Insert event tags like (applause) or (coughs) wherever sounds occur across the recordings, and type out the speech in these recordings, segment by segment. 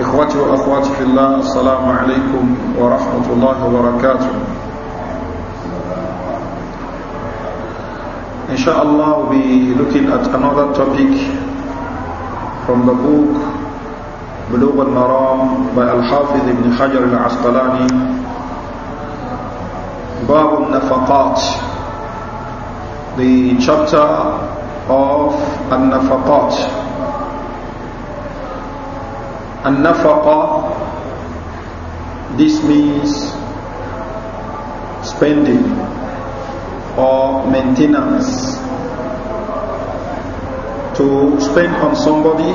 إخوتي وأخواتي في الله السلام عليكم ورحمة الله وبركاته Inshallah we'll be looking at another topic from the book بلوغ al-Maram by Al-Hafiz ibn Hajar al-Asqalani al-Nafaqat The chapter of al-Nafaqat and nafaqa this means spending or maintenance to spend on somebody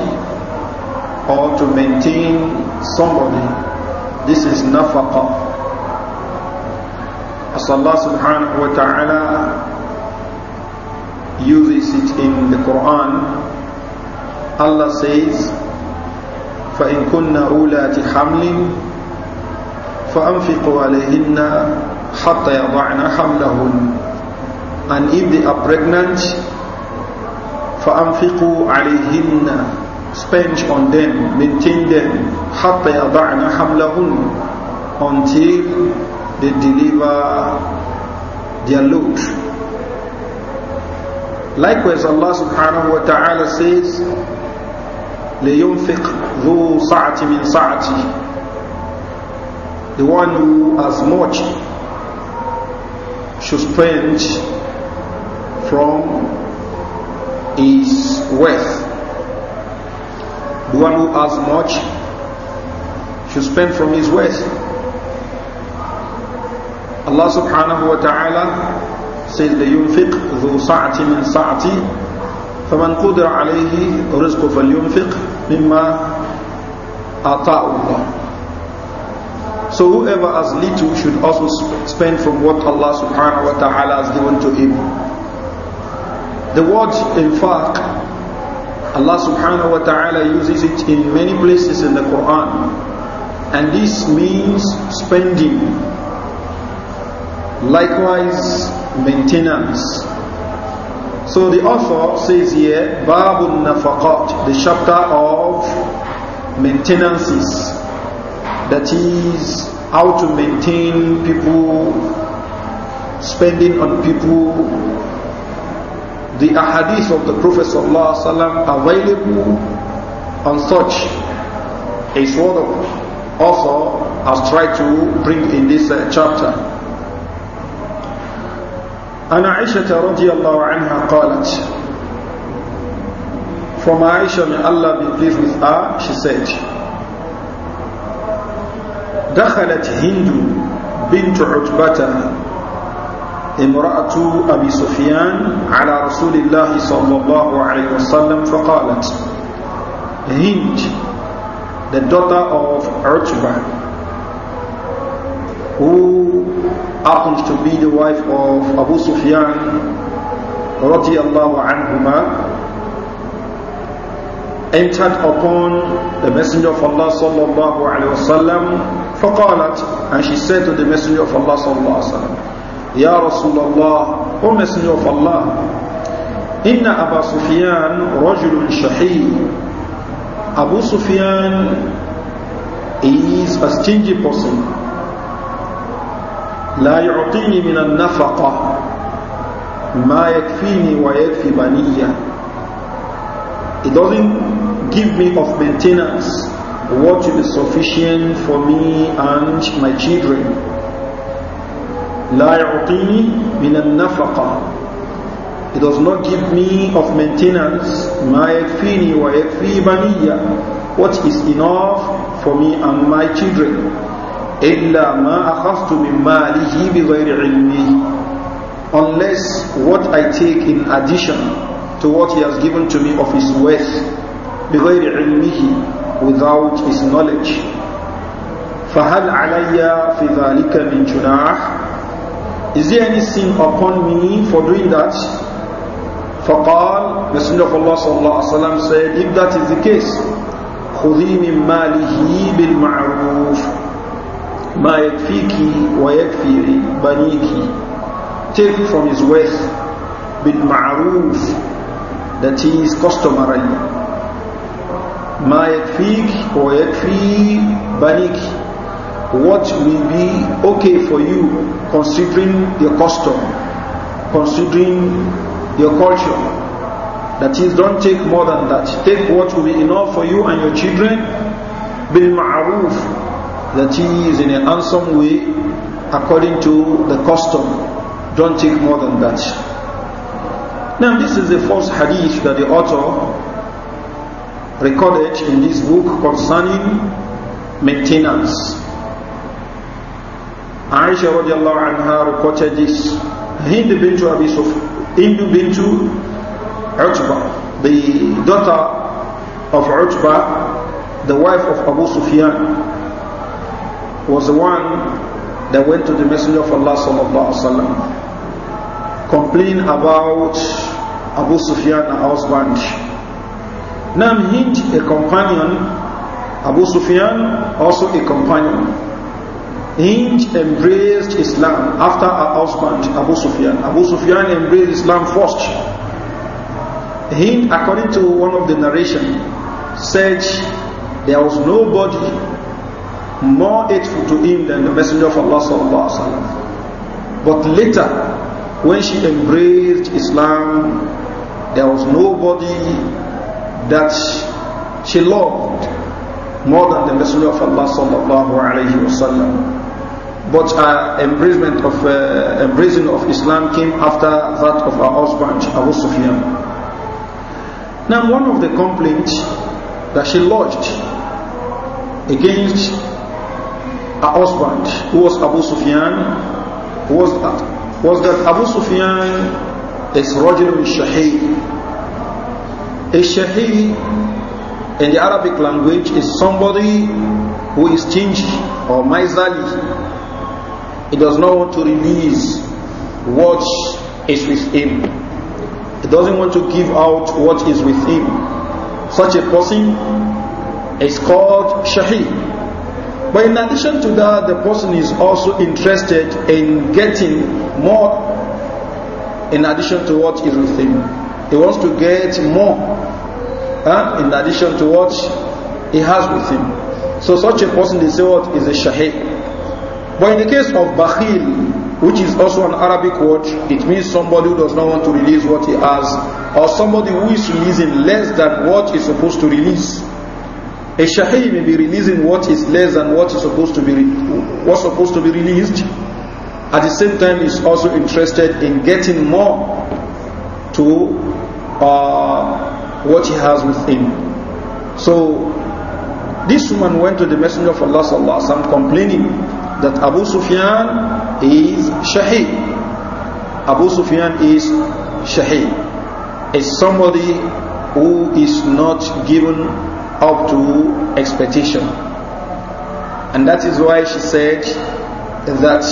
or to maintain somebody this is nafaqa as Allah subhanahu wa ta'ala uses it in the Quran Allah says فإن كن أولاة حمل فأنفقوا عليهن حتى يضعن حملهن and if they are pregnant فأنفقوا عليهن spend on them maintain them حتى يضعن حملهن until they deliver their load likewise Allah subhanahu wa ta'ala says لينفق ذو سعة من سعته the one who has much should spend from his wealth the one who has much should spend from his wealth Allah subhanahu wa ta'ala says لينفق ذو سعة من سعته فمن قدر عليه رزقه فلينفق مما الله. So whoever has little should also spend from what Allah subhanahu wa ta'ala has given to him. The word infaq, Allah subhanahu wa ta'ala uses it in many places in the Quran. And this means spending. Likewise, maintenance so the author says here, Babun Nafaqat, the chapter of maintenances. That is how to maintain people, spending on people. The ahadith of the Prophet ﷺ available on such a sort of author has tried to bring in this uh, chapter. عن عائشة رضي الله عنها قالت فما عائشة من الله be pleased with her, she said, دخلت هند بنت عتبة امرأة أبي سفيان على رسول الله صلى الله عليه وسلم فقالت هند the daughter of Utbah who happens to be the wife of Abu Sufyan radiallahu anhuma entered upon the messenger of Allah sallallahu alayhi wasallam فقالت and she said to the messenger of Allah sallallahu alayhi wasallam رسول الله O messenger of Allah إن أبا سفيان رجل شحي Abu Sufyan is a stingy person لا يعطيني من النفقة ما يكفيني ويكفي بنية It doesn't give me of maintenance what will be sufficient for me and my children. لا يعطيني من النفقة It does not give me of maintenance ما يكفيني ويكفي بنية what is enough for me and my children. إلا ما أخذت من ماله بغير علمي unless what I take in addition to what he has given to me of his wealth بغير علمه without his knowledge فهل علي في ذلك من جناح Is there any sin upon me for doing that? فقال Messenger of Allah صلى الله عليه وسلم said if that is the case خذي من ماله بالمعروف ما يكفيك ويكفي take from his wealth he that is customary ما يكفيك ويكفي what will be okay for you considering your custom, considering your culture. That is, don't take more than that. Take what will be enough for you and your children. Bil ma'aruf that he is in a handsome way according to the custom. Don't take more than that. Now, this is a false hadith that the author recorded in this book concerning maintenance. Aisha radiallahu anha reported this. Hind bintu Abi Suf, Hind bintu Utbah, the daughter of Utbah, the wife of Abu Sufyan, was the one that went to the Messenger of Allah sallallahu alaihi about Abu Sufyan, husband. Nam Hind, a companion, Abu Sufyan, also a companion. Hind embraced Islam after her husband, Abu Sufyan. Abu Sufyan embraced Islam first. Hind, according to one of the narration, said there was nobody more hateful to him than the Messenger of Allah sallallahu alaihi wasallam. But later, when she embraced Islam, there was nobody that she loved more than the Messenger of Allah sallallahu alaihi wasallam. But her embracement of uh, embracing of Islam came after that of her husband Abu Sufyan. Now, one of the complaints that she lodged against a husband, who was Abu Sufyan, was, that? was that Abu Sufyan is Rajul Shahi. A Shahi in the Arabic language is somebody who is stingy or miserly. He does not want to release what is with him. He doesn't want to give out what is with him. Such a person is called Shahi. But in addition to that, the person is also interested in getting more in addition to what is with him. He wants to get more huh? in addition to what he has with him. So such a person, they say what is a shahid. But in the case of bakhil, which is also an Arabic word, it means somebody who does not want to release what he has, or somebody who is releasing less than what is supposed to release. A shahi may be releasing what is less than what is supposed to be what's supposed to be released. At the same time, is also interested in getting more to uh, what he has within. So this woman went to the Messenger of Allah sallallahu alaihi wasallam complaining that Abu Sufyan is shahi. Abu Sufyan is shahi. Is somebody who is not given up to expectation. And that is why she said that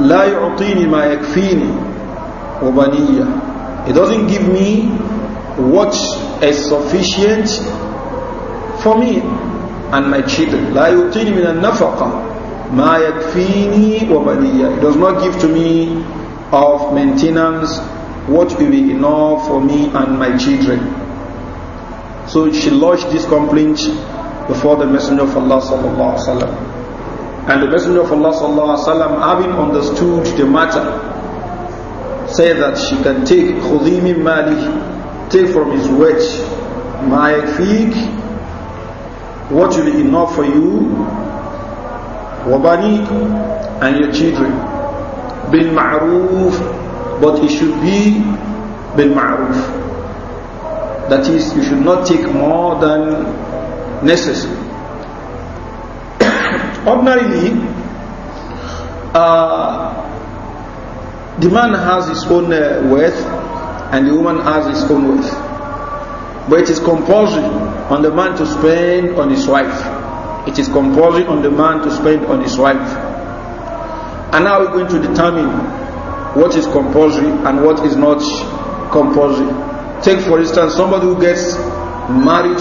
La يعطيني ما يكفيني وبنية It doesn't give me what is sufficient for me and my children. La يعطيني من النفقة ما يكفيني وبنية It does not give to me of maintenance what will be enough for me and my children. So she lodged this complaint before the Messenger of Allah sallallahu alaihi wasallam. And the Messenger of Allah sallallahu alaihi wasallam, having understood the matter, said that she can take khudimi mali, take from his wealth, my fig, what will be enough for you, Wabani, and your children, bin ma'ruf, but it should be bin ma'ruf. That is, you should not take more than necessary. (coughs) Ordinarily, uh, the man has his own uh, wealth and the woman has his own wealth. But it is compulsory on the man to spend on his wife. It is compulsory on the man to spend on his wife. And now we're going to determine what is compulsory and what is not compulsory. Take for instance somebody who gets married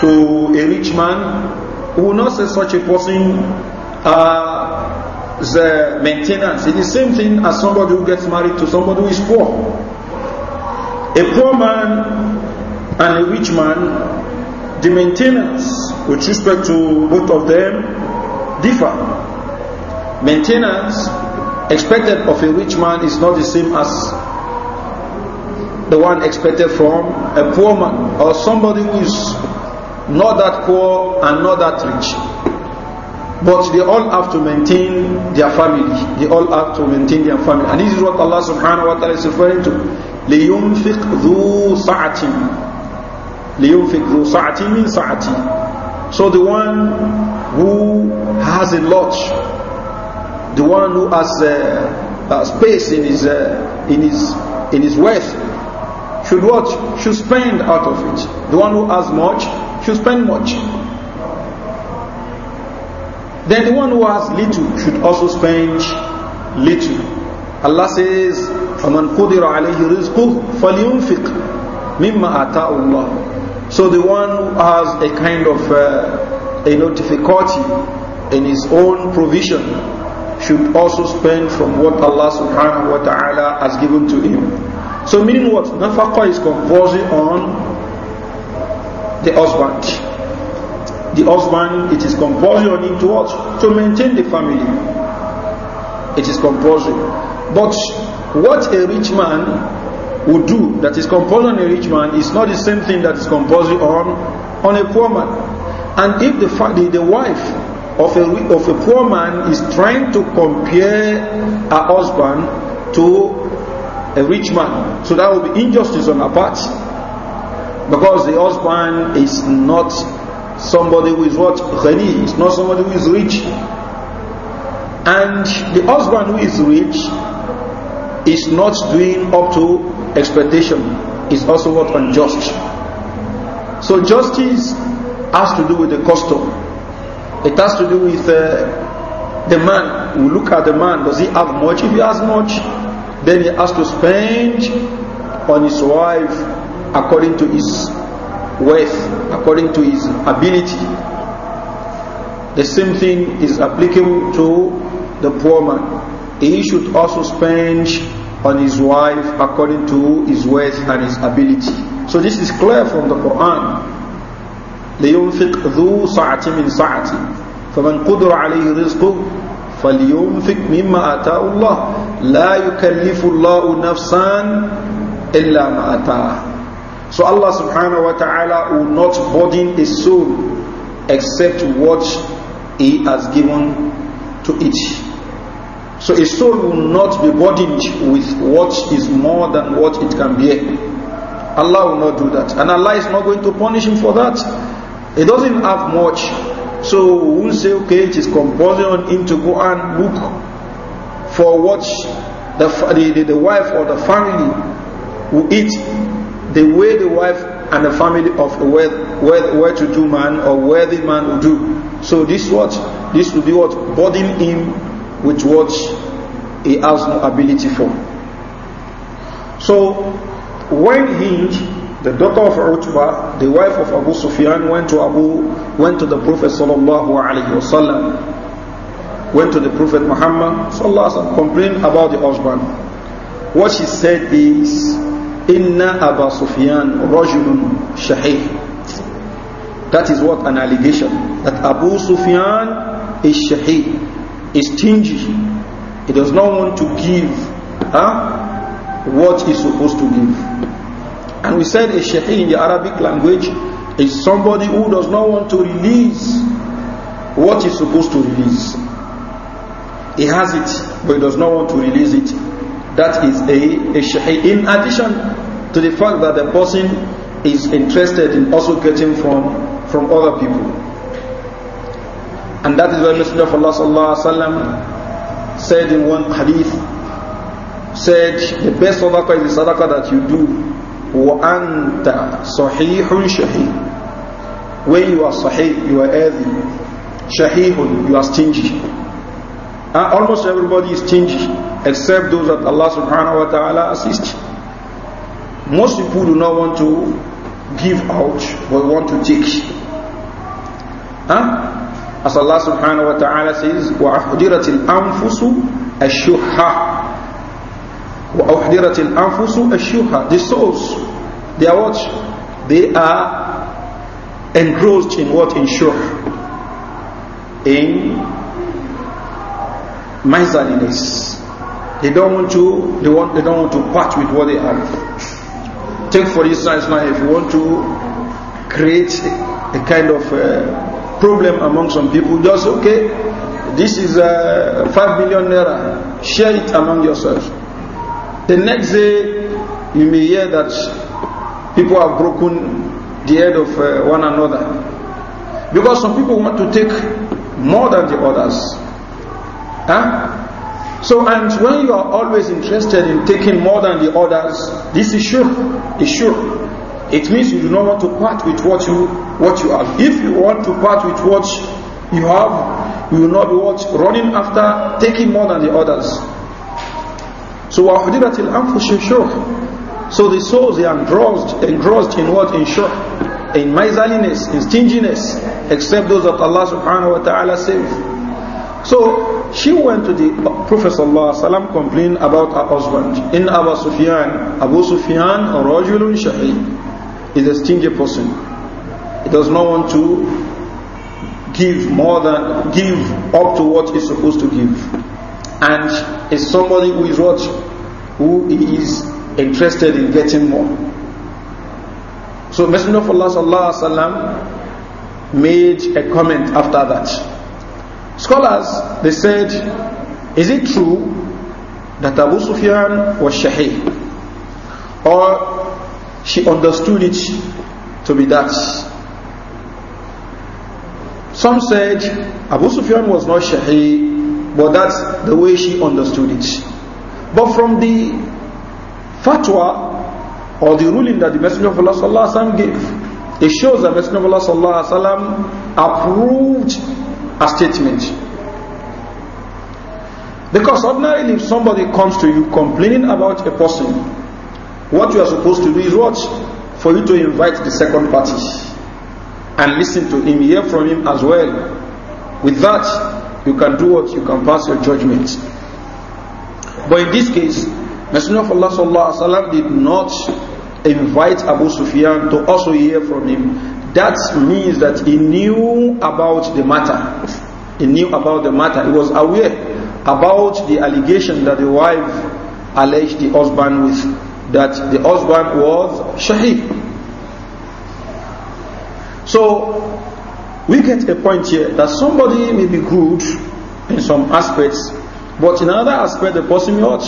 to a rich man who will not say such a person uh, the maintenance. It is the same thing as somebody who gets married to somebody who is poor. A poor man and a rich man, the maintenance with respect to both of them differ. Maintenance expected of a rich man is not the same as the one expected from a poor man or somebody who is not that poor and not that rich. But they all have to maintain their family. They all have to maintain their family. And this is what Allah subhanahu wa ta'ala is referring to. لِيُنْفِقْ ذُو سَعَةٍ لِيُنْفِقْ ذُو سَعَةٍ مِنْ سَعَةٍ So the one who has a lot, the one who has uh, uh, space in his, uh, in his, in his wealth, should what? Should spend out of it. The one who has much should spend much. Then the one who has little should also spend little. Allah says, فَمَنْ قُدِرَ عَلَيْهِ رِزْقُهُ فَلْيُنْفِقْ مِمَّا أَتَاءُ اللَّهُ So the one who has a kind of uh, a difficulty in his own provision should also spend from what Allah subhanahu wa ta'ala has given to him. So meaning what? Nafaqah is compulsory on the husband. The husband, it is compulsory on him to what? To maintain the family. It is compulsory. But what a rich man would do that is compulsory on a rich man is not the same thing that is compulsory on, on a poor man. And if the, the, the wife of a, of a poor man is trying to compare her husband to a rich man. So that would be injustice on her part. Because the husband is not somebody who is what? Ghani, is not somebody who is rich. And the husband who is rich is not doing up to expectation, is also what unjust. So justice has to do with the custom. It has to do with uh, the man. We look at the man. Does he have much? If he has much, then he has to spend on his wife according to his wealth, according to his ability. The same thing is applicable to the poor man. He should also spend on his wife according to his wealth and his ability. So this is clear from the Quran. لينفق ذو سعة من سعته فمن قدر عليه رزقه فلينفق مما آتاه الله la yukallifu Allahu nafsan illa ma ataha. So Allah subhanahu wa ta'ala will not burden a soul except what he has given to it. So a soul will not be burdened with what is more than what it can bear. Allah will not do that. And Allah is not going to punish him for that. He doesn't have much. So we won't say, okay, it is compulsory on him to go and look for what the, the, the wife or the family will eat the way the wife and the family of a worth, where to do man or worthy man will do. So this what this will be what burden him with what he has no ability for. So when he, the daughter of Utbah, the wife of Abu Sufyan, went to Abu went to the Prophet sallallahu alaihi wasallam went to the Prophet Muhammad sallallahu complained about the husband. What she said is, "Inna Abu Sufyan rajulun shahih." That is what an allegation that Abu Sufyan is shahih, is stingy. He does not want to give huh, what he's supposed to give. And we said a shahih in the Arabic language is somebody who does not want to release what he's supposed to release. He has it, but he does not want to release it. That is a, a In addition to the fact that the person is interested in also getting from, from other people. And that is why Messenger of Allah sallallahu alaihi wasallam said in one hadith, said the best of is the sadaqah that you do وَأَنْتَ صَحِيحٌ شَحِيٌّ When you are sahih, you are earthy. Shahihun, you are stingy. Uh, almost everybody is stingy except those that Allah subhanahu wa ta'ala assists. Most people do not want to give out but want to take. Huh? As Allah subhanahu wa ta'ala says, وَأُحْضِرَتِ الْأَنفُسُ الشُّحَّةِ وَأُحْضِرَتِ الْأَنفُسُ الشُّحَّةِ The souls, they are what? They are engrossed in what? In shuh. In miserliness. They don't want to they want they don't want to part with what they have. Take for instance now if you want to create a, a kind of uh, problem among some people, just okay, this is uh, five million naira, share it among yourselves. The next day you may hear that people have broken the head of uh, one another because some people want to take more than the others. Huh? So, and when you are always interested in taking more than the others, this is sure, is sure. It means you do not want to part with what you what you have. If you want to part with what you have, you will not be what running after taking more than the others. So وَحُدِرَتِ الْأَنفُسُ شُرْ So the souls they are engrossed, engrossed in what? In sure, in miserliness, in stinginess, except those that Allah subhanahu wa ta'ala saved. So she went to the Prophet ﷺ complained about her husband. In Abu Sufyan, Abu Sufyan, Rajulun Shahi, is a stingy person. He does not want to give more than, give up to what he's supposed to give. And is somebody who is what? Who is interested in getting more. So Messenger of Allah ﷺ made a comment after that. Scholars, they said, is it true that Abu Sufyan was Shahih? Or she understood it to be that? Some said Abu Sufyan was not Shahih, but that's the way she understood it. But from the fatwa or the ruling that the Messenger of Allah gave, it shows that Messenger of Allah approved a statement. Because ordinarily, if somebody comes to you complaining about a person, what you are supposed to do is what? For you to invite the second party and listen to him, hear from him as well. With that, you can do what? You can pass your judgment. But in this case, Messenger of Allah sallallahu alaihi wasallam did not invite Abu Sufyan to also hear from him That means that he knew about the matter. He knew about the matter. He was aware about the allegation that the wife alleged the husband with, that the husband was shaheed. So, we get a point here that somebody may be good in some aspects, but in another aspect, the person may, what,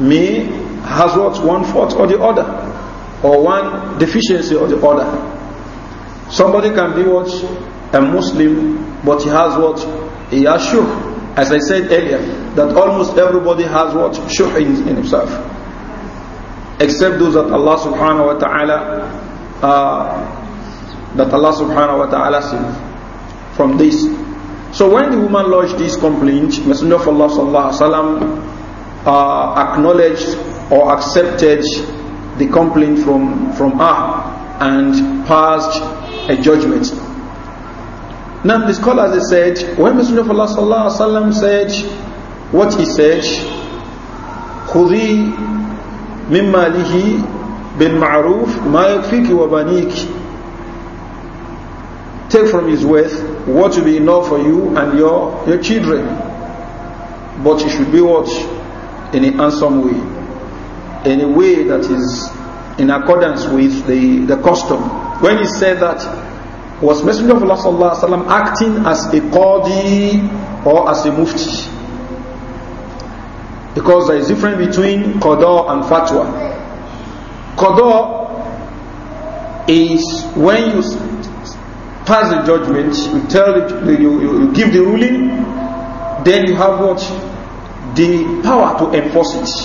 may has what one fault or the other, or one deficiency or the other. Somebody can be what? A Muslim, but he has what? He has shirk. As I said earlier, that almost everybody has what? Shirk in, in himself. Except those that Allah subhanahu wa ta'ala, uh, that Allah subhanahu wa ta'ala saved from this. So when the woman lodged this complaint, Messenger of Allah sallallahu alaihi wasallam uh, acknowledged or accepted the complaint from, from her and passed a judgment. Now the scholars they said, when Messenger of Allah sallallahu alaihi wasallam said what he said, خذي من ماله بالمعروف ما يكفيك وبنيك take from his wealth what will be enough for you and your, your children. But it should be what? In a handsome way. In a way that is in accordance with the, the custom when he said that was Messenger of Allah sallallahu alaihi wasallam acting as a qadi or as a mufti? Because there is difference between Qadha and fatwa. Qadha is when you pass the judgment, you tell the, you, you give the ruling, then you have what the power to enforce it.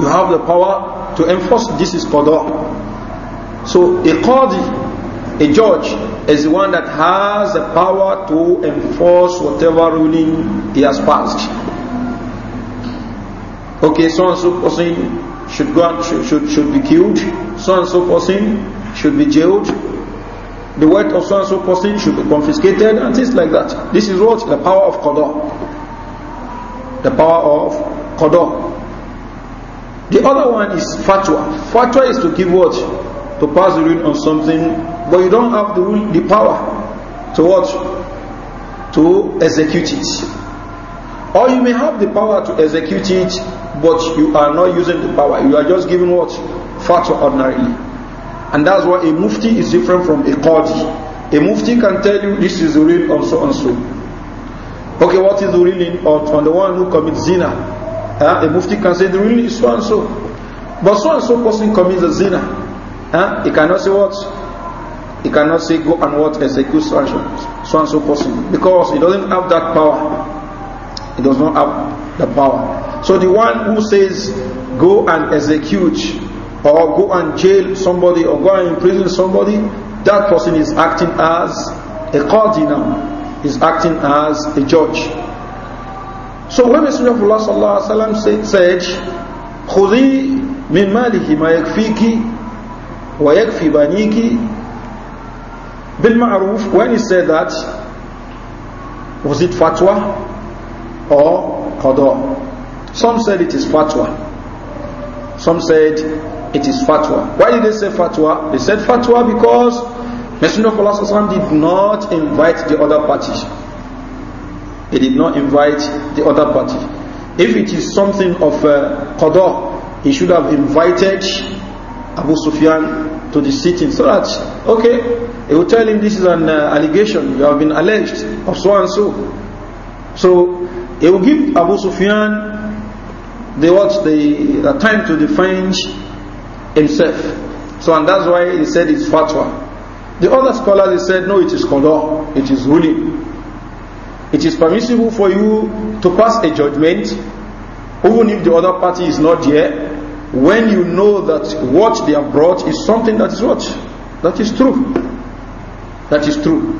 You have the power to enforce this is qada. So a qadi, a judge, is the one that has the power to enforce whatever ruling he has passed. Okay, so and so person should go and should, should, should be killed. So and so person should be jailed. The wealth of so and so person should be confiscated and things like that. This is what the power of qada. The power of qada. The other one is fatwa. Fatwa is to give what to pass the ruling on something, but you don't have the the power to what? To execute it. Or you may have the power to execute it, but you are not using the power. You are just giving what? Fatwa ordinarily. And that's why a mufti is different from a qadi. A mufti can tell you this is the ruling on so and so. Okay, what is the ruling on, on the one who commits zina? Uh, a mufti can say the ruling is so and so. But so and so person commits a zina. Huh? He cannot say what? He cannot say go and what execute so and so, so and so person because he doesn't have that power. He does not have the power. So the one who says go and execute or go and jail somebody or go and imprison somebody, that person is acting as a cardinal, is acting as a judge. So when Messenger of Allah sallallahu said, "Khudi min malihi ma yakfiki وَيَكْفِ بَنِيكِ بِالْمَعْرُوفِ When he said that, was it fatwa or qadar? Some said it is fatwa. Some said it is fatwa. Why did they say fatwa? They said fatwa because Messenger of Allah did not invite the other party. He did not invite the other party. If it is something of uh, he should have invited Abu Sufyan to the sitting so that, okay, he will tell him this is an uh, allegation, you have been alleged of so and so. So he will give Abu Sufyan the what the, the time to defend himself. So and that's why he said it's fatwa. The other scholars they said no, it is qadar, it is ruling. It is permissible for you to pass a judgment even if the other party is not there when you know that what they have brought is something that is what? That is true. That is true.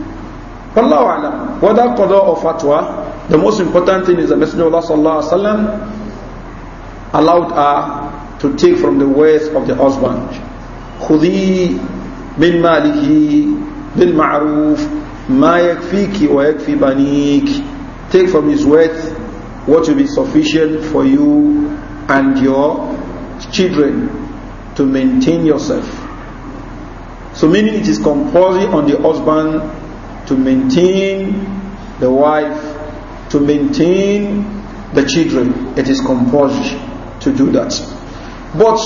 Wallahu alam. Whether qada or fatwa, the most important thing is the Messenger of Allah sallallahu alaihi wasallam allowed her to take from the wealth of the husband. خذي من ماله بالمعروف ما يكفيك ويكفي بنيك. Take from his wealth what will be sufficient for you and your children to maintain yourself. So meaning it is compulsory on the husband to maintain the wife, to maintain the children. It is compulsory to do that. But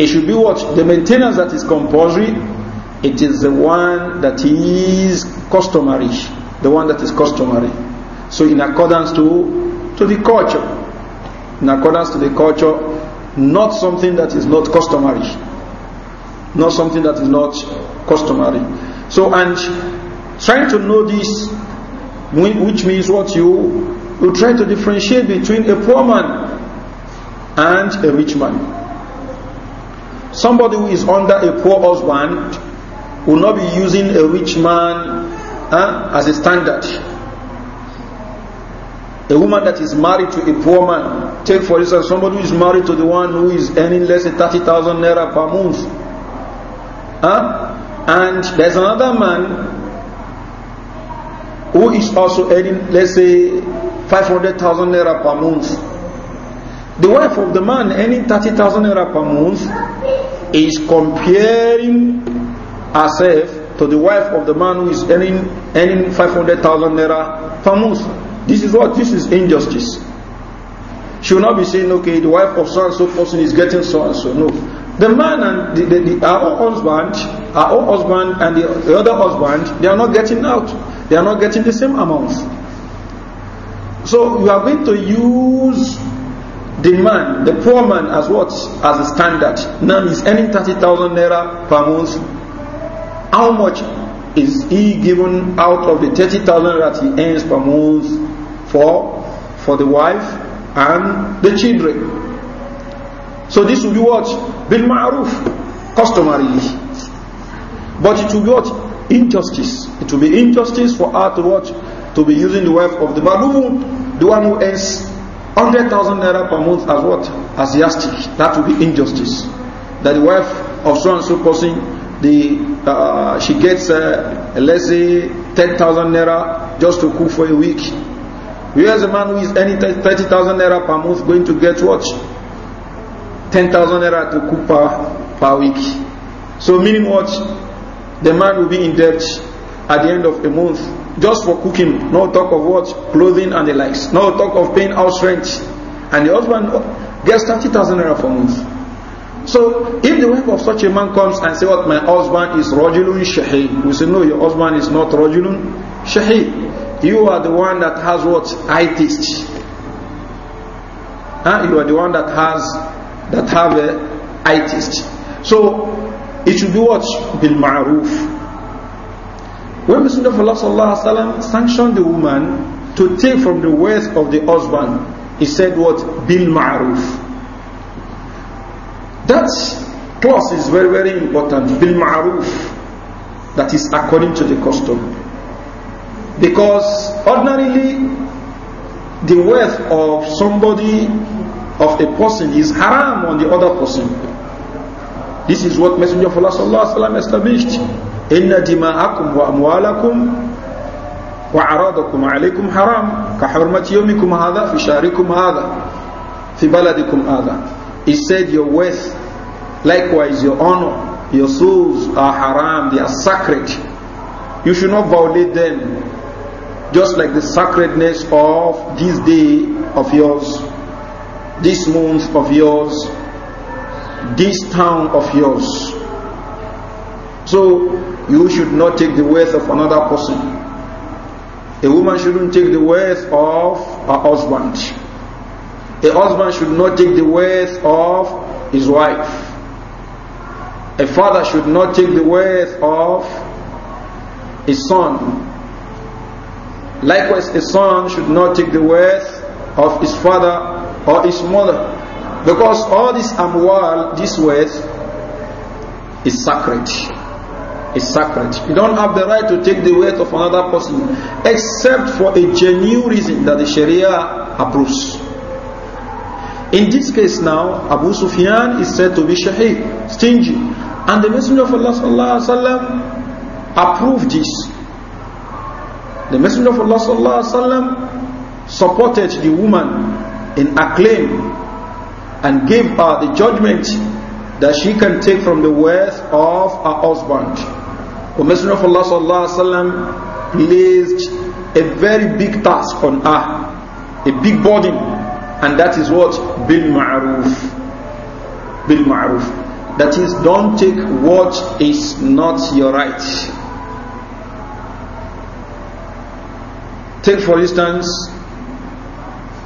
it should be what? The maintenance that is compulsory, it is the one that is customary. The one that is customary. So in accordance to, to the culture. In accordance to the culture not something that is not customary not something that is not customary so and trying to know this which means what you you try to differentiate between a poor man and a rich man somebody who is under a poor husband will not be using a rich man uh, as a standard a woman that is married to a poor man, take for instance somebody who is married to the one who is earning less than 30,000 naira per month. Huh? And there's another man who is also earning, let's say, 500,000 naira per month. The wife of the man earning 30,000 naira per month is comparing herself to the wife of the man who is earning, earning 500,000 naira per month. This is what? This is injustice. She will not be saying, okay, the wife of so and so person is getting so and so. No. The man and the, the, the, our own husband, our own husband and the, the other husband, they are not getting out. They are not getting the same amounts. So you are going to use the man, the poor man, as what? As a standard. Now he's earning 30,000 naira per month. How much is he given out of the 30,000 that he earns per month? for for the wife and the children. So this will be what? Bil ma'ruf, customarily. But it will be what? Injustice. It will be injustice for her to what? To be using the wife of the man the one who earns 100,000 naira per month as what? As yastic. That will be injustice. That the wife of so and so person, the, uh, she gets, uh, let's say, 10,000 naira just to cook for a week Here's a man who is earning 30,000 naira per month going to get what? 10,000 naira to cook per, per week. So meaning what? The man will be in debt at the end of a month just for cooking. No talk of what? Clothing and the likes. No talk of paying house rent. And the husband gets 30,000 naira per month. So if the wife of such a man comes and says, what, my husband is Rajulun Shahi. We say, no, your husband is not Rajulun Shahi. You are the one that has what? I teach. Huh? You are the one that has that have a I So it should be what? Bil ma'ruf. When Messenger of Allah sallallahu alaihi wasallam sanctioned the woman to take from the wealth of the husband, he said what? Bil ma'ruf. That clause is very very important. Bil ma'ruf. That is according to the custom. Because ordinarily, the wealth of somebody, of a person, is haram on the other person. This is what Messenger of Allah sallallahu alaihi wasallam established. Inna dima'akum wa amwalakum wa aradakum alaykum haram ka hurmati yawmikum hadha fi sharikum hadha fi baladikum hadha. He said your wealth, likewise your honor, your souls are haram, they are sacred. You should not violate them just like the sacredness of this day of yours, this month of yours, this town of yours. So you should not take the wealth of another person. A woman shouldn't take the wealth of her husband. A husband should not take the wealth of his wife. A father should not take the wealth of his son. Likewise, a son should not take the wealth of his father or his mother. Because all this amwal, this wealth, is sacred. Is sacred. You don't have the right to take the wealth of another person except for a genuine reason that the Sharia approves. In this case now, Abu Sufyan is said to be shahi, stingy. And the Messenger of Allah sallallahu approved this. The Messenger of Allah sallallahu supported the woman in acclaim and gave her the judgment that she can take from the wealth of her husband. The Messenger of Allah sallallahu placed a very big task on her, a big burden, and that is what bil ma'ruf, bil ma'ruf. That is, don't take what is not your right Take for instance,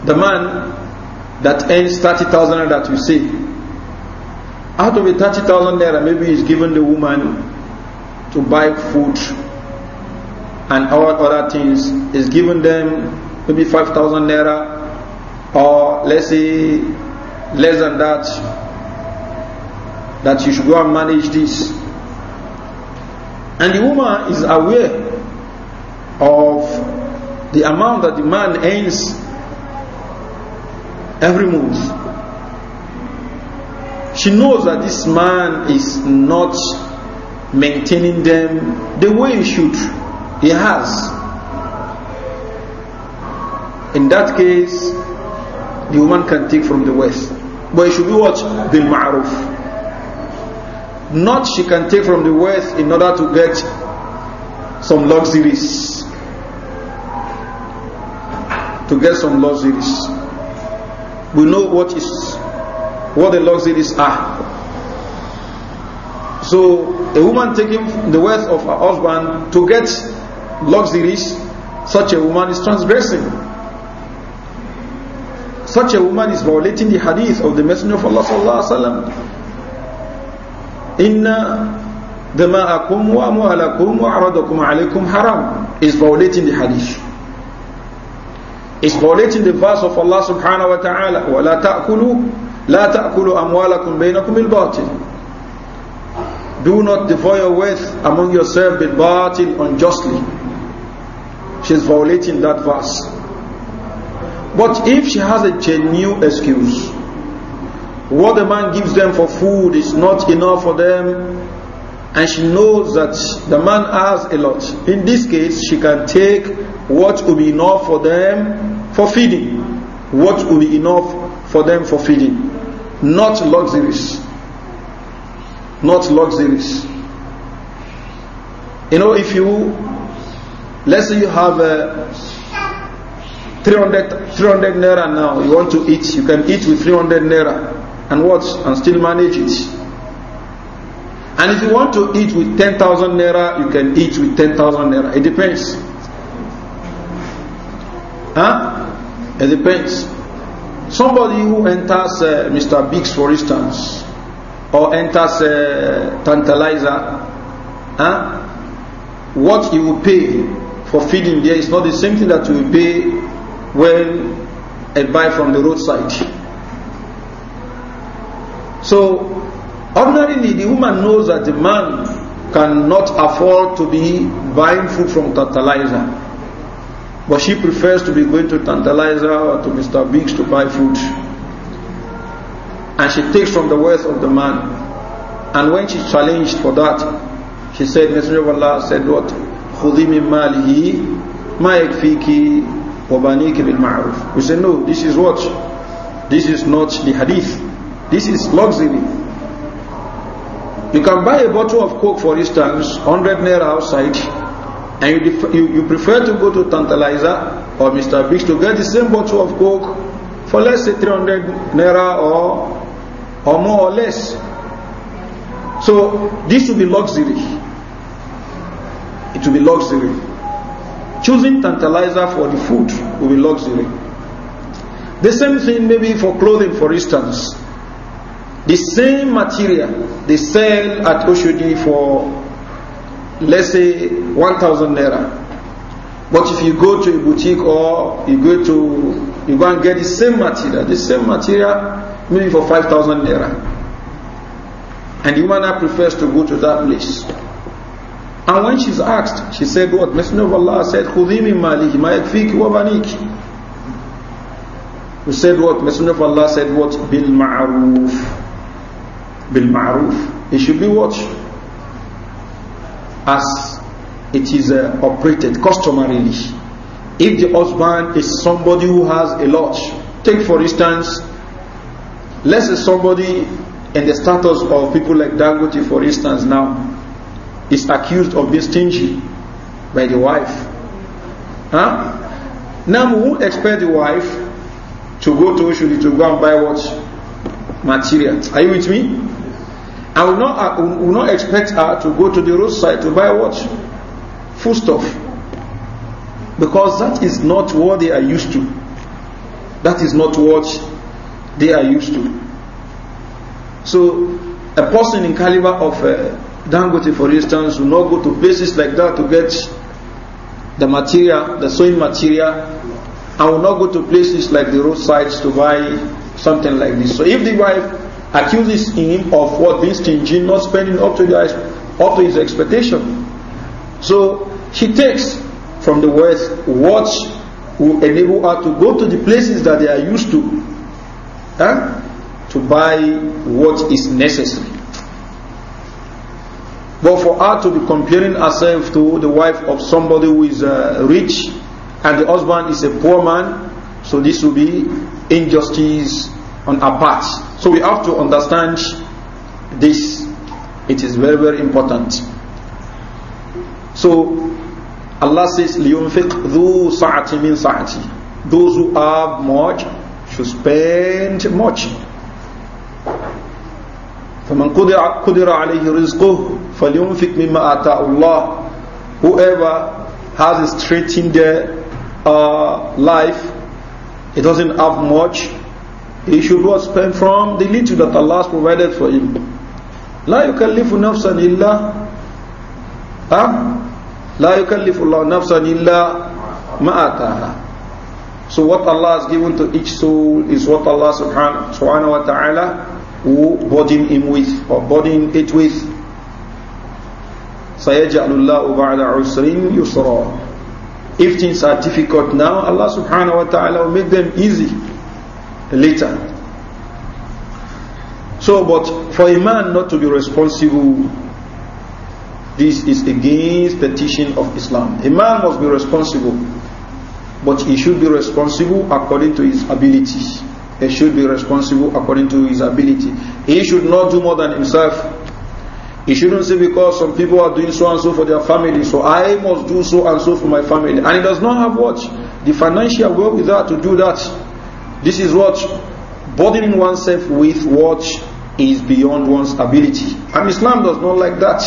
the man that earns 30,000 that you see. Out of the 30,000 naira, maybe he's given the woman to buy food and all other things. He's given them maybe 5,000 naira or let's say less than that that you should go and manage this and the woman is aware of the amount that the man earns every month. She knows that this man is not maintaining them the way he should. He has. In that case, the woman can take from the wealth. But it should be what? Bil ma'ruf. Not she can take from the wealth in order to get some luxuries to get some luxuries. We know what is what the luxuries are. So a woman taking the wealth of her husband to get luxuries, such a woman is transgressing. Such a woman is violating the hadith of the Messenger of Allah sallallahu alaihi wasallam. Inna دماءكم wa وأعراضكم عليكم haram is violating the hadith is violating the verse of Allah subhanahu wa ta'ala وَلَا تَأْكُلُوا لَا تَأْكُلُوا أَمْوَالَكُمْ بَيْنَكُمْ الْبَاطِلِ Do not devour your wealth among yourselves with batil unjustly. She's violating that verse. But if she has a genuine excuse, what the man gives them for food is not enough for them and she knows that the man has a lot. In this case, she can take what will be enough for them for feeding. What will be enough for them for feeding. Not luxuries. Not luxuries. You know, if you, let's say you have a uh, 300, 300 naira now, you want to eat, you can eat with 300 naira and what? And still manage it. And if you want to eat with 10,000 naira, you can eat with 10,000 naira. It depends. Huh? It depends. Somebody who enters uh, Mr. Biggs, for instance, or enters uh, Tantalizer, huh? what he will pay for feeding there is not the same thing that you will pay when a buy from the roadside. So Ordinarily, the woman knows that the man cannot afford to be buying food from tantalizer. But she prefers to be going to tantalizer or to Mr. Biggs to buy food. And she takes from the wealth of the man. And when she challenged for that, she said, Messenger of Allah said what? malihi مِن مَالِهِ مَا يَكْفِيكِ وَبَنِيكِ بِالْمَعْرُوفِ We say, no, this is what? This is not the hadith. This is luxury. You can buy a bottle of coke, for instance, 100 naira outside, and you, you, you, prefer to go to Tantalizer or Mr. Biggs to get the same bottle of coke for let's say 300 naira or, or more or less. So this will be luxury. It will be luxury. Choosing Tantalizer for the food will be luxury. The same thing maybe for clothing, for instance. The same material they sell at Oshodi for, let's say, 1,000 naira. But if you go to a boutique or you go to, you go and get the same material, the same material maybe for 5,000 naira. And the woman now prefers to go to that place. And when she's asked, she said, What? Messenger of Allah said, Khudimi maliki ma'ikfiki wa banik We said what? Messenger of Allah said what? Bil ma'ruf bil ma'ruf. It should be watched as it is uh, operated customarily. If the husband is somebody who has a lot, take for instance, let's say somebody in the status of people like Dangote, for instance, now is accused of being stingy by the wife. Huh? Now, who expect the wife to go to Oshuli to go and buy what? Material. Are you with me? I will not, I will not expect her to go to the roadside to buy what? full stuff. Because that is not what they are used to. That is not what they are used to. So, a person in caliber of uh, Dangote, for instance, will not go to places like that to get the material, the sewing material, and will not go to places like the roadsides to buy something like this. So, if the wife accuses him of what being stingy, not spending up to, the, up to his expectation. So she takes from the wealth what will enable her to go to the places that they are used to, huh? to buy what is necessary. But for her to be comparing herself to the wife of somebody who is uh, rich and the husband is a poor man, so this will be injustice on our part. So we have to understand this. It is very, very important. So Allah says, لِيُنْفِقْ ذُو سَعَةٍ مِنْ سَعَةِ Those who have much should spend much. فَمَنْ قُدِرَ عَلَيْهِ رِزْقُهُ فَلْيُنْفِقْ مِمَّا آتَاهُ اللَّهُ Whoever has a straightened uh, life, he doesn't have much, he should what spend from the little that Allah has provided for him. لا يكلف نفسا إلا ها لا يكلف الله نفسا إلا ما آتاها so what Allah has given to each soul is what Allah subhanahu wa ta'ala will burden him with or burden it with. سَيَجْعَلُ اللَّهُ بَعْدَ عُسْرٍ يُسْرًا If things are difficult now, Allah subhanahu wa ta'ala will make them easy later. So, but for a man not to be responsible, this is against the teaching of Islam. A man must be responsible, but he should be responsible according to his ability. He should be responsible according to his ability. He should not do more than himself. He shouldn't say because some people are doing so and so for their family, so I must do so and so for my family. And he does not have what? The financial wherewithal to do that. This is what burdening oneself with what is beyond one's ability. And Islam does not like that.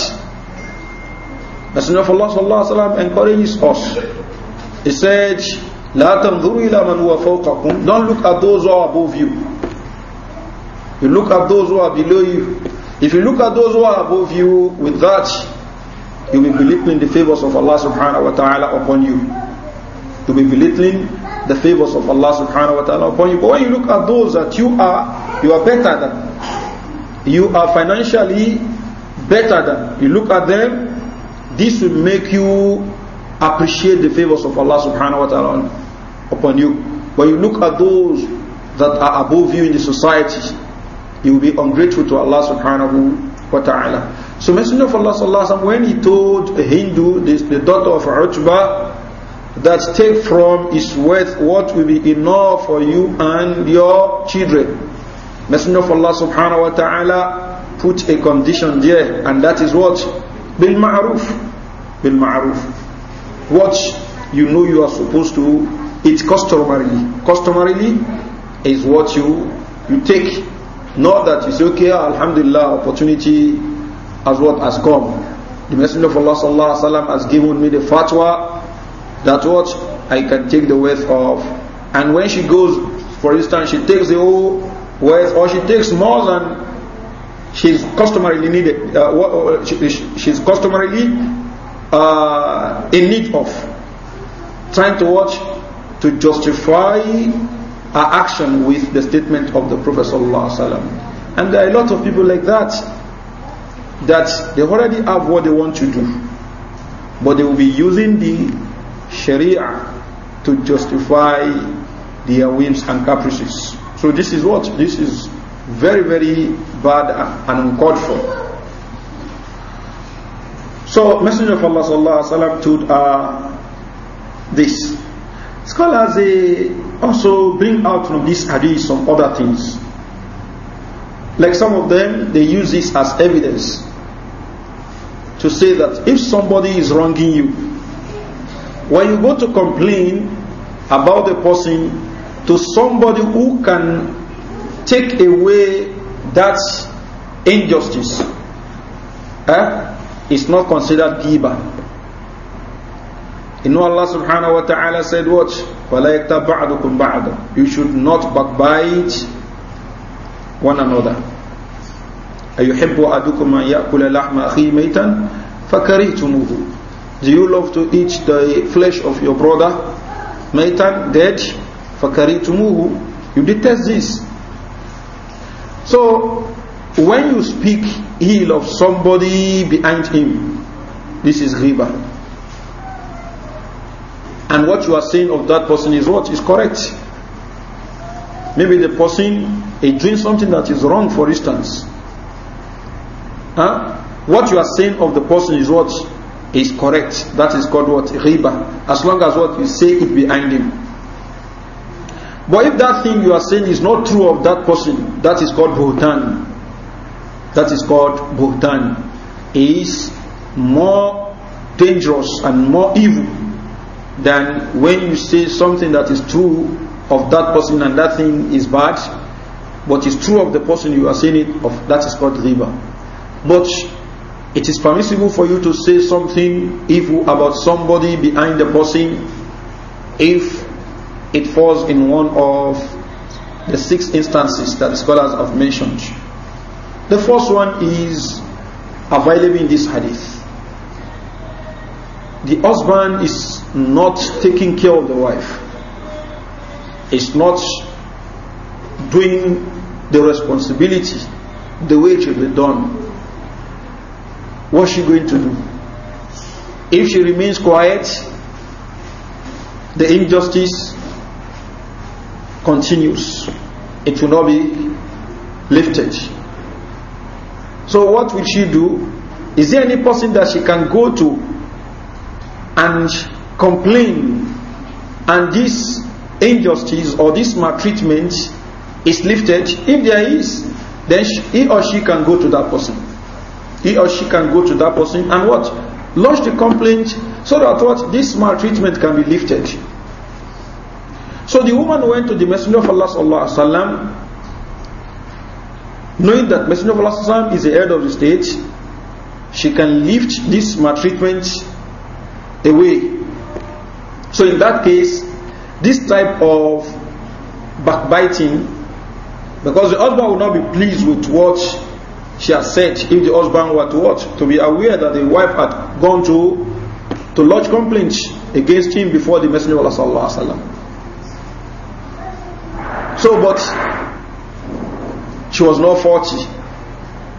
Messenger of Allah sallallahu alaihi wasallam encourages us. He said, "La tanzuru ila man huwa fawqakum." Don't look at those who are above you. You look at those who are below you. If you look at those who are above you with that, you will be belittling the favors of Allah subhanahu wa ta'ala upon you. You will be belittling the favors of Allah subhanahu wa ta'ala upon you. But when you look at those that you are, you are better than, you are financially better than, you look at them, this will make you appreciate the favors of Allah subhanahu wa ta'ala upon you. When you look at those that are above you in the society, you will be ungrateful to Allah subhanahu wa ta'ala. So Messenger of Allah sallallahu when he told a Hindu, the, the daughter of Utbah, that take from is worth what will be enough for you and your children. Messenger of Allah subhanahu wa ta'ala put a condition there and that is what? Bil ma'ruf. Bil ma'ruf. What you know you are supposed to eat customarily. Customarily is what you you take. Not that you say, okay, alhamdulillah, opportunity as what has come. The Messenger of Allah sallallahu alaihi wasallam has given me the fatwa that what I can take the wealth of. And when she goes, for instance, she takes the whole wealth, or she takes more than she's customarily needed. Uh, uh she's customarily uh, in need of. Trying to watch to justify her action with the statement of the Prophet sallallahu And there are a lot of people like that that they already have what they want to do, but they will be using the Sharia to justify their whims and caprices. So this is what? This is very, very bad and uncalled for. So Messenger of Allah sallallahu alaihi wasallam told uh, this. Scholars they also bring out from this hadith some other things. Like some of them, they use this as evidence to say that if somebody is wronging you, when you go to complain about the person to somebody who can take away that injustice, eh, it's not considered giba. You know Allah subhanahu wa ta'ala said what? وَلَا بَعْدُكُمْ بَعْدًا You should not backbite one another. أَيُحِبُّ أَدُكُمْ أَنْ يَأْكُلَ لَحْمَ أَخِي مَيْتًا فَكَرِهْتُمُوهُ do you love to eat the flesh of your brother? Maitan, dead, fakaritumu. You detest this. So, when you speak ill of somebody behind him, this is riba. And what you are saying of that person is what is correct. Maybe the person is doing something that is wrong, for instance. Huh? What you are saying of the person is what is correct. That is called what? Riba. As long as what you say is behind him. But if that thing you are saying is not true of that person, that is called buhtan. That is called buhtan. Is more dangerous and more evil than when you say something that is true of that person and that thing is bad, but is true of the person you are saying it of. That is called riba. But it is permissible for you to say something evil about somebody behind the person if it falls in one of the six instances that scholars have mentioned. The first one is available in this hadith. The husband is not taking care of the wife. Is not doing the responsibility the way it should be done What's she going to do? If she remains quiet, the injustice continues. It will not be lifted. So what will she do? Is there any person that she can go to and complain and this injustice or this maltreatment is lifted? If there is, then he or she can go to that person he or she can go to that person and what? launch the complaint so that what? This maltreatment can be lifted. So the woman went to the Messenger of Allah sallallahu alaihi wasallam, knowing that Messenger of Allah sallallahu alaihi wasallam is the head of the state. She can lift this maltreatment away. So in that case, this type of backbiting, because the husband will not be pleased with what she has said if the husband were to watch to be aware that the wife had gone to to lodge complaint against him before the messenger of allah sallallahu so but she was not faulty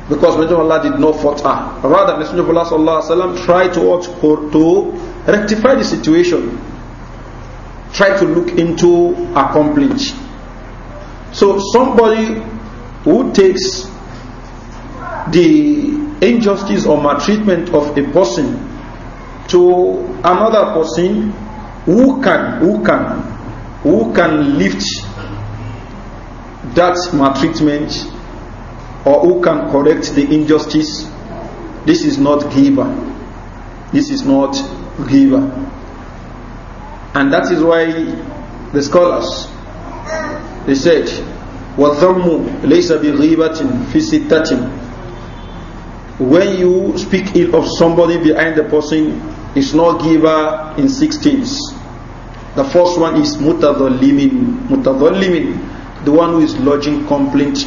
because messenger of allah did not fault her rather messenger of allah sallallahu tried to watch to rectify the situation try to look into a complaint so somebody who takes the injustice or maltreatment of a person to another person who can who can who can lift that maltreatment or who can correct the injustice this is not giver this is not giver and that is why the scholars they said وَالذَّمُّ لَيْسَ بِغِيبَةٍ فِي سِتَّةٍ when you speak ill of somebody behind the person is not giver in six things. The first one is mutadhallimin, mutadhallimin, the one who is lodging complaint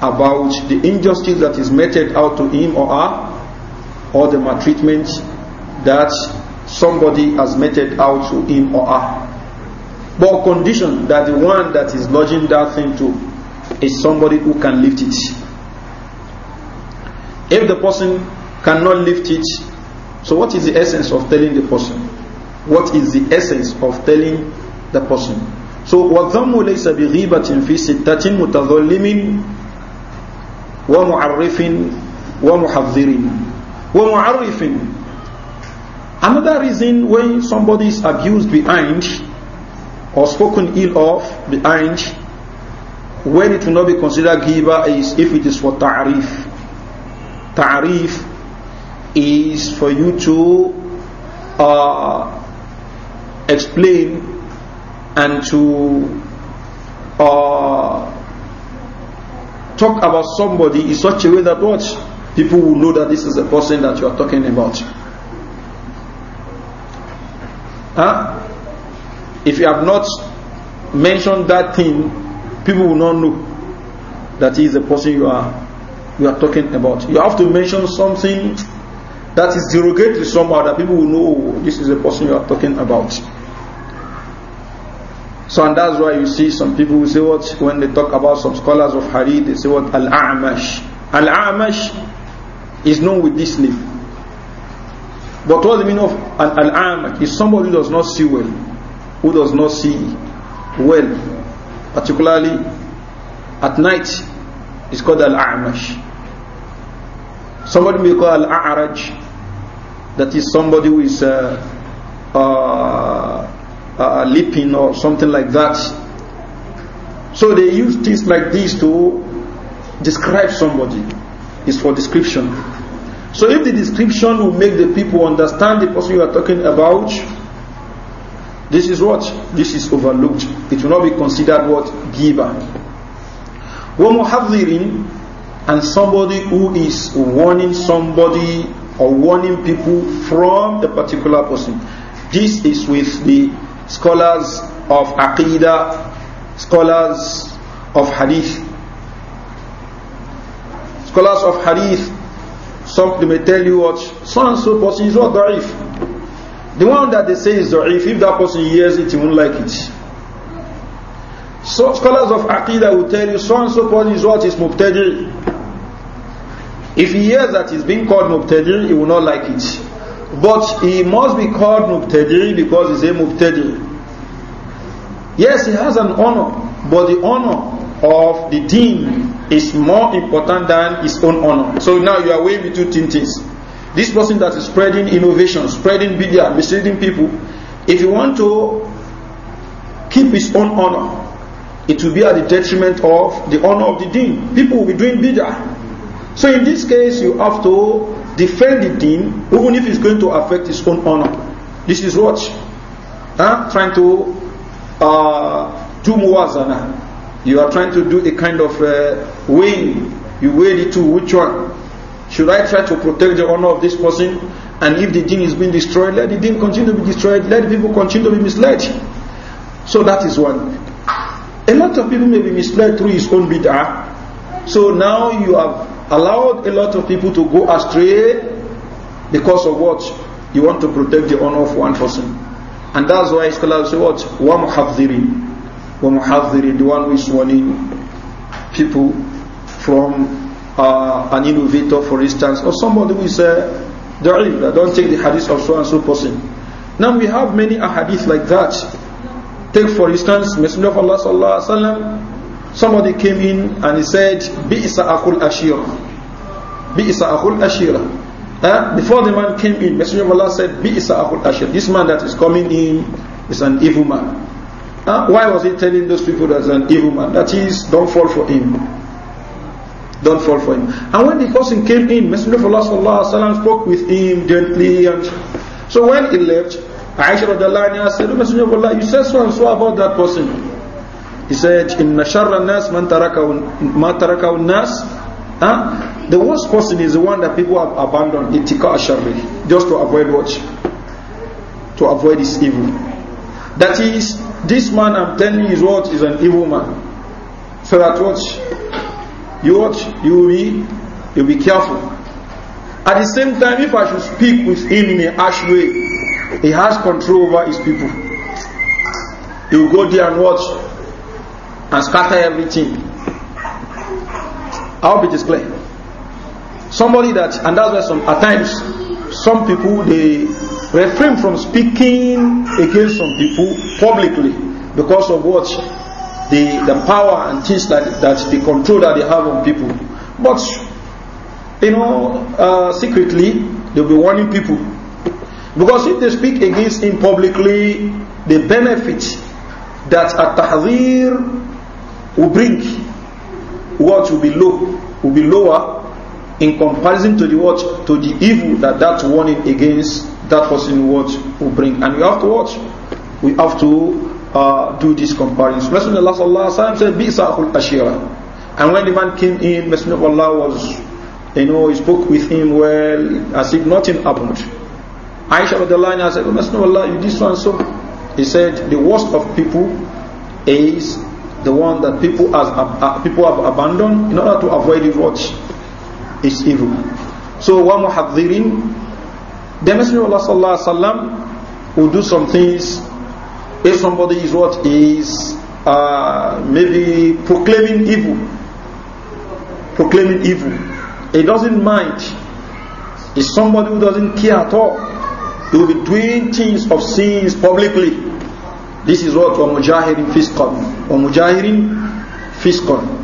about the injustice that is meted out to him or her, or the maltreatment that somebody has meted out to him or her. But condition that the one that is lodging that thing to is somebody who can lift it if the person cannot lift it, so what is the essence of telling the person? What is the essence of telling the person? So وَالذَّمُّ لَيْسَ بِغِيبَةٍ فِي سِتَّةٍ مُتَظَلِّمٍ وَمُعَرِّفٍ وَمُحَذِّرٍ وَمُعَرِّفٍ Another reason when somebody is abused behind or spoken ill of behind, when it will not be considered giver is if it is for tarif ta'rif is for you to uh, explain and to uh, talk about somebody in such a way that what people will know that this is the person that you are talking about. Huh? If you have not mentioned that thing, people will not know that he is the person you are you are talking about. You have to mention something that is derogatory somehow that people will know oh, this is the person you are talking about. So and that's why you see some people who say what when they talk about some scholars of Hadith, they say what Al-A'mash. Al-A'mash is known with this name. But what the meaning of Al-A'mash is somebody who does not see well, who does not see well, particularly at night, is called Al-A'mash. Somebody may call Al-A'raj, that is somebody who is uh, uh, uh, uh, leaping or something like that. So they use things like this to describe somebody. It's for description. So if the description will make the people understand the person you are talking about, this is what? This is overlooked. It will not be considered what? Giver. وَمُحَذِّرٍ and somebody who is warning somebody or warning people from a particular person. This is with the scholars of Aqidah, scholars of Hadith. Scholars of Hadith, some may tell you what, so and so person is what da'if. The one that they say is da'if, if that person hears it, he won't like it. So scholars of Aqidah will tell you, so and so person is what is mubtadi'. If he hears that he's being called Mubtadi, he will not like it. But he must be called Mubtadi because he's a Mubtadi. Yes, he has an honor, but the honor of the deen is more important than his own honor. So now you are weighing between two things. This person that is spreading innovation, spreading media, misleading people, if you want to keep his own honor, it will be at the detriment of the honor of the deen. People will be doing bid'ah. So in this case, you have to defend the deen, even if it's going to affect his own honor. This is what? Huh? Trying to uh, do muwazana. You are trying to do a kind of uh, weighing. You weigh it to which one? Should I try to protect the honor of this person? And if the deen is being destroyed, let the deen continue to be destroyed. Let people continue to be misled. So that is one. A lot of people may be misled through his own bid'ah. So now you have allowed a lot of people to go astray because of what? You want to protect the honor of one person. And that's why scholars say what? Wa muhadhirin. Wa muhadhirin, the one who is warning people from uh, an innovator, for instance, or somebody who is a uh, da'if, that don't take the hadith of so and so person. Now we have many ahadith like that. Take for instance, Messenger of Allah sallallahu alaihi wasallam somebody came in and he said, Bi'isa akul ashira. Bi'isa akul ashira. Eh? Before the man came in, Messenger of Allah said, Bi'isa akul ashira. This man that is coming in is an evil man. Eh? Why was he telling those people that's an evil man? That is, don't fall for him. Don't fall for him. And when the person came in, Messenger of Allah sallallahu alayhi wa spoke with him gently. and So when he left, Aisha radiallahu anha said, oh, Messenger of Allah, you said so and so about that person. He said, "In sharra nas man nas." Huh? The worst person is the one that people have abandoned, itika sharri, just to avoid what? To avoid this evil. That is, this man I'm telling you is what is an evil man. So that what you what you will be you be careful. At the same time, if I should speak with him in an harsh way, he has control over his people. He will go there and watch and scatter everything. I hope it is clear. Somebody that, and that's why some, at times, some people they refrain from speaking against some people publicly because of what the, the power and things that that, the control that they have on people. But you know, uh, secretly they'll be warning people because if they speak against him publicly, the benefit that a tahrir will bring what will be low will be lower in comparison to the what to the evil that that warning against that person what will bring and we have to watch we have to uh, do this comparison Rasulullah sallallahu Allah wasallam said and when the man came in Messenger of Allah was you know he spoke with him well as if nothing happened Aisha the anha said oh, Messenger of Allah you did so and so he said the worst of people is the one that people, has, uh, people have abandoned in order to avoid it what is evil. So wa muhadhirin, the Messenger of Allah sallallahu alaihi wasallam, will do some things if somebody is what is uh, maybe proclaiming evil, proclaiming evil, he doesn't mind. It's somebody who doesn't care at all. He will be doing things of sins publicly. This is what وَمُجَاهِرٍ فِسْقًا وَمُجَاهِرٍ فِسْقًا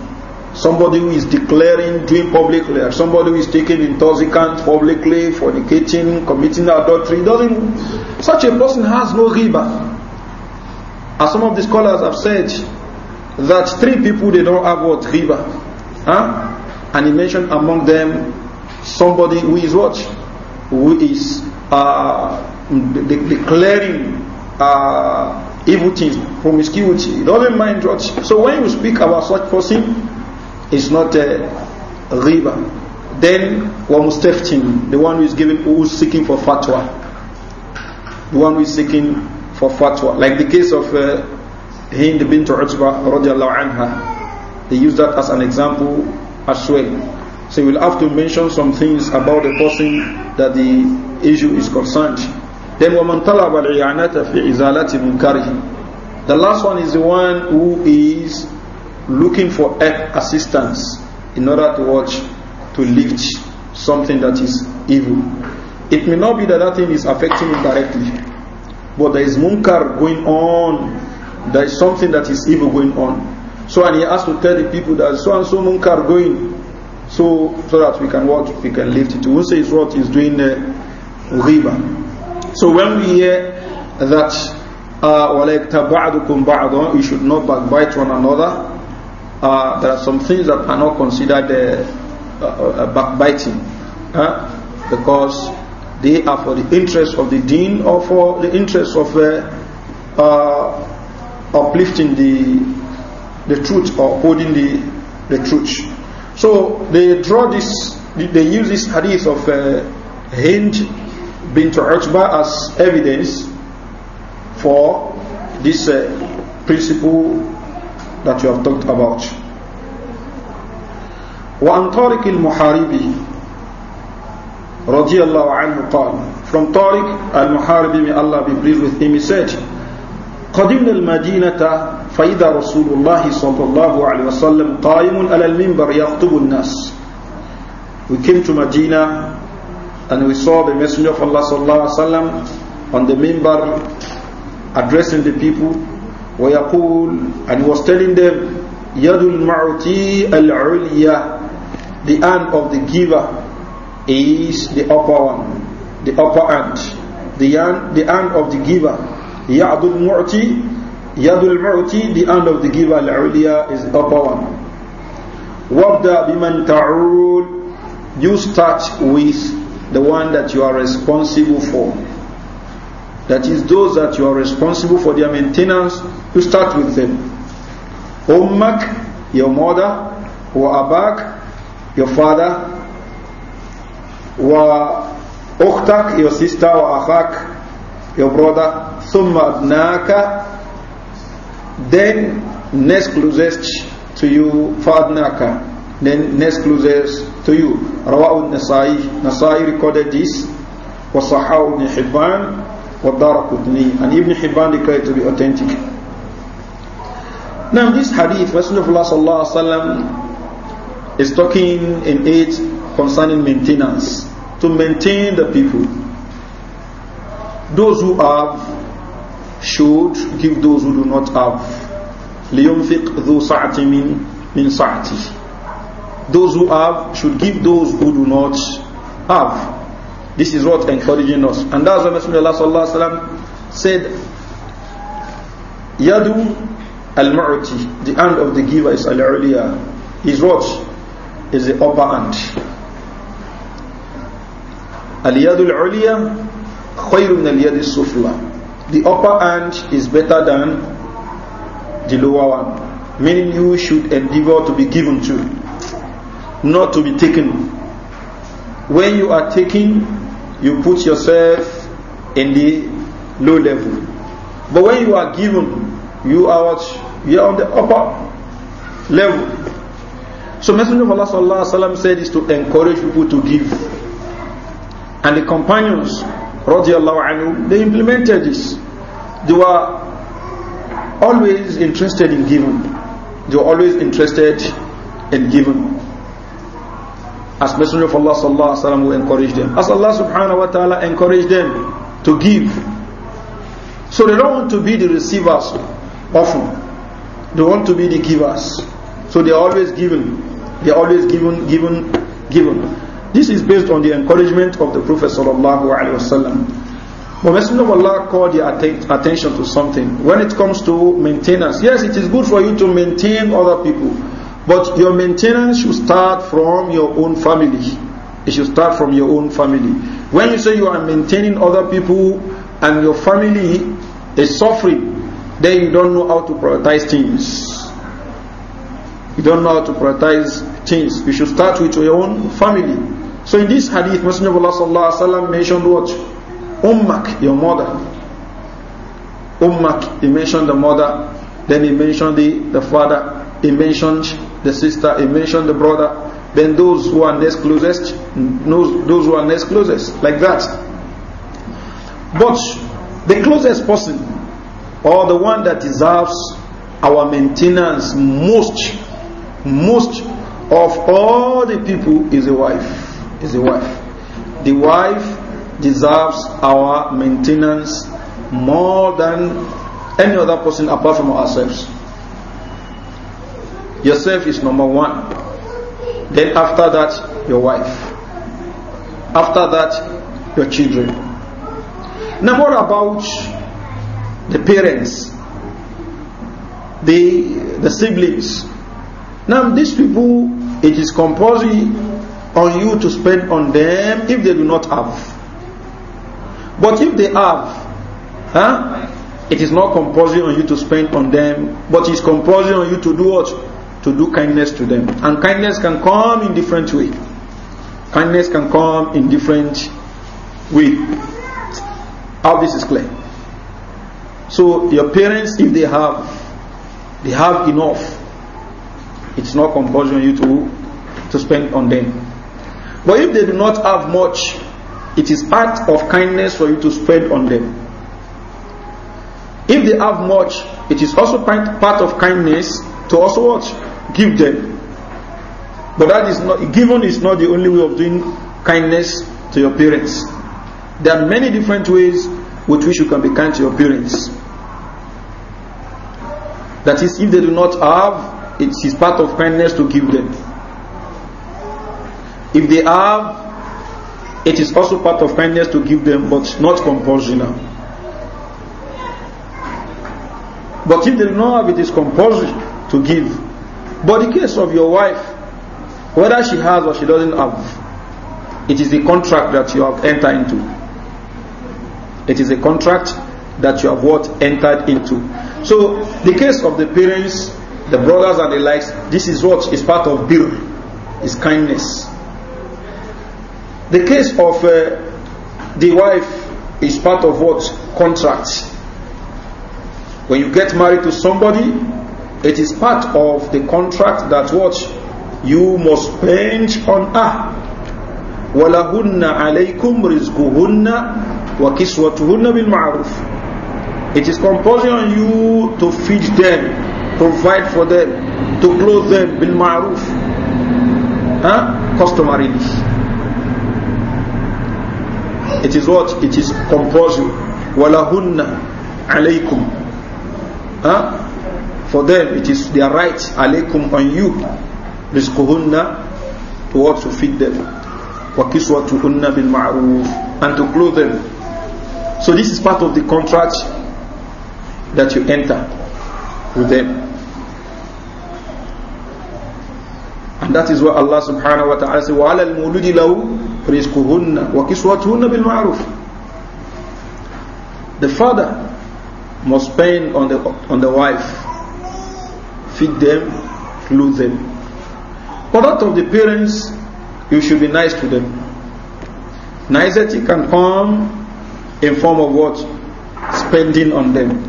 Somebody who is declaring, doing publicly, or somebody who is taking intoxicant publicly, fornicating, committing adultery, doesn't, such a person has no riba. As some of the scholars have said, that three people they don't have what? Riba. Huh? And he mentioned among them somebody who is what? Who is uh, de declaring uh, evil things, promiscuity. it doesn't mind what. So when you speak about such person, it's not a river. Then one him? the one who is giving, who is seeking for fatwa, the one who is seeking for fatwa, like the case of uh, Hind bint Utbah radiallahu anha. They use that as an example as well. So you will have to mention some things about the person that the issue is concerned. Then وَمَنْ طَلَبَ الْإِعَانَةَ فِي إِزَالَةِ مُنْكَرِهِ The last one is the one who is looking for assistance in order to watch, to lift something that is evil. It may not be that that thing is affecting him directly, but there is munkar going on. There is something that is evil going on. So and he has to tell the people that so and so munkar going, so so that we can watch, we can lift it. We will say it's what he's doing uh, riba. So when we hear that uh, وَلَيْكْتَ بَعْضًا You should not backbite one another. Uh, there are some things that are not considered uh, uh, uh backbiting because they are for the interest of the deen or for the interest of uh, uplifting the the truth or upholding the, the truth. So they draw this, they use this hadith of uh, Hind bint Utbah as evidence for this uh, principle that you have talked about. وعن طارق المحاربي رضي الله عنه قال From طارق المحاربي may Allah be pleased with him he said قدمنا المدينة فإذا رسول الله صلى الله عليه وسلم قائم على المنبر يخطب الناس We came to Medina and we saw the Messenger of Allah sallallahu alaihi wasallam on the minbar addressing the people. yaqool, and he was telling them يد al العليا the hand of the giver is the upper one the upper hand the hand, the hand of the giver Yadul المعطي Yadul المعطي the hand of the giver العليا is the upper one وابدأ بمن تعول you start with the one that you are responsible for. That is those that you are responsible for their maintenance, you start with them. Ummak, your mother, wa abak, your father, wa ukhtak, your sister, wa akhak, your brother, thumma naka. then next closest to you, fadnaka, then next closest to you. Rawah nasai Nasai recorded this, وصححه ابن حبان والدارقطني and Ibn Hibban declared to be authentic. Now this hadith, Rasulullah sallallahu alaihi wasallam is talking in it concerning maintenance, to maintain the people. Those who have should give those who do not have. لينفق ذو سعة من من سعته those who have should give those who do not have. This is what encouraging us. And that's why Messenger Allah said, Yadu al Mu'ti, the hand of the giver is al Uliya, is what? Is the upper hand. Al Yadu al Uliya, al Yad Sufla. The upper hand is better than the lower one, meaning you should endeavor to be given to not to be taken. When you are taken, you put yourself in the low level. But when you are given, you are You are on the upper level. So Messenger of Allah sallallahu alaihi wasallam said this to encourage people to give. And the companions, radiallahu anhu, they implemented this. They were always interested in giving. They were always interested in giving as Messenger of Allah sallallahu alaihi wasallam will encourage them, as Allah subhanahu wa taala encourage them to give. So they don't want to be the receivers often; they want to be the givers. So they are always given, they are always given, given, given. This is based on the encouragement of the Prophet sallallahu alaihi wasallam. But Messenger of Allah called your attention to something. When it comes to maintenance, yes, it is good for you to maintain other people. But your maintenance should start from your own family. It should start from your own family. When you say you are maintaining other people and your family is suffering, then you don't know how to prioritize things. You don't know how to prioritize things. You should start with your own family. So in this hadith, Messenger of Allah sallallahu alaihi wasallam mentioned what? Ummak, your mother. Ummak, he mentioned the mother. Then he mentioned the, the father. He mentioned the sister, he mentioned the brother, then those who are next closest, those, those who are next closest, like that. But the closest person, or the one that deserves our maintenance most, most of all the people is a wife, is a wife. The wife deserves our maintenance more than any other person apart from ourselves. Yourself is number one. Then after that, your wife. After that, your children. Now what about the parents? The, the siblings? Now these people, it is compulsory on you to spend on them if they do not have. But if they have, huh? It is not compulsory on you to spend on them, but it's compulsory on you to do what? to do kindness to them. And kindness can come in different way. Kindness can come in different way. All this is clear. So your parents, if they have, they have enough. It's not compulsion you to to spend on them. But if they do not have much, it is act of kindness for you to spend on them. If they have much, it is also part of kindness to also watch give them. But that is not given is not the only way of doing kindness to your parents. There are many different ways with which you can be kind to your parents. That is, if they do not have, it is part of kindness to give them. If they have, it is also part of kindness to give them, but not compulsory But if they do not have, it is compulsory to give. But the case of your wife, whether she has or she doesn't have, it is a contract that you have entered into. It is a contract that you have what entered into. So the case of the parents, the brothers and the likes, this is what is part of bill, is kindness. The case of uh, the wife is part of what contract. When you get married to somebody, it is part of the contract that what you must spend on her. وَلَهُنَّ عَلَيْكُمْ رِزْقُهُنَّ وَكِسْوَتُهُنَّ بِالْمَعْرُوفِ It is compulsory on you to feed them, provide for them, to clothe them بالمعروف huh? customarily. It is what? It is compulsory. وَلَهُنَّ عَلَيْكُمْ huh? For them, it is their right, alaykum on you, rizquhunna, to what to feed them, wa kiswatuhunna bil ma'ruf, and to clothe them. So this is part of the contract that you enter with them. And that is what Allah subhanahu wa ta'ala says, وَعَلَى الْمُولُودِ لَهُ رِزْقُهُنَّ وَكِسْوَتُهُنَّ بِالْمَعْرُوفِ The father must spend on the, on the wife feed them, clothe them. But out of the parents, you should be nice to them. Nicety can come in form of what? Spending on them.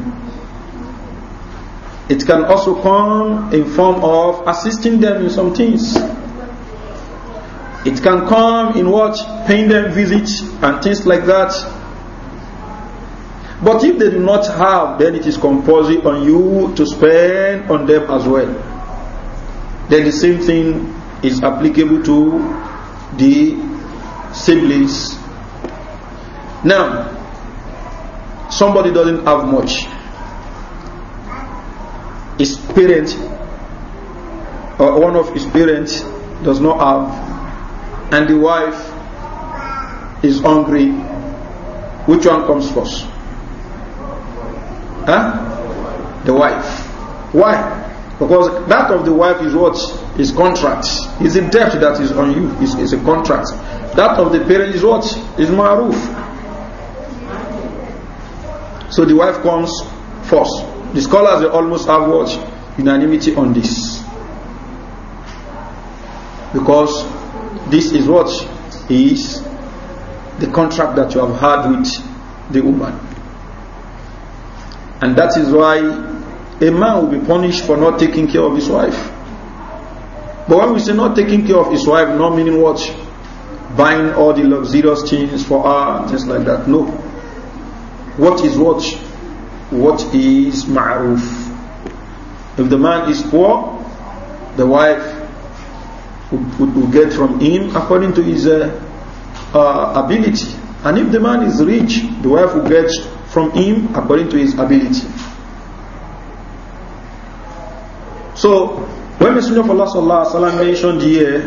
It can also come in form of assisting them in some things. It can come in what? Paying them visits and things like that. But if they do not have, then it is compulsory on you to spend on them as well. Then the same thing is applicable to the siblings. Now, somebody doesn't have much. His parent, or one of his parents, does not have, and the wife is hungry. Which one comes first? Huh? The wife. Why? Because that of the wife is what? Is contract. Is a debt that is on you. Is, is a contract. That of the parent is what? Is ma'ruf. So the wife comes first. The scholars almost have what? Unanimity on this. Because this is what is the contract that you have had with the woman. And that is why a man will be punished for not taking care of his wife. But when we say not taking care of his wife, not meaning what? Buying all the luxurious things for her, things like that. No. What is what? What is ma'ruf? If the man is poor, the wife would, would get from him according to his uh, uh, ability. And if the man is rich, the wife will get from him according to his ability. So, when Messenger of Allah sallallahu alaihi wasallam mentioned here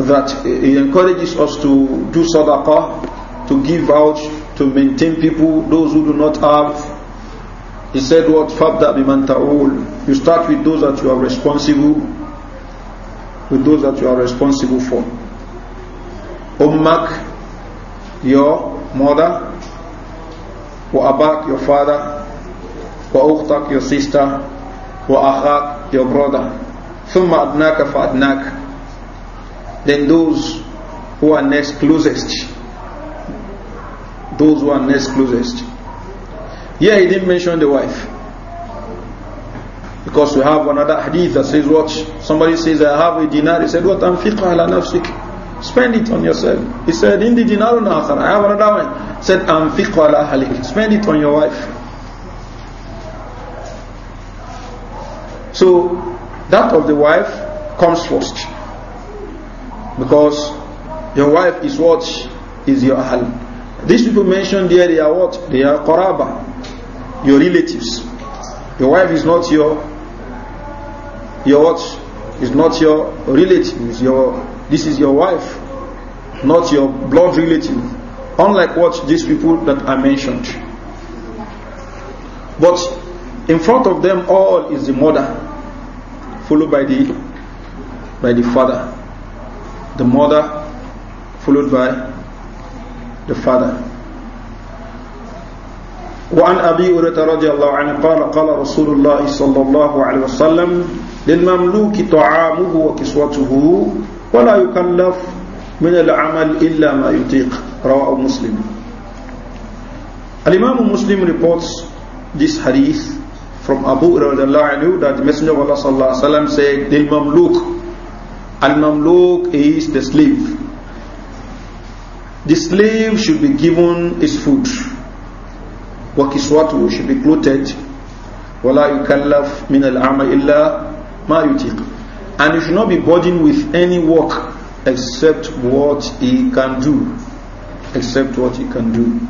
that he encourages us to do sadaqah, to give out, to maintain people, those who do not have, he said what fabda biman ta'ul. You start with those that you are responsible, with those that you are responsible for. Ummak, your mother, وأباك your father وأختك your sister وأخاك your brother ثم أدناك فأدناك then those who are next closest those who are next closest yeah he didn't mention the wife because we have another hadith that says what somebody says I have a dinar he said what anfiqa al nafsik Spend it on yourself. He said, Indi dinarun akhar. I have another one. He said, Anfiq ala halik. Spend it on your wife. So, that of the wife comes first. Because your wife is what is your ahl. These people mentioned here, they are what? They are qaraba, your relatives. Your wife is not your, your what? Is not your relative, is your this is your wife, not your blood relative. Unlike what these people that I mentioned. But in front of them all is the mother, followed by the by the father. The mother followed by the father. وعن أبي هريرة رضي الله عنه قال قال رسول الله صلى الله عليه وسلم للمملوك طعامه وكسوته ولا يكلف من العمل إلا ما يطيق رواه مسلم الإمام مسلم reports this hadith from Abu Hurairah that the Messenger of Allah صلى الله عليه وسلم said, "The mamluk, al-mamluk is the slave. The slave should be given his food. وكسوته should be clothed. ولا يكلف من العمل إلا ما يطيق And you should not be burdened with any work except what he can do. Except what he can do.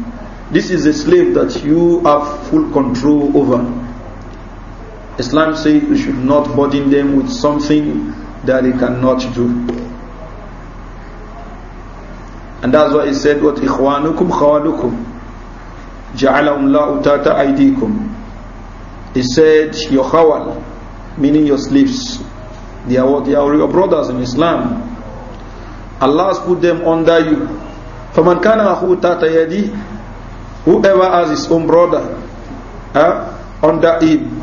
This is a slave that you have full control over. Islam says you should not burden them with something that they cannot do. And that's why he said, What ikhwanukum khawalukum. Ja'alahum utata aydikum. He said, Your khawal, meaning your slaves. They are, what, they are your brothers in Islam. Allah has put them under you. فَمَنْ كَانَ أَخُوهُ تَحْتَ Whoever has his own brother uh, under him,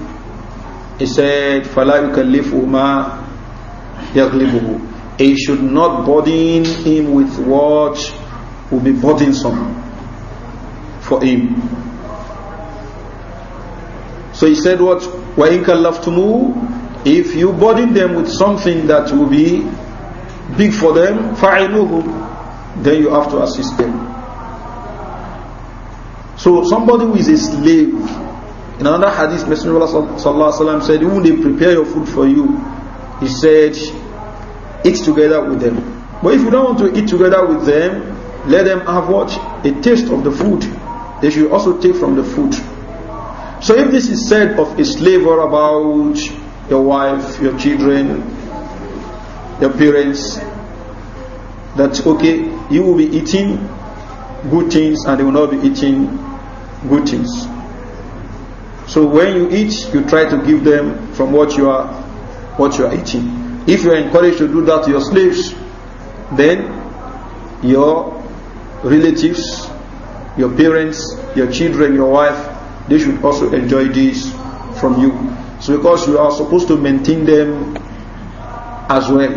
he said, فَلَا يُكَلِّفُهُ مَا يَغْلِبُهُ He should not burden him with what will be burdensome for him. So he said what? وَإِنْ move?" If you burden them with something that will be big for them, فَعِنُوهُ Then you have to assist them. So somebody who is a slave, in another hadith, Messenger of Allah said, when they prepare your food for you, he said, eat together with them. But if you don't want to eat together with them, let them have what? A taste of the food. They should also take from the food. So if this is said of a slave or about your wife, your children, your parents, that okay, you will be eating good things and they will not be eating good things. So when you eat, you try to give them from what you are what you are eating. If you are encouraged to do that to your slaves, then your relatives, your parents, your children, your wife, they should also enjoy this from you. So, because you are supposed to maintain them as well.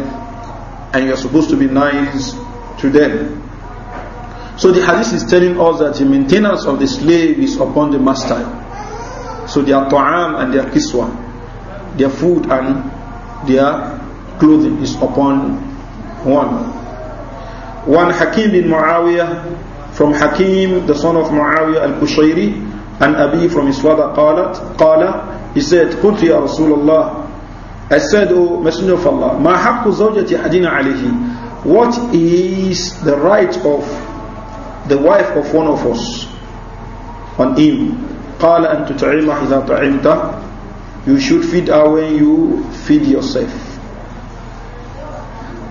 And you are supposed to be nice to them. So the hadith is telling us that the maintenance of the slave is upon the master. So their ta'am and their kiswa, their food and their clothing is upon one. One Hakim bin Muawiyah from Hakim, the son of Muawiyah al-Kushayri, and Abi from his father قالت, قال he said, قلت يا رسول الله I said, O Messenger of Allah, ما حق زوجة أحدنا عليه What is the right of the wife of one of us on him? قال أن تطعم إذا طعمت You should feed her when you feed yourself.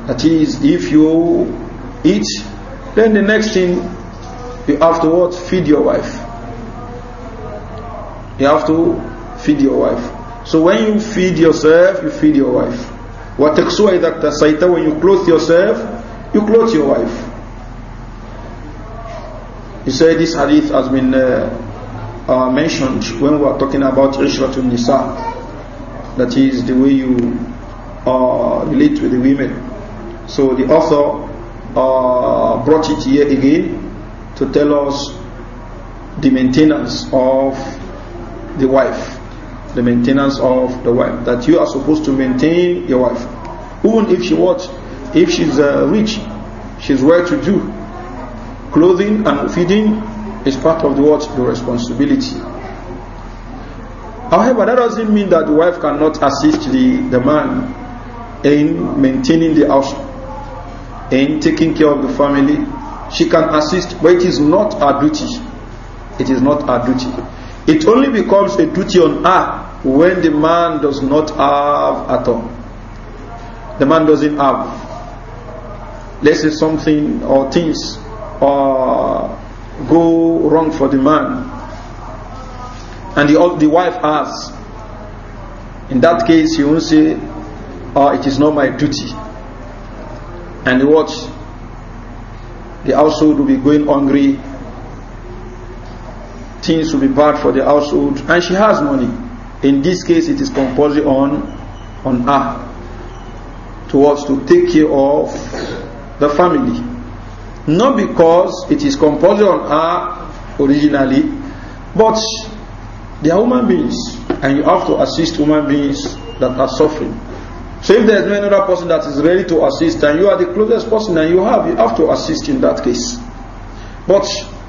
That is, if you eat, then the next thing you have to what? Feed your wife. You have to feed your wife. So when you feed yourself, you feed your wife. وَتَكْسُوَ إِذَا اكْتَسَيْتَ When you clothe yourself, you clothe your wife. You say this hadith has been uh, uh, mentioned when we are talking about Ishratun Nisa. That is the way you uh, relate with the women. So the author uh, brought it here again to tell us the maintenance of the wife the maintenance of the wife that you are supposed to maintain your wife even if she what if she's uh, rich she's well to do clothing and feeding is part of the what the responsibility however that doesn't mean that the wife cannot assist the, the man in maintaining the house in taking care of the family she can assist but it is not her duty it is not her duty it only becomes a duty on her when the man does not have at all. The man doesn't have. Let's say something or things or uh, go wrong for the man. And the, the wife has. In that case, he won't say, oh, it is not my duty. And watch, the household will be going hungry. Things will be bad for the household. And she has money. In this case, it is compulsory on on her towards to take care of the family. Not because it is compulsory on her originally, but they are human beings, and you have to assist human beings that are suffering. So if there is no another person that is ready to assist, and you are the closest person and you have, you have to assist in that case. But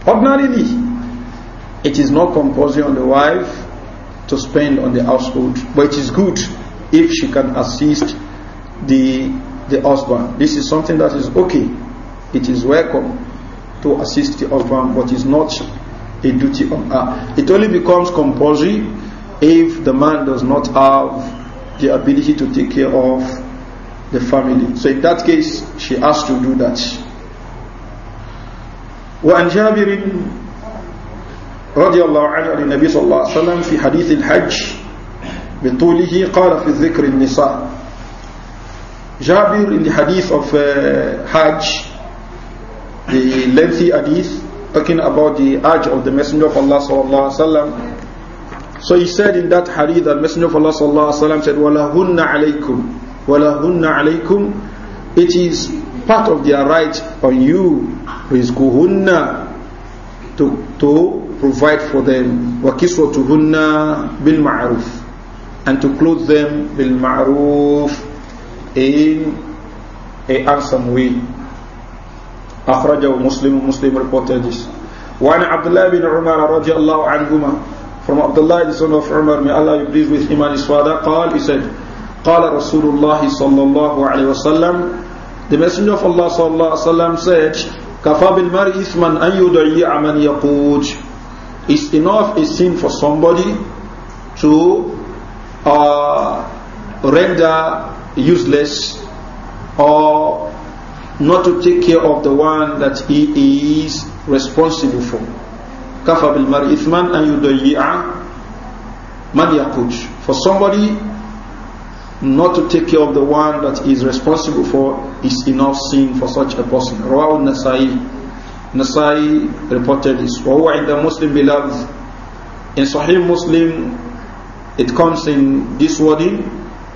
ordinarily, it is not compulsory on the wife to spend on the household. But it is good if she can assist the the husband. This is something that is okay. It is welcome to assist the husband, but it's not a duty on her. It only becomes compulsory if the man does not have the ability to take care of the family. So in that case, she has to do that. وعن جابر رضي الله عنه عن النبي صلى الله عليه وسلم في حديث الحج بطوله قال في ذكر النساء جابر in the hadith of uh, Hajj the lengthy hadith talking about the Hajj of the Messenger of Allah صلى الله عليه وسلم so he said in that hadith that Messenger of Allah صلى الله عليه وسلم said walahunna alaykum walahunna عَلَيْكُمْ it is part of their right on you who is kuhunna to to provide for them وَكِسْوَتُهُنَّ بِالْمَعْرُوفِ and to clothe them بِالْمَعْرُوف in a handsome way أخرجه مسلم مسلم reported this وعن عبد الله بن عمر رضي الله عنهما from Abdullah the son of Umar may Allah be pleased with him and his father قال he said قال رسول الله صلى الله عليه وسلم the messenger of Allah صلى الله عليه وسلم said كفى بالمرء إثما أن يدعي من يقود it's enough a sin for somebody to uh, render useless or not to take care of the one that he is responsible for. كفى بالمرء إثما أن يضيع من يقود For somebody not to take care of the one that is responsible for is enough sin for such a person. رواه النسائي Nasai reported this. in the Muslim beloved. In Sahih Muslim, it comes in this wording,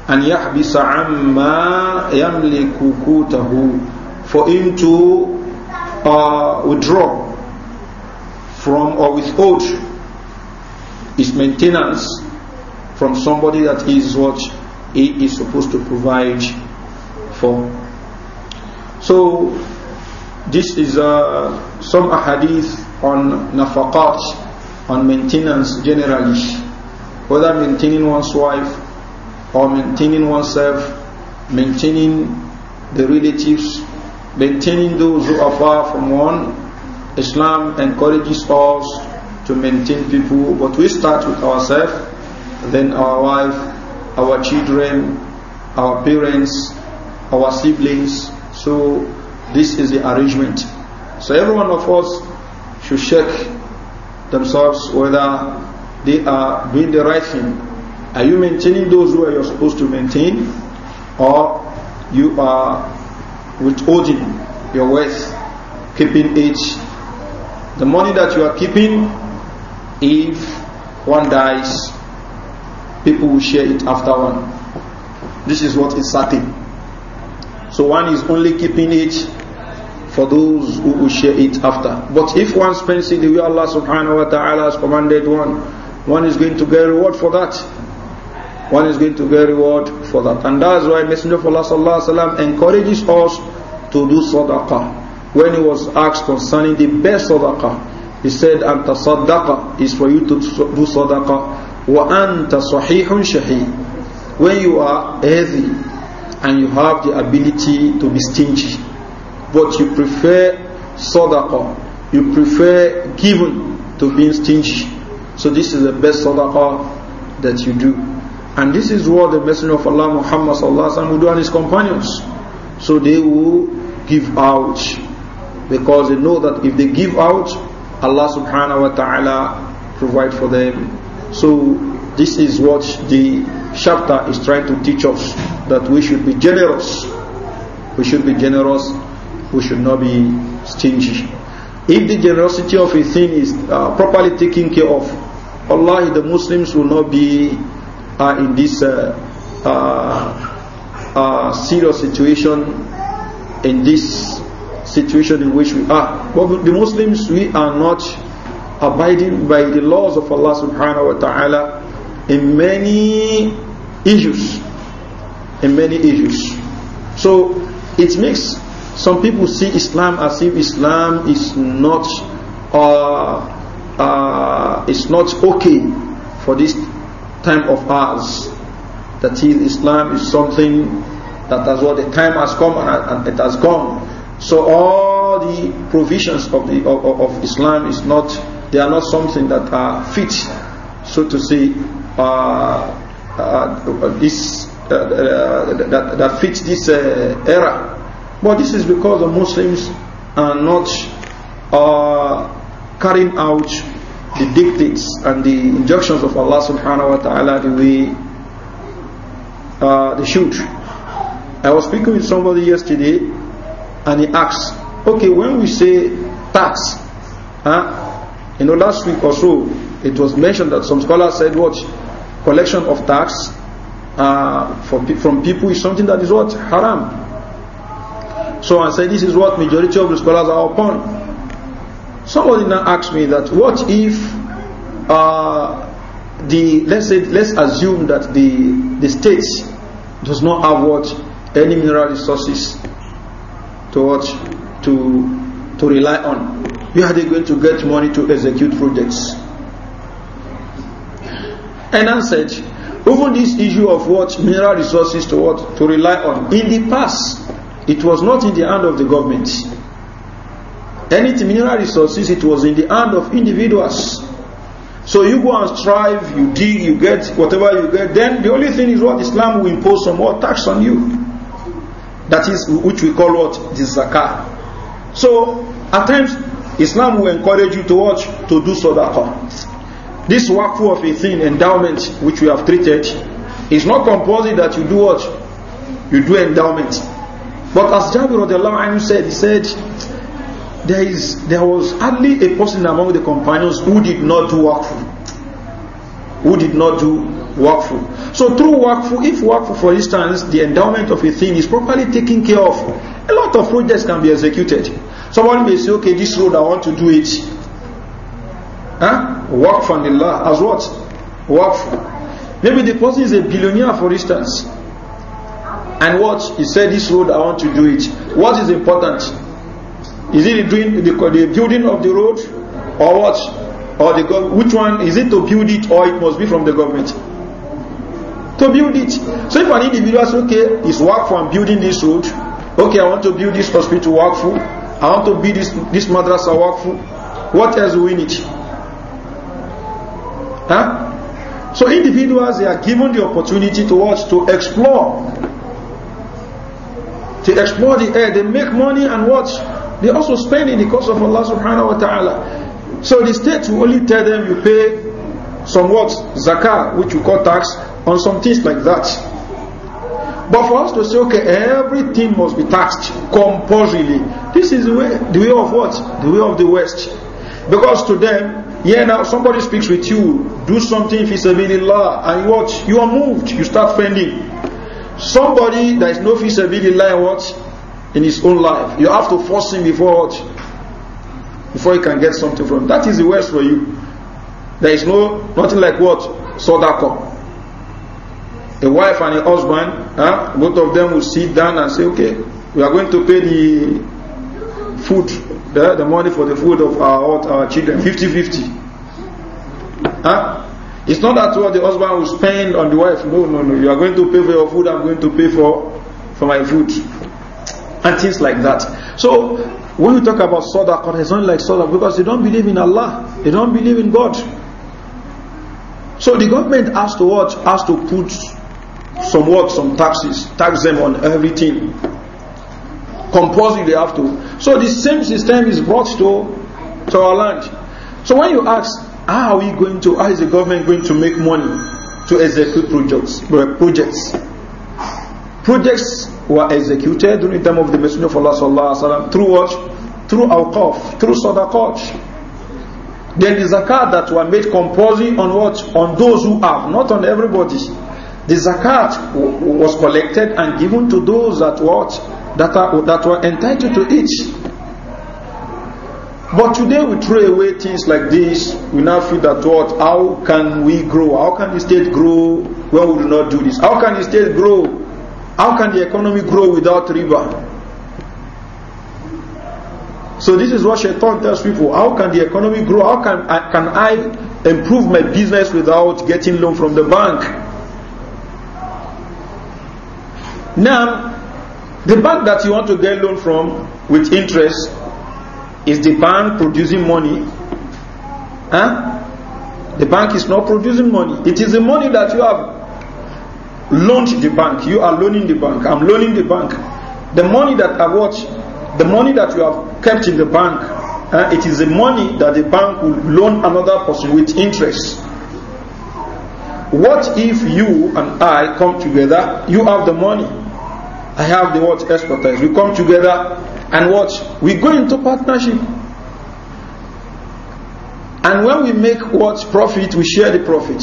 yahbi يَحْبِسَ yamli kuku tahu," For him to uh, withdraw from or withhold his maintenance from somebody that is what he is supposed to provide for. So this is uh, some hadith on nafaqat, on maintenance generally. Whether maintaining one's wife or maintaining oneself, maintaining the relatives, maintaining those who are far from one. Islam encourages us to maintain people, but we start with ourselves, then our wife, our children, our parents, our siblings. So this is the arrangement. So every one of us should check themselves whether they are doing the right thing. Are you maintaining those who are supposed to maintain? Or you are withholding your wealth, keeping it. The money that you are keeping, if one dies, people will share it after one. This is what is certain. So one is only keeping it for those who will share it after. But if one spends it the way Allah subhanahu wa ta'ala has commanded one, one is going to get reward for that. One is going to get reward for that. And that's why Messenger of Allah Subhanahu wa Taala encourages us to do sadaqah. When he was asked concerning the best sadaqah, he said, أَنْتَ sadaqah is for you to do sadaqah. وَأَنْتَ sahihun شَهِي When you are healthy and you have the ability to be stingy, but you prefer sadaqah. You prefer giving to being stingy. So this is the best sadaqah that you do. And this is what the Messenger of Allah Muhammad would do and his companions. So they will give out. Because they know that if they give out, Allah subhanahu wa ta'ala provide for them. So this is what the chapter is trying to teach us. That we should be generous. We should be generous we should not be stingy. If the generosity of a thing is uh, properly taken care of, Allah, the Muslims will not be uh, in this uh, uh, uh, serious situation, in this situation in which we are. But the Muslims, we are not abiding by the laws of Allah subhanahu wa ta'ala in many issues. In many issues. So it makes some people see Islam as if Islam is not uh, uh, is not okay for this time of ours. That is, Islam is something that has what well, the time has come and, it has gone. So all the provisions of the of, of Islam is not they are not something that are fit, so to say, uh, uh this uh, uh, that, that fits this era but this is because the Muslims are not uh, carrying out the dictates and the injunctions of Allah subhanahu wa ta'ala the way uh, they should. I was speaking with somebody yesterday and he asked, okay, when we say tax, huh? you know, last week or so, it was mentioned that some scholars said what? Collection of tax uh, from, from people is something that is what? Haram. So I say this is what majority of the scholars are upon. Somebody now asked me that, what if uh, the let's say let's assume that the the state does not have what any mineral resources to what to to rely on. Where are they going to get money to execute projects? And I said, even this issue of what mineral resources to what to rely on in the past it was not in the hand of the government. Any mineral resources, it was in the hand of individuals. So you go and strive, you dig, you get whatever you get. Then the only thing is what Islam will impose some more tax on you. That is which we call what the zakah. So at times Islam will encourage you to watch to do sadaqah. This waqfu of a thing, endowment, which we have treated, is not compulsory that you do what you do endowment. But as Jabir anhu said, he said, there, is, there was hardly a person among the companions who did not do wakfu. Who did not do wakfu. So through wakfu, if wakfu, for instance, the endowment of a thing is properly taken care of, a lot of projects can be executed. Someone may say, okay, this road, I want to do it. Huh? Wakf and Allah as what? for. Maybe the person is a billionaire, for instance. And what? He said, this road, I want to do it. What is important? Is it doing the, the building of the road or what? Or the which one? Is it to build it or it must be from the government? To build it. So if an individual says, okay, it's work from building this road. Okay, I want to build this hospital work for. I want to build this, this madrasa work for. What else we need? Huh? So individuals, they are given the opportunity to watch, to explore they explore the air, they make money and what? They also spend in the cause of Allah subhanahu wa ta'ala. So the state will only tell them you pay some what? Zakah, which you call tax, on some things like that. But for us to say, okay, everything must be taxed compulsorily. This is the way, the way of what? The way of the West. Because to them, yeah, now somebody speaks with you, do something if it's a law, and what? You are moved, you start fending. Somebody that is no fi sabilillah what? In his own life. You have to force him before what? Before he can get something from him. That is the worst for you. There is no, nothing like what? Sodaka. A wife and a husband, huh? both of them will sit down and say, okay, we are going to pay the food, the, the money for the food of our, our children, 50-50. Huh? It's not that what the husband will spend on the wife. No, no, no. You are going to pay for your food, I'm going to pay for, for my food. And things like that. So, when we talk about sadaqah, it's not like sadaqah because they don't believe in Allah. They don't believe in God. So the government has to what? Has to put some what? Some taxes. Tax them on everything. Compulsory they have to. So the same system is brought to, to our land. So when you ask, How are we going to, how is the government going to make money to execute projects? Uh, projects, projects were executed during the time of the Messenger of Allah sallallahu alaihi wasallam through what? Through awqaf, through sadaqat. The zakat that were made compulsory on what? On those who have, not on everybody. The zakat was collected and given to those that what? That, are, that were entitled to it. But today we throw away things like this. We now feel that what? How can we grow? How can the state grow when we do not do this? How can the state grow? How can the economy grow without river? So this is what Shaitan tells people. How can the economy grow? How can I, uh, can I improve my business without getting loan from the bank? Now, the bank that you want to get loan from with interest is the bank producing money? Huh? The bank is not producing money. It is the money that you have loaned the bank. You are loaning the bank. I'm loaning the bank. The money that I watch, the money that you have kept in the bank, uh, it is the money that the bank will loan another person with interest. What if you and I come together? You have the money. I have the what expertise. We come together and what? We go into partnership. And when we make what profit, we share the profit.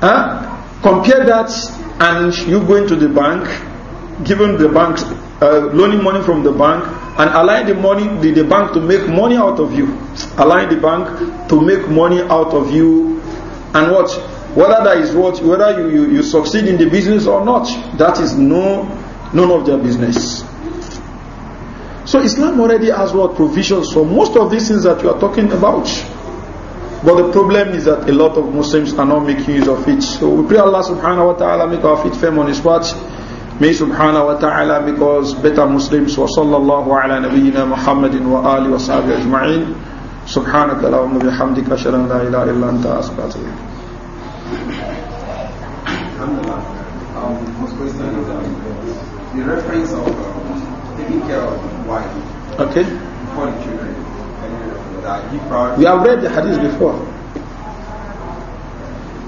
Huh? Compare that and you going to the bank, giving the bank, uh, loaning money from the bank, and allowing the money, the, the bank to make money out of you. Allowing the bank to make money out of you. And what? Whether that is what, whether you, you, you succeed in the business or not, that is no None of their business. So Islam already has what provisions for most of these things that you are talking about. But the problem is that a lot of Muslims are not making use of it. So we pray Allah subhanahu wa ta'ala make our feet firm on His watch. May subhanahu wa ta'ala make us better Muslims. Wa sallallahu ala nabiyyina Muhammadin wa ali wa sahbihi ajma'in. سبحانك اللهم وبحمدك اشهد ان لا اله الا انت استغفرك الحمد لله the reference of uh, taking care of wife okay. the children. We have read the hadith before.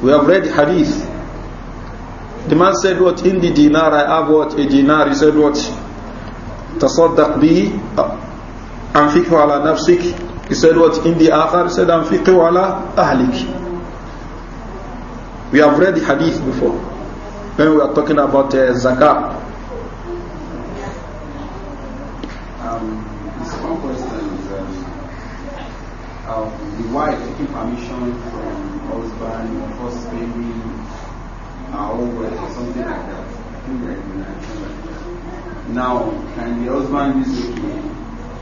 We have read the hadith. The man said, What in the dinar? I have what? A dinar. He said, What? Tasaddaq bihi. Uh, anfiqhu ala nafsik. He said, What in the akhar? He said, Anfiqhu ala ahlik. We have read the hadith before when we are talking about uh, zakat. one question is um, uh, the wife taking permission from husband, first baby, hour or something like that. I think there is an action that. Now, can the husband use it to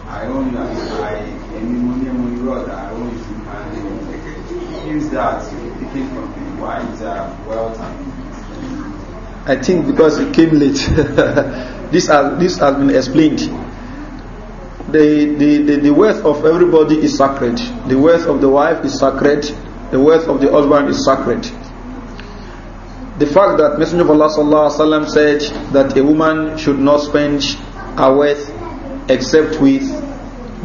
I own you I any money money road I own you and use that taking from the wife uh, wealth and I think because it came late. (laughs) this has this has been explained the, the, the, the wealth of everybody is sacred. The worth of the wife is sacred. The worth of the husband is sacred. The fact that Messenger of Allah sallallahu alaihi wasallam said that a woman should not spend her worth except with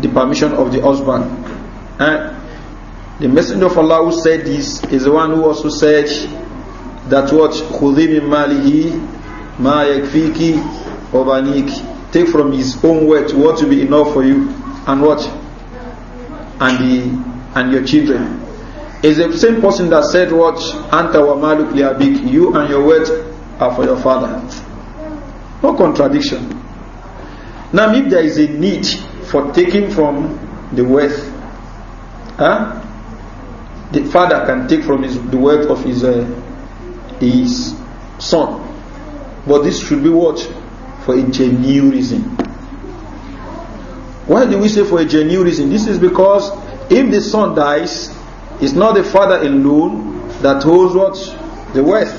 the permission of the husband. And eh? The Messenger of Allah who said this is the one who also said that what خُذِي مِن مَالِهِ مَا يَكْفِيكِ وَبَنِيكِ take from his own wealth what will be enough for you and what and the and your children is the same person that said what anta wa maluk liabik you and your wealth are for your father no contradiction now if there is a need for taking from the wealth huh? the father can take from his, the wealth of his uh, his son but this should be what for a genuine reason. Why do we say for a genuine reason? This is because if the son dies, it's not the father alone that holds what? The wealth.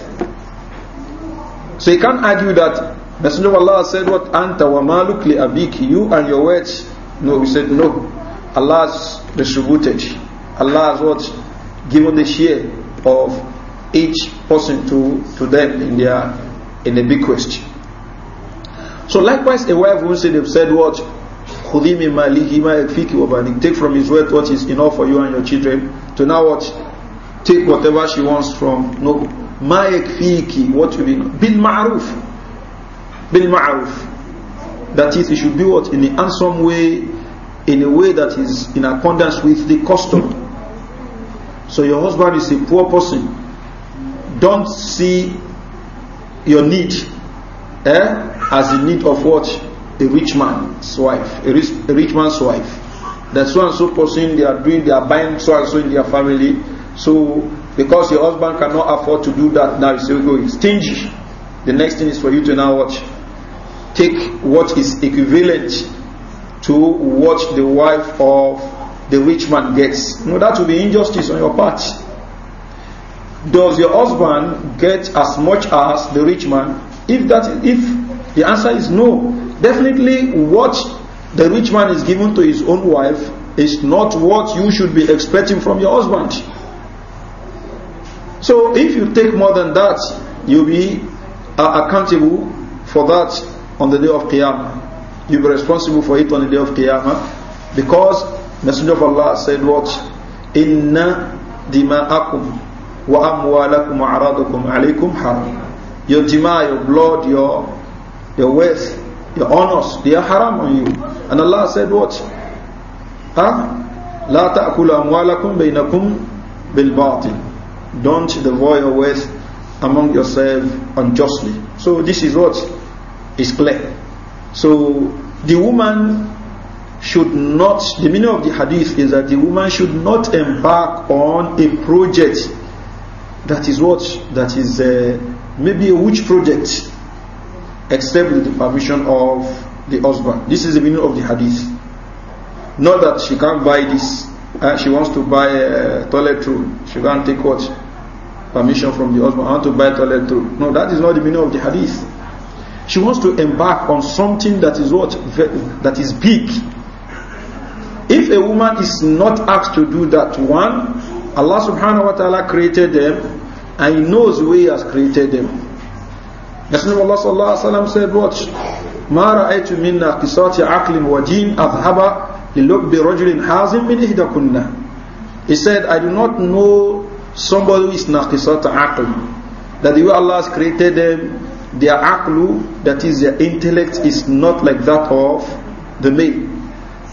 So you can't argue that Messenger of Allah said what anta wa maluk li abiki you and your wealth. No, he said no. Allah has distributed. Allah has what given the share of each person to to them in their in the question. So likewise, a wife who said they've said what? Khudimi malihima ekfiki wabanik. Take from his wealth what is enough for you and your children. To now what? Take whatever she wants from. No. Ma ekfiki. What you mean? Bil ma'ruf. Bil ma'ruf. That is, it should be what? In the handsome way, in a way that is in accordance with the custom. So your husband is a poor person. Don't see your need. Eh? as in need of what? A rich man's wife. A rich, a rich man's wife. That so and so person they are doing, they are buying so and so in their family. So because your husband cannot afford to do that now, you say, go, stingy. The next thing is for you to now watch. Take what is equivalent to what the wife of the rich man gets. No, that will be injustice on your part. Does your husband get as much as the rich man? If that, if the answer is no. Definitely what the rich man is given to his own wife is not what you should be expecting from your husband. So if you take more than that, you'll be uh, accountable for that on the day of Qiyamah. You'll be responsible for it on the day of Qiyamah because Messenger of Allah said what? Inna dima'akum wa amwalakum wa aradukum alaykum haram. Your dima, your blood, your your wealth, your honors, they are haram on you. And Allah said what? Huh? لا تأكلوا أموالكم بينكم بالباطل Don't devour your wealth among yourself unjustly. So this is what is clear. So the woman should not, the meaning of the hadith is that the woman should not embark on a project that is what, that is uh, maybe a witch project except with the permission of the husband. This is the meaning of the hadith. Not that she can't buy this. Uh, she wants to buy a toilet roll. She can't take what? Permission from the husband. I want to buy toilet roll. No, that is not the meaning of the hadith. She wants to embark on something that is what? That is big. If a woman is not asked to do that one, Allah subhanahu wa ta'ala created them and He knows where He has created them. Messenger of Allah sallallahu said, Watch. ما رأيت منا قصات عقل ودين أذهب للب رجل حازم من إحدى He said, I do not know somebody who is naqisat aql. That the way Allah has created them, their aqlu, that is their intellect, is not like that of the male.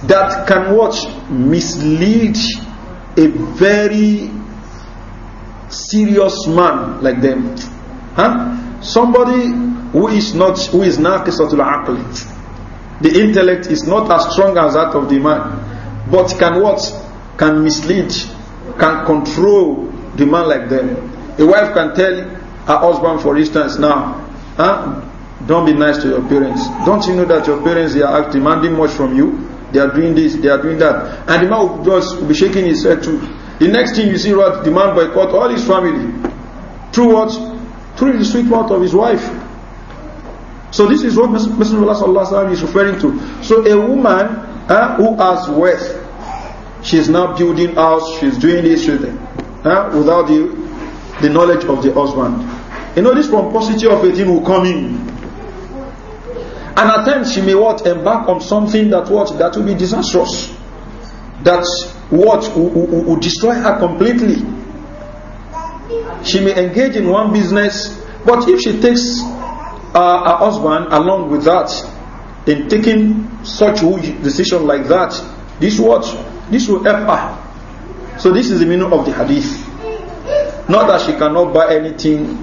That can watch mislead a very serious man like them. Huh? somebody who is not who is naqisatul aql the intellect is not as strong as that of the man but can what can mislead can control the man like them a wife can tell her husband for instance now huh, don't be nice to your parents don't you know that your parents they are demanding much from you they are doing this they are doing that and the man will just be shaking his head too the next thing you see what the man boycott all his family through what through the sweet mouth of his wife. So this is what Messenger of Allah is referring to. So a woman uh, who has wealth, she's now building house, she's doing this, she's doing, uh, without the, the knowledge of the husband. You know, this pomposity of a thing will come in. And at times she may what embark on something that what that will be disastrous. That what will, will, will destroy her completely. She may engage in one business, but if she takes uh, her husband along with that, in taking such a decision like that, this what this will help her. So this is the meaning of the hadith. Not that she cannot buy anything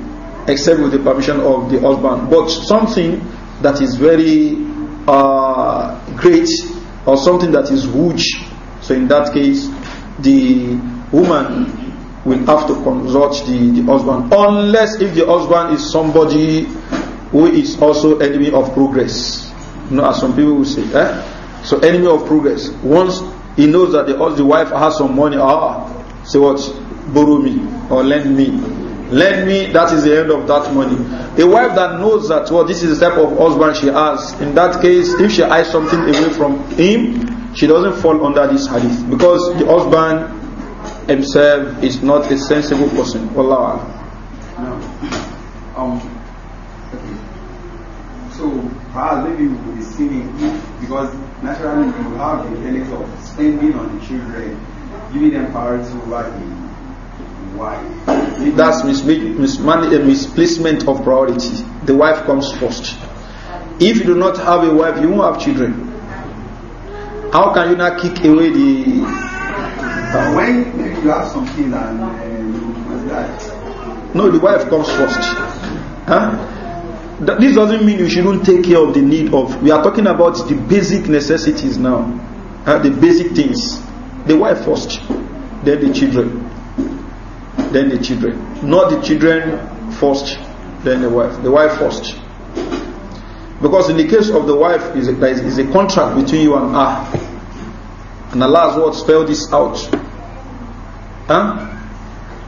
except with the permission of the husband, but something that is very uh, great or something that is huge. So in that case, the woman will have to consult the, the husband unless if the husband is somebody who is also enemy of progress you know as some people will say eh? so enemy of progress once he knows that the, the wife has some money ah, ah say what borrow me or lend me lend me that is the end of that money a wife that knows that well this is the type of husband she has in that case if she hides something away from him she doesn't fall under this hadith because the husband himself is not a sensible person. Wallah. No. Um, okay. So perhaps maybe we could be sinning because naturally you have the tendency of spending on the children, giving them priority over the wife. That's mis mis misplacement of priority. The wife comes first. If you do not have a wife, you won't have children. How can you not kick away the. But when you have something and uh, um, that. No, the wife comes first. Huh? This doesn't mean you shouldn't take care of the need of. We are talking about the basic necessities now, huh? the basic things. The wife first, then the children, then the children. Not the children first, then the wife. The wife first. Because in the case of the wife, is a, is a contract between you and her. And Allah's word spell this out. Huh?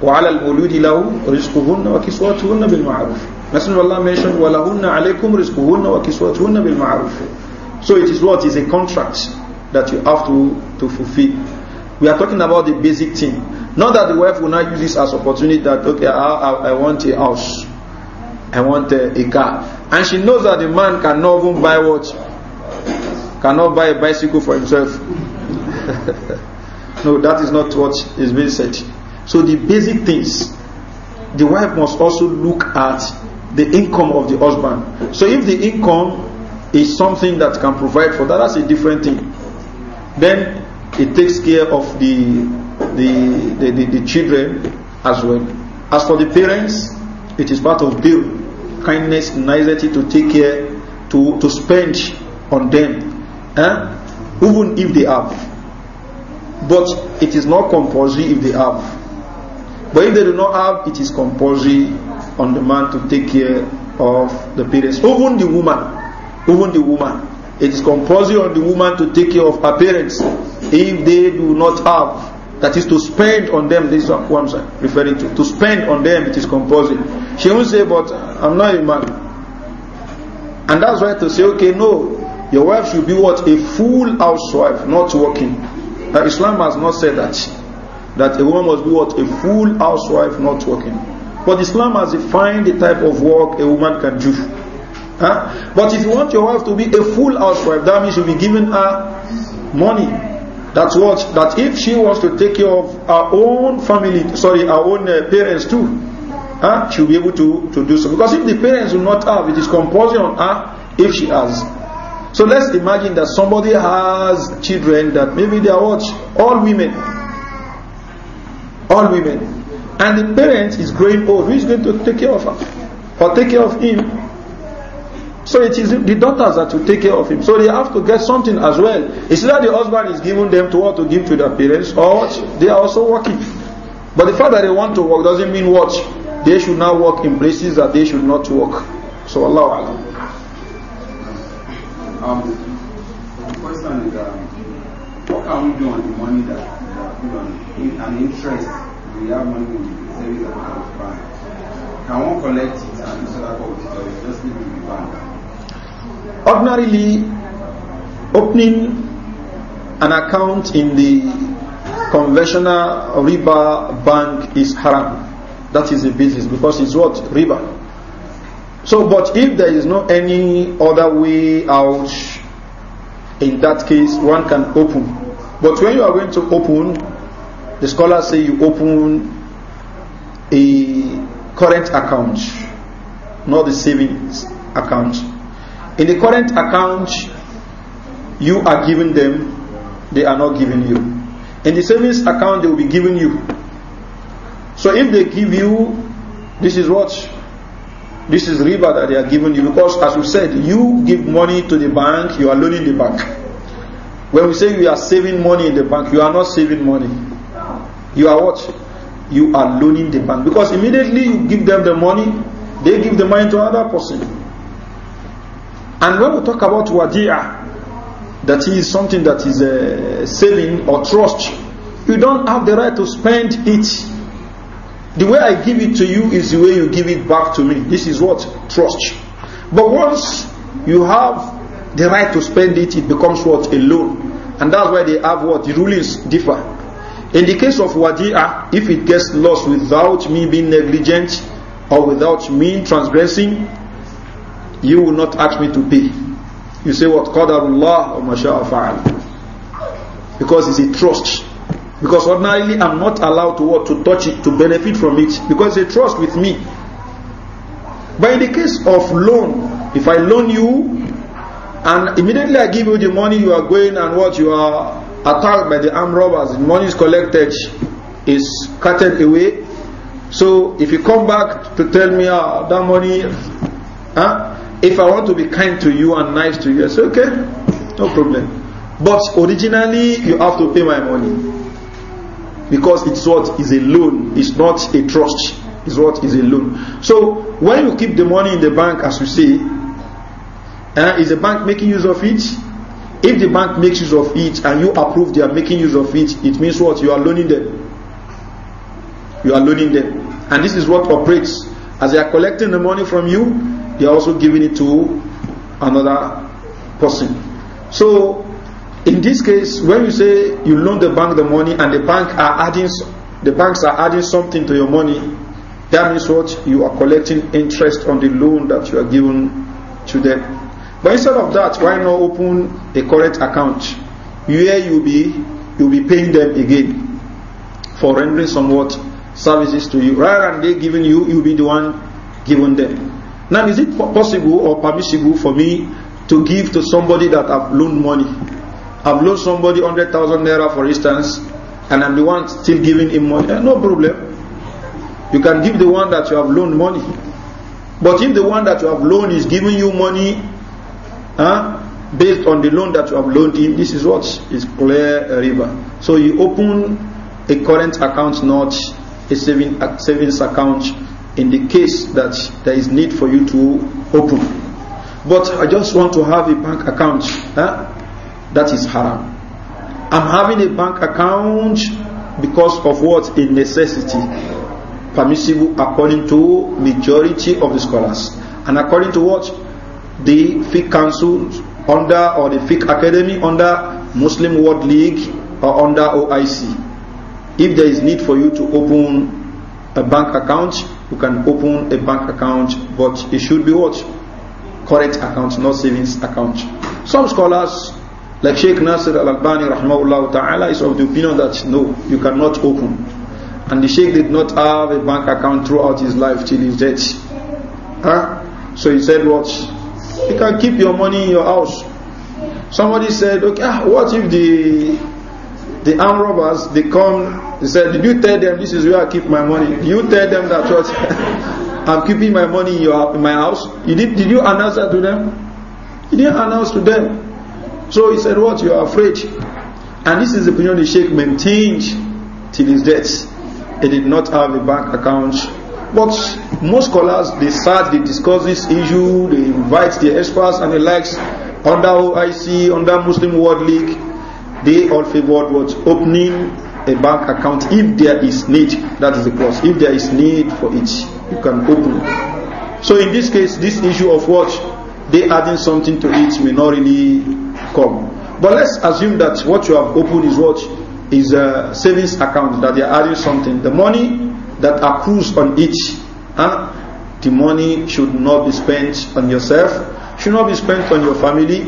وعلى الولود له رزقهن وكسوتهن بالمعروف Messenger of Allah mentioned وَلَهُنَّ عَلَيْكُمْ رِزْقُهُنَّ وَكِسْوَتُهُنَّ بِالْمَعْرُوفِ So it is what is a contract that you have to, to fulfill. We are talking about the basic thing. Not that the wife will not use this as opportunity that, okay, I, I, I want a house. I want a, a car. And she knows that the man cannot even buy what? Cannot buy a bicycle for himself. (laughs) no, that is not what is being said. So the basic things, the wife must also look at the income of the husband. So if the income is something that can provide for that, that's a different thing. Then it takes care of the the, the, the, the children as well. As for the parents, it is part of bill, kindness, nicety to take care, to, to spend on them, eh? even if they have. but it is not compulsory if they have. But if they do not have, it is compulsory on the man to take care of the parents, even the woman, even the woman. It is compulsory on the woman to take care of her parents if they do not have. That is to spend on them. This is what I'm referring to. To spend on them, it is compulsory. She won't say, "But I'm not a man." And that's why to say, "Okay, no, your wife should be what a full housewife, not working." That Islam has not said that. That a woman must be what? A full housewife not working. But Islam has defined the type of work a woman can do. Huh? But if you want your wife to be a full housewife, that means you'll be giving her money. That's what, that if she wants to take care of her own family, sorry, her own uh, parents too, huh? she'll be able to, to do so. Because if the parents will not have, it is compulsory on her if she has. So let's imagine that somebody has children that maybe they are what? All women. All women. And the parent is growing old. Who is going to take care of her? Or take care of him? So it is the daughters that will take care of him. So they have to get something as well. It's either the husband is giving them to what to give to their parents or They are also working. But the fact that they want to work doesn't mean what? They should not work in places that they should not work. So Allah Allah. Um, the question is, um, what can we do on the money that, we you know, an interest we have money in the savings account of bank? Can one collect it and use that for it, or just leave it in the bank? Ordinarily, opening an account in the conventional river bank is haram. That is a business because it's what? river. So, but if there is no any other way out, in that case, one can open. But when you are going to open, the scholars say you open a current account, not the savings account. In the current account, you are giving them, they are not giving you. In the savings account, they will be giving you. So if they give you, this is what? This is riba that they are giving you because, as we said, you give money to the bank, you are loaning the bank. When we say you are saving money in the bank, you are not saving money. You are what? You are loaning the bank because immediately you give them the money, they give the money to another person. And when we talk about wadi'ah, that is something that is uh, saving or trust, you don't have the right to spend it The way I give it to you is the way you give it back to me. This is what? Trust. But once you have the right to spend it, it becomes what? A loan. And that's why they have what? The rulings differ. In the case of wadi'ah, if it gets lost without me being negligent or without me transgressing, you will not ask me to pay. You say what? Qadarullah or masha'afa'al. Because it's a trust. Because ordinarily I'm not allowed to what, to touch it, to benefit from it, because they trust with me. But in the case of loan, if I loan you, and immediately I give you the money, you are going and what, you are attacked by the armed robbers, the money is collected, is carted away. So if you come back to tell me, ah, that money, huh? if I want to be kind to you and nice to you, I say, okay, no problem. But originally, you have to pay my money because it's what is a loan, it's not a trust, it's what is a loan. So when you keep the money in the bank, as you say, uh, is the bank making use of it? If the bank makes use of it and you approve they are making use of it, it means what? You are loaning them. You are loaning them. And this is what operates. As they are collecting the money from you, they are also giving it to another person. So in this case, when you say you loan the bank the money and the bank are adding, the banks are adding something to your money, that means what you are collecting interest on the loan that you are given to them. But instead of that, why not open a current account where you'll be you'll be paying them again for rendering somewhat services to you, rather than they giving you, you'll be the one giving them. Now, is it possible or permissible for me to give to somebody that I've loaned money? I've loaned somebody 100,000 naira, for instance, and I'm the one still giving him money. Eh, no problem. You can give the one that you have loaned money. But if the one that you have loaned is giving you money huh, based on the loan that you have loaned him, this is what is clear uh, river. So you open a current account, not a saving, savings account, in the case that there is need for you to open. But I just want to have a bank account. Huh? that is haram. I'm having a bank account because of what? A necessity. Permissible according to majority of the scholars. And according to what? The Fiqh Council under or the Fiqh Academy under Muslim World League or under OIC. If there is need for you to open a bank account, you can open a bank account, but it should be what? Correct account, not savings account. Some scholars Like Sheikh Nasir al-Albani rahmahullah ta'ala is of the opinion that no, you cannot open. And the Sheikh did not have a bank account throughout his life till his death. Huh? So he said what? You can keep your money in your house. Somebody said, okay, ah, what if the the armed robbers, they come, He said, did you tell them this is where I keep my money? You tell them that what? (laughs) I'm keeping my money in, your, in my house. You did, did you announce that to them? You didn't announce to them. So he said, what? You are afraid. And this is the opinion the Sheikh maintained till his death. He did not have a bank account. But most scholars, they start, they discuss this issue, they invite the experts and the likes under OIC, under Muslim World League. They all favored what? Opening a bank account if there is need. That is the clause. If there is need for it, you can open So in this case, this issue of what? They adding something to it may not really come. But let's assume that what you have opened is what is a savings account that they are adding something. The money that accrues on it, huh? the money should not be spent on yourself, should not be spent on your family.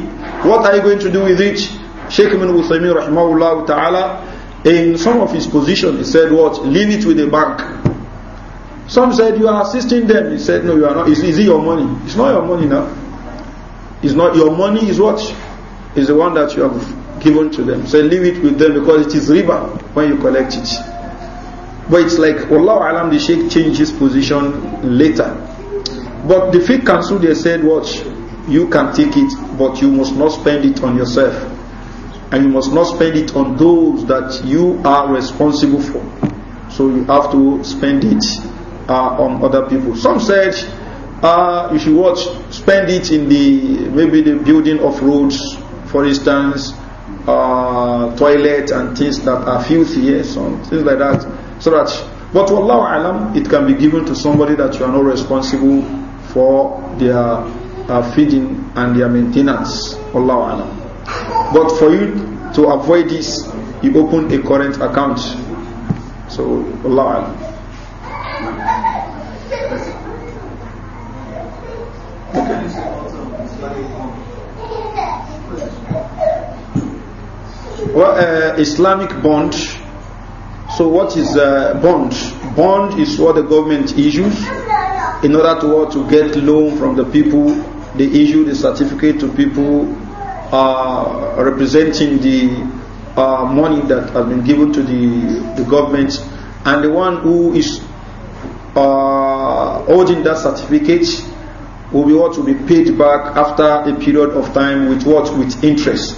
What are you going to do with it? Sheikh Ibn Uthaymeen rahimahullah ta'ala, in some of his position, he said what? Leave it with the bank. Some said you are assisting them. He said no, you are not. Is, is it your money? It's not your money now. It's not your money. Is what? is the one that you have given to them. So leave it with them because it is riba when you collect it. But it's like Allah Alam the Sheikh changed his position later. But the fiqh council they said watch, you can take it but you must not spend it on yourself. And you must not spend it on those that you are responsible for. So you have to spend it uh, on other people. Some said uh, you should watch, spend it in the maybe the building of roads for instance, uh, toilet and things that are filthy, yes, and things like that. So that, but wallahu alam, it can be given to somebody that you are not responsible for their uh, feeding and their maintenance. Wallahu alam. But for you to avoid this, you open a current account. So, wallahu alam. Okay. well, uh, Islamic bond. So what is a uh, bond? Bond is what the government issues in order to uh, to get loan from the people. They issue the certificate to people uh, representing the uh, money that has been given to the the government, and the one who is uh, holding that certificate will be what will be paid back after a period of time with what with interest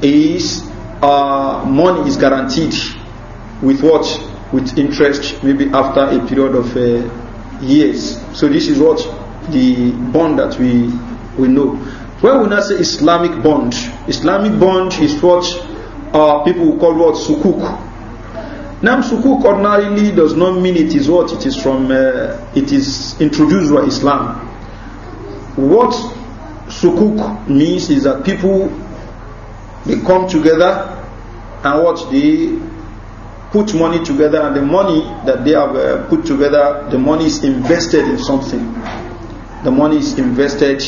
is money is guaranteed with what? With interest, maybe after a period of uh, years. So this is what the bond that we we know. When we now say Islamic bond, Islamic bond is what people call what sukuk. Name sukuk ordinarily does not mean it is what it is from. Uh, it is introduced by Islam. What sukuk means is that people they come together and what they put money together, and the money that they have uh, put together, the money is invested in something. The money is invested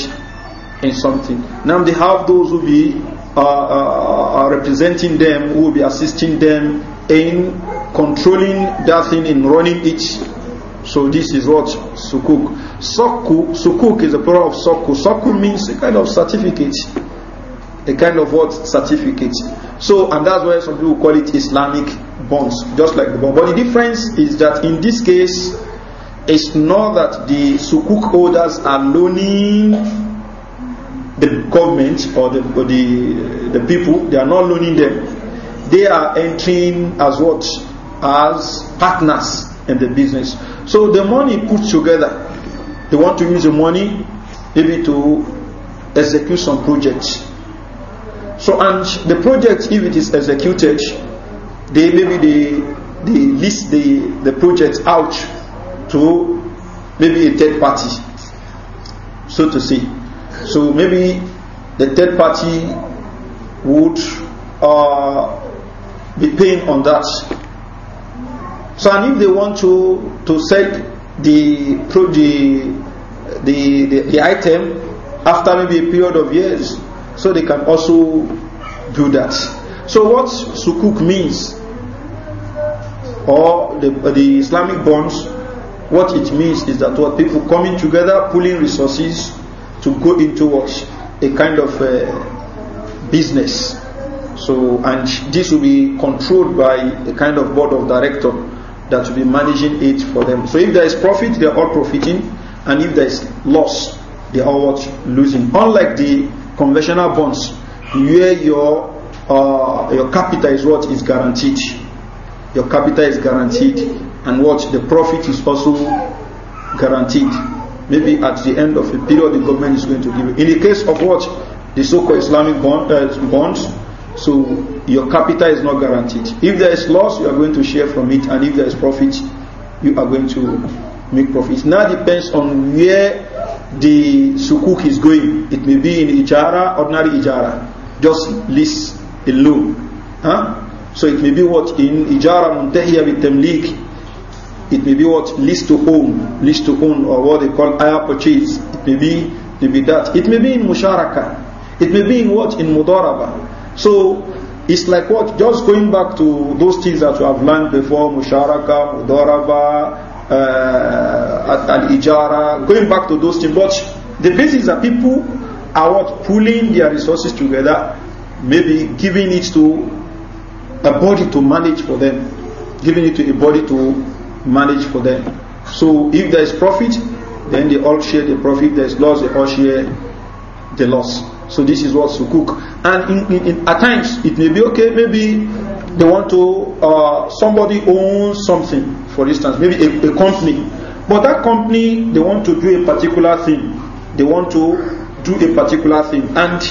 in something. Now they have those who be uh, uh, representing them, who will be assisting them in controlling that thing, in running it. So this is what sukuk. Sukuk, sukuk is a plural of sukuk. Sukuk means a kind of certificate a kind of what certificate. So, and that's why some people call it Islamic bonds, just like the bond. But the difference is that in this case, it's not that the sukuk holders are loaning the government or the, or the the people; they are not loaning them. They are entering as what as partners in the business. So the money put together, they want to use the money maybe to execute some projects so, and the project, if it is executed, they maybe they, they list the, the project out to maybe a third party, so to say. So maybe the third party would uh, be paying on that. So, and if they want to to sell the the the, the, the item after maybe a period of years, so they can also do that. So what sukuk means, or the, the Islamic bonds, what it means is that what people coming together, pulling resources to go into what a kind of uh, business. So and this will be controlled by a kind of board of director that will be managing it for them. So if there is profit, they are all profiting, and if there is loss, they are all losing. Unlike the conventional bonds where your uh, your capital is what is guaranteed your capital is guaranteed and what the profit is also guaranteed maybe at the end of a period the government is going to give you in the case of what the so-called islamic bond, uh, bonds so your capital is not guaranteed if there is loss you are going to share from it and if there is profit you are going to make profits now depends on where the sukuk is going. It may be in ijara, ordinary ijara, just lease a loan. Huh? So it may be what in ijara muntahiya bit tamlik. It may be what lease to own, lease to own, or what they call ayah purchase. It may be, it may be that. It may be in musharaka. It may be in what in mudaraba. So it's like what just going back to those things that you have learned before: musharaka, mudaraba, Uh, And ijara going back to those things. But the basis that people are what pulling their resources together, maybe giving it to a body to manage for them, giving it to a body to manage for them. So if there is profit, then they all share the profit. If there is loss, they all share the loss. So this is what sukuk. And in, in, in, at times it may be okay, maybe they want to uh, somebody owns something for instance maybe a, a, company but that company they want to do a particular thing they want to do a particular thing and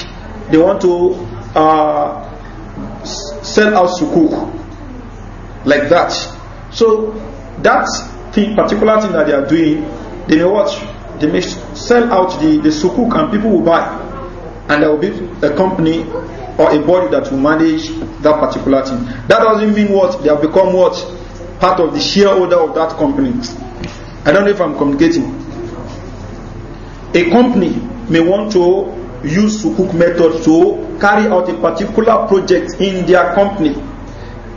they want to uh, sell out sukuk like that so that thing particular thing that they are doing they may watch they may sell out the, the sukuk and people will buy and there will be a company or a body that will manage that particular thing. That doesn't mean what? They have become what? Part of the shareholder of that company. I don't know if I'm communicating. A company may want to use sukuk method to carry out a particular project in their company.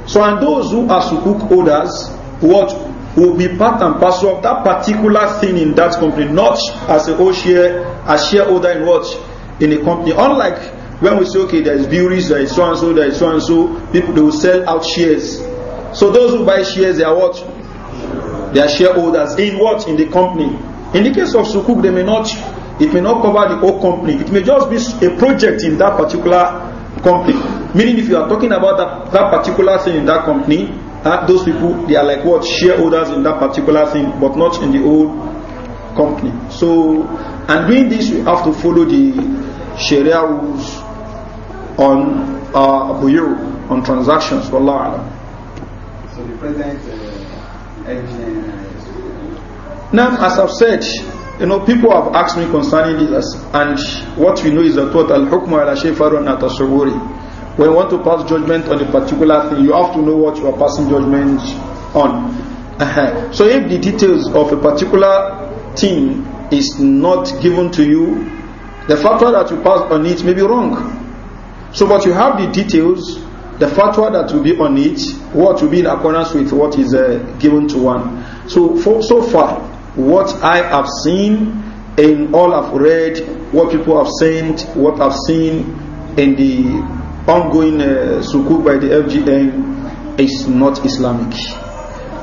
So, and those who are sukuk holders, what will be part and parcel of that particular thing in that company, not as a whole share, a shareholder in what in a company. Unlike When we say, okay, there is breweries, there is so and so, there is so and so, people they will sell out shares. So those who buy shares, they are what? They are shareholders in what? In the company. In the case of Sukuk, they may not, it may not cover the whole company. It may just be a project in that particular company. Meaning, if you are talking about that, that particular thing in that company, uh, those people they are like what shareholders in that particular thing, but not in the whole company. So, and doing this, we have to follow the Sharia rules on uh, buyu, on transactions, wallahu alam. So the present uh, uh, Now, as I've said, you know, people have asked me concerning this, and what we know is that what al-hukmu ala shayfarun atasawwuri. When you want to pass judgment on a particular thing, you have to know what you are passing judgment on. Uh -huh. So if the details of a particular thing is not given to you, the fact that you pass on it may be wrong. So, but you have the details, the fatwa that will be on it, what will be in accordance with what is uh, given to one. So, for, so far, what I have seen and all I've read, what people have sent, what I've seen in the ongoing uh, sukuk by the FGN is not Islamic.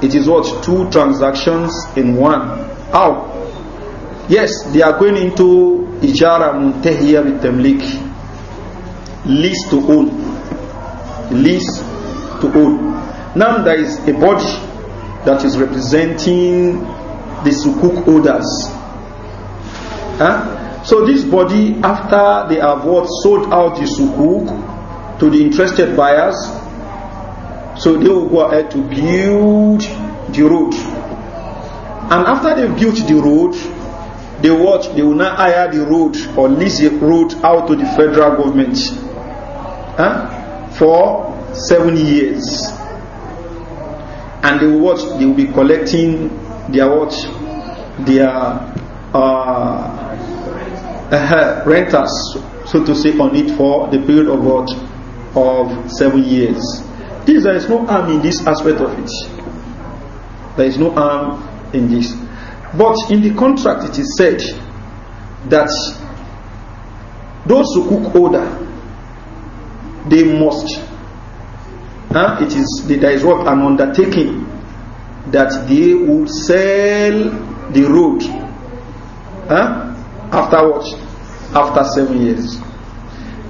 It is what? Two transactions in one. How? Yes, they are going into Ijara Muntahiya with Tamlik leads to own. Leads to own. Now there is a body that is representing the sukuk holders. Huh? So this body, after they have what sold out the sukuk to the interested buyers, so they will go ahead to build the road. And after they've built the road, they watch, they will now hire the road or lease the road out to the federal government huh, for seven years. And they will watch, they will be collecting their watch, their uh, uh, uh, renters, so to say, on it for the period of what? Of seven years. This, there is no harm in this aspect of it. There is no harm in this. But in the contract, it is said that those who cook order. they must. Huh? It is there is what an undertaking that they will sell the road huh? what, after seven years.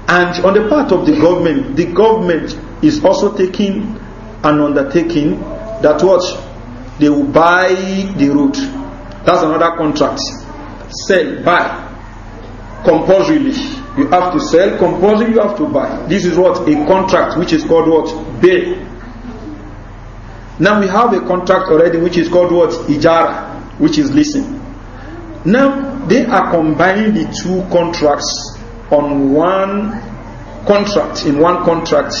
And on the part of the government, the government is also taking an undertaking that what they will buy the road. That's another contract. Sell, buy, compulsorily. You have to sell. Compulsory, you have to buy. This is what? A contract, which is called what? Bay. Now we have a contract already, which is called what? Ijara, which is leasing. Now they are combining the two contracts on one contract, in one contract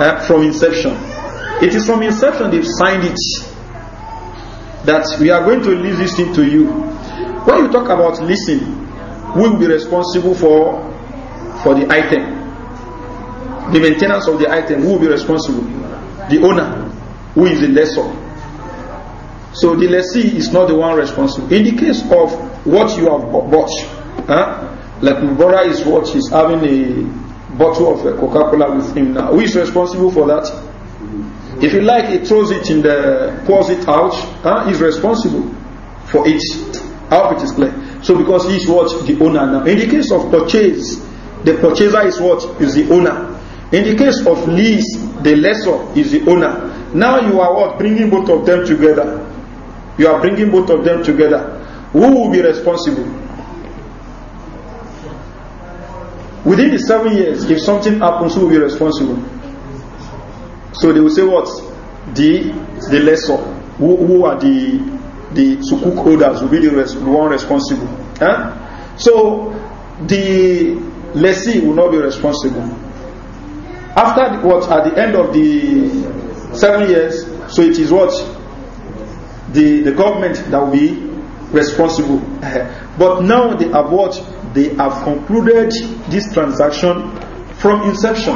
uh, from inception. It is from inception they've signed it that we are going to lease this thing to you. When you talk about leasing, will be responsible for for the item. The maintenance of the item Who will be responsible. The owner, who is the lessor. So the lessee is not the one responsible. In the case of what you have bought, huh? like Mubara is what he's having a bottle of Coca-Cola with him now. Who is responsible for that? If you like, he throws it in the, pours it out, huh? he's responsible for it. I hope it is clear. So because he is what? The owner now. In the case of purchase, the purchaser is what? Is the owner. In the case of lease, the lessor is the owner. Now you are what? Bringing both of them together. You are bringing both of them together. Who will be responsible? Within the seven years, if something happens, who will be responsible? So they will say what? The, the lessor. Who, who are the the sukuk holders will be the, res the one responsible. Eh? So the lessee will not be responsible. After the, what at the end of the seven years, so it is what the the government that will be responsible. (laughs) but now they have what they have concluded this transaction from inception.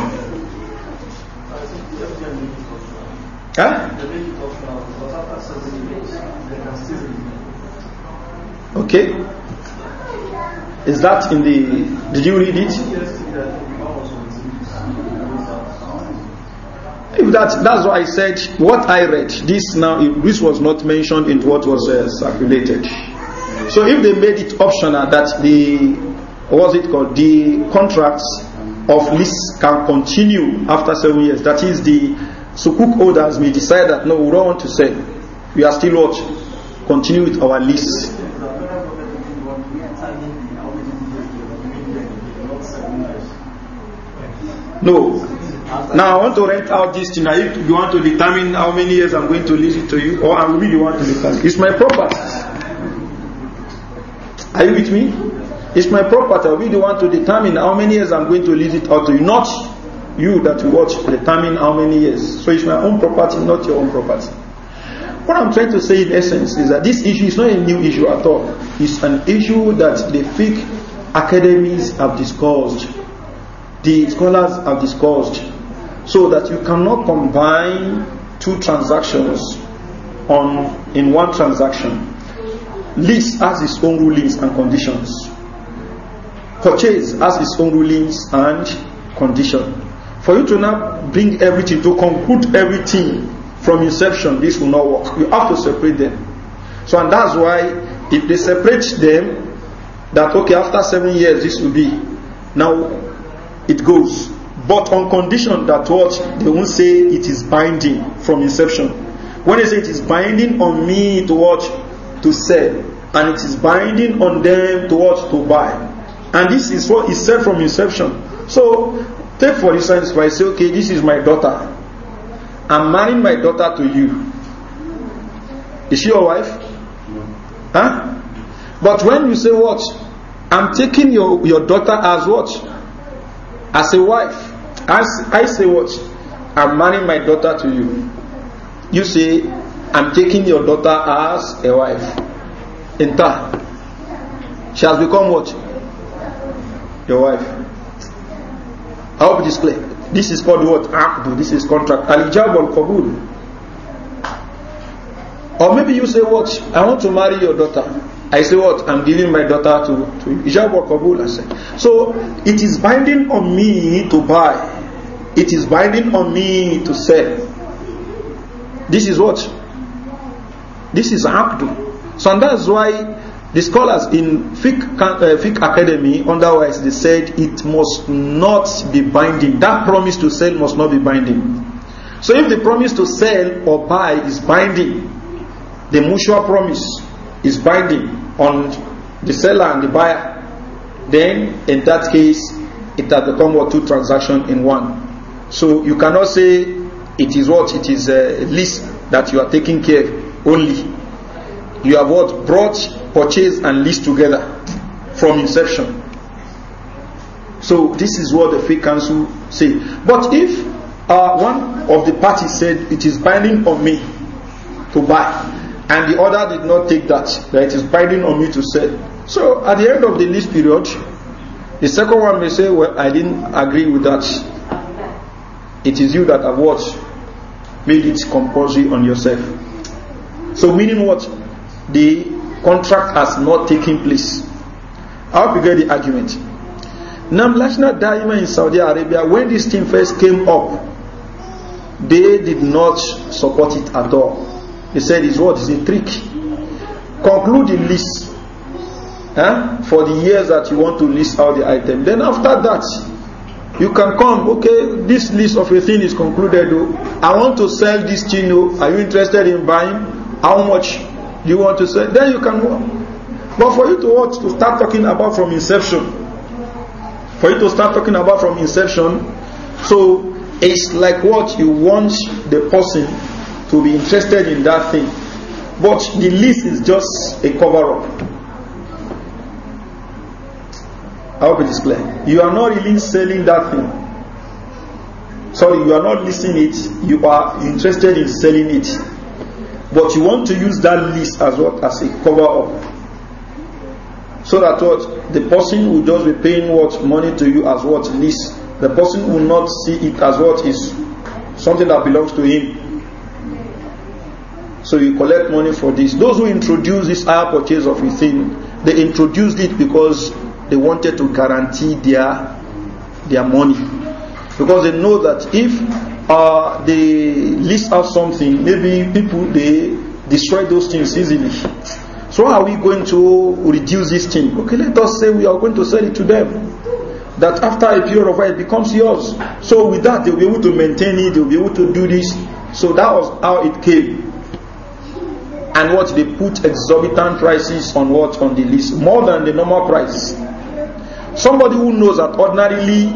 Huh? Okay? Is that in the. Did you read it? If that, that's what I said, what I read, this now, this was not mentioned in what was uh, circulated. So if they made it optional that the, what's it called, the contracts of lease can continue after seven years, that is the sukuk holders may decide that no, we don't want to sell. We are still what? Continue with our lease. No. Now I want to rent out this thing. If you want to determine how many years I'm going to lease it to you, or I really want to it. It's my property. Are you with me? It's my property. I really want to determine how many years I'm going to lease it out to you. Not you that you watch determine how many years. So it's my own property, not your own property. What I'm trying to say in essence is that this issue is not a new issue at all. It's an issue that the fake academies have discussed the scholars have discussed so that you cannot combine two transactions on in one transaction lease has its own rulings and conditions purchase has its own rulings and condition for you to now bring everything to conclude everything from inception this will not work you have to separate them so and that's why if they separate them that okay after seven years this will be now it goes. But on condition that what they won't say it is binding from inception. When they say it is binding on me to watch to sell, and it is binding on them to watch to buy. And this is what is said from inception. So take for instance if I say, okay, this is my daughter. I'm marrying my daughter to you. Is she your wife? Huh? But when you say what? I'm taking your, your daughter as what? As a wife, as I say what? I'm marrying my daughter to you. You say, I'm taking your daughter as a wife. In time, she has become what? Your wife. I hope this clear. This is called what? Akdu. This is contract. Al-Ijab al-Qabul. Or maybe you say what? I want to marry your daughter. I say what? I'm giving my daughter to, to Ijab or Kabul. I say. So it is binding on me to buy. It is binding on me to sell. This is what? This is Abdu. So and that's why the scholars in Fiqh, uh, Fiqh Academy, otherwise they said it must not be binding. That promise to sell must not be binding. So if the promise to sell or buy is binding, the mutual promise is binding on the seller and the buyer, then in that case, it has become what two transactions in one. So you cannot say it is what it is a lease that you are taking care of only. You have what brought purchase and lease together from inception. So this is what the fake council say. But if uh, one of the parties said it is binding on me to buy, and the other did not take that, that it is binding on me to sell. So at the end of the lease period, the second one may say, Well, I didn't agree with that. It is you that have what? Made it compulsory on yourself. So, meaning what? The contract has not taken place. I hope you get the argument. Now, Lashna Daima in Saudi Arabia, when this thing first came up, they did not support it at all. He said his word is a trick. Conclude the list eh, for the years that you want to list out the item. Then after that, you can come, okay, this list of a thing is concluded. Oh. I want to sell this thing. Oh. Are you interested in buying? How much do you want to sell? Then you can. But for you to what? To start talking about from inception. For you to start talking about from inception. So it's like what you want the person to be interested in that thing. But the list is just a cover up. I hope it is clear. You are not really selling that thing. Sorry, you are not listing it. You are interested in selling it. But you want to use that list as what? As a cover up. So that what? The person will just be paying what? Money to you as what? List. The person will not see it as what is something that belongs to him. So you collect money for this. Those who introduce this higher purchase of a thing, they introduced it because they wanted to guarantee their their money. Because they know that if uh, they list out something, maybe people they destroy those things easily. So how are we going to reduce this thing? Okay, let us say we are going to sell it to them. That after a period of time it becomes yours. So with that they will be able to maintain it, They will be able to do this. So that was how it came. and what they put exorbitant prices on what on the list more than the normal price somebody who knows that ordinarily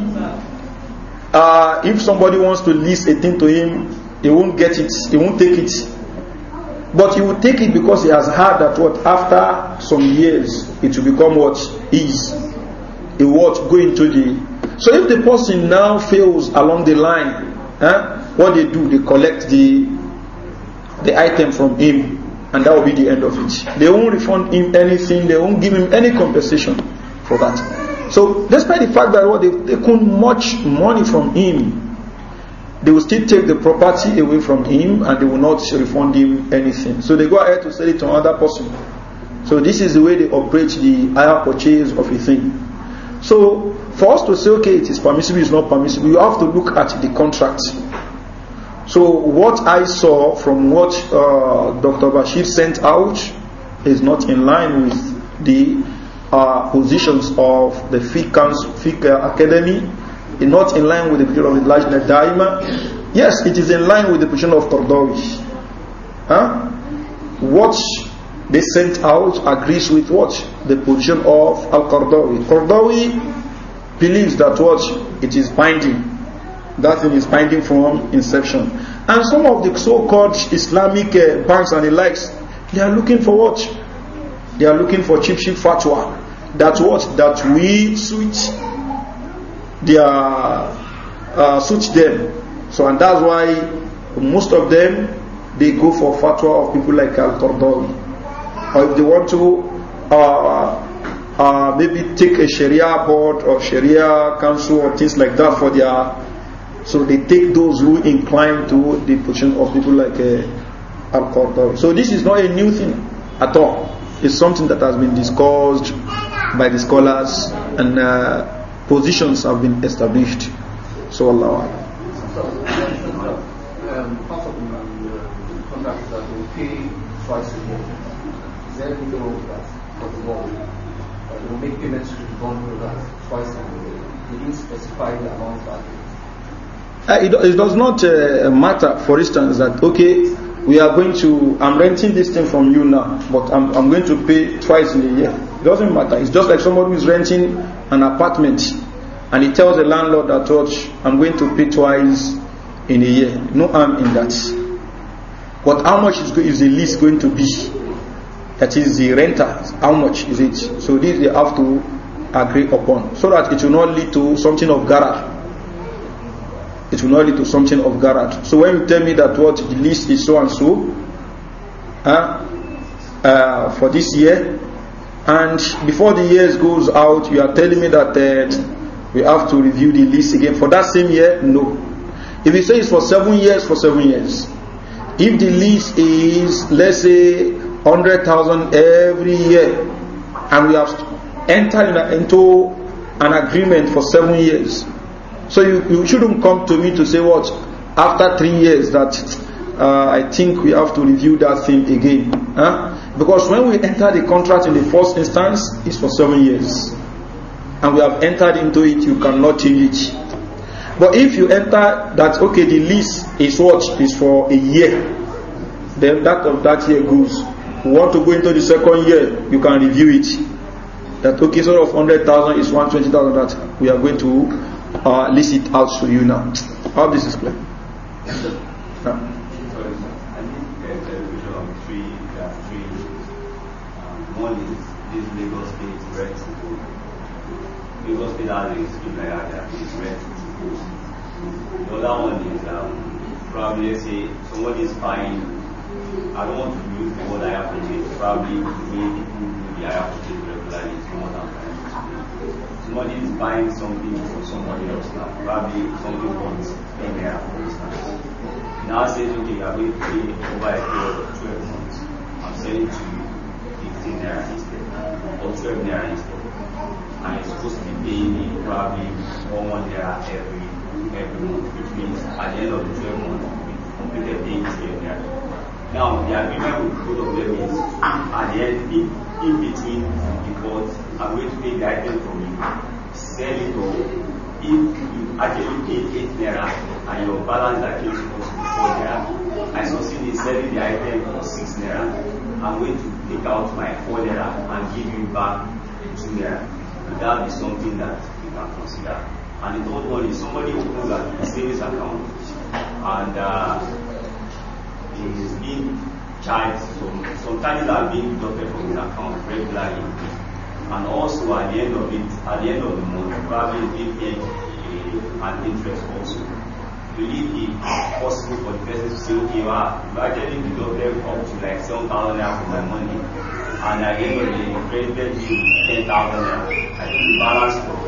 uh, if somebody wants to list a thing to him he won't get it he won't take it but he will take it because he has heard that what after some years it will become what is a what going to the so if the person now fails along the line eh, what they do they collect the the item from him and that will be the end of it. They won't refund him anything, they won't give him any compensation for that. So, despite the fact that what they, they couldn't much money from him, they will still take the property away from him and they will not refund him anything. So, they go ahead to sell it to another person. So, this is the way they operate the higher purchase of a thing. So, for us to say, okay, it is permissible, is not permissible, you have to look at the contract. So what I saw from what uh, Dr. Bashir sent out is not in line with the uh, positions of the Fiqh, Council, Academy, not in line with the position of the Lajna Daima. Yes, it is in line with the position of Qardawi. Huh? What they sent out agrees with what? The position of Al-Qardawi. Qardawi believes that what? It is binding. That thing is binding from inception. And some of the so-called Islamic uh, banks and the likes, they are looking for what? They are looking for cheap, cheap fatwa. That what? That we suit their, uh, suit them. So and that's why most of them, they go for fatwa of people like Al-Qardawi. Or if they want to uh, uh, maybe take a Sharia board or Sharia council or things like that for their So they take those who incline to the position of people like uh, Al-Qardawi. So this is not a new thing at all. It's something that has been discussed by the scholars and uh, positions have been established. So Allah. Um, um, twice a year. make payments to the twice a year. didn't specify the amount that uh, it, it, does not uh, matter, for instance, that, okay, we are going to, I'm renting this thing from you now, but I'm, I'm going to pay twice in a year. It doesn't matter. It's just like somebody who's renting an apartment and he tells the landlord that, oh, I'm going to pay twice in a year. No harm in that. But how much is, is the lease going to be? That is the renter. How much is it? So this they have to agree upon so that it will not lead to something of gara it will not lead to something of garage. So when you tell me that what the list is so and so uh, uh, for this year, and before the years goes out, you are telling me that uh, we have to review the list again for that same year. No, if you say it's for seven years, for seven years. If the list is let's say hundred thousand every year, and we have entered into an agreement for seven years So you, you shouldn't come to me to say what? After three years that uh, I think we have to review that thing again. Huh? Because when we enter the contract in the first instance, it's for seven years. And we have entered into it, you cannot change it. But if you enter that, okay, the lease is what? Is for a year. Then that of that year goes. You want to go into the second year, you can review it. That, okay, sort of hundred thousand is one twenty thousand that we are going to At least it out to you now. All this is clear. Yeah. Um, one is this legal State red to State has a scheme like that is red The other one is um, probably let's say somebody is buying, I don't want to use the word I have to change, probably maybe I have to change regularly, it's more than is buying something from somebody else now. Probably somebody wants in there, for instance. Now says, okay, I will pay over a period of 12 months. I'm selling to you 15 naira instead, or 12 naira instead. And you're supposed to be paying me probably one more naira every, every month, which means at the end of the 12 months, we completed paying 12 naira. Now, the agreement with both of them is at the end, in, in between the court, I'm going to take the item from you, sell it or if you actually pay 8 naira and your balance actually was 4 naira, I succeed in selling the item for 6 naira, I'm going to take out my 4 naira and give you back 2 naira. That is something that you can consider. And the third one is somebody opens a savings account and uh, is charged, are being deducted from his account regularly. And also at the end of it, at the end of the month, probably is being eh, an interest also. Believe it possible for the person to say, okay, well, I actually deducted up to like 7,000 naira from my money, and at the end of the credited me 10,000 naira, I think the balance for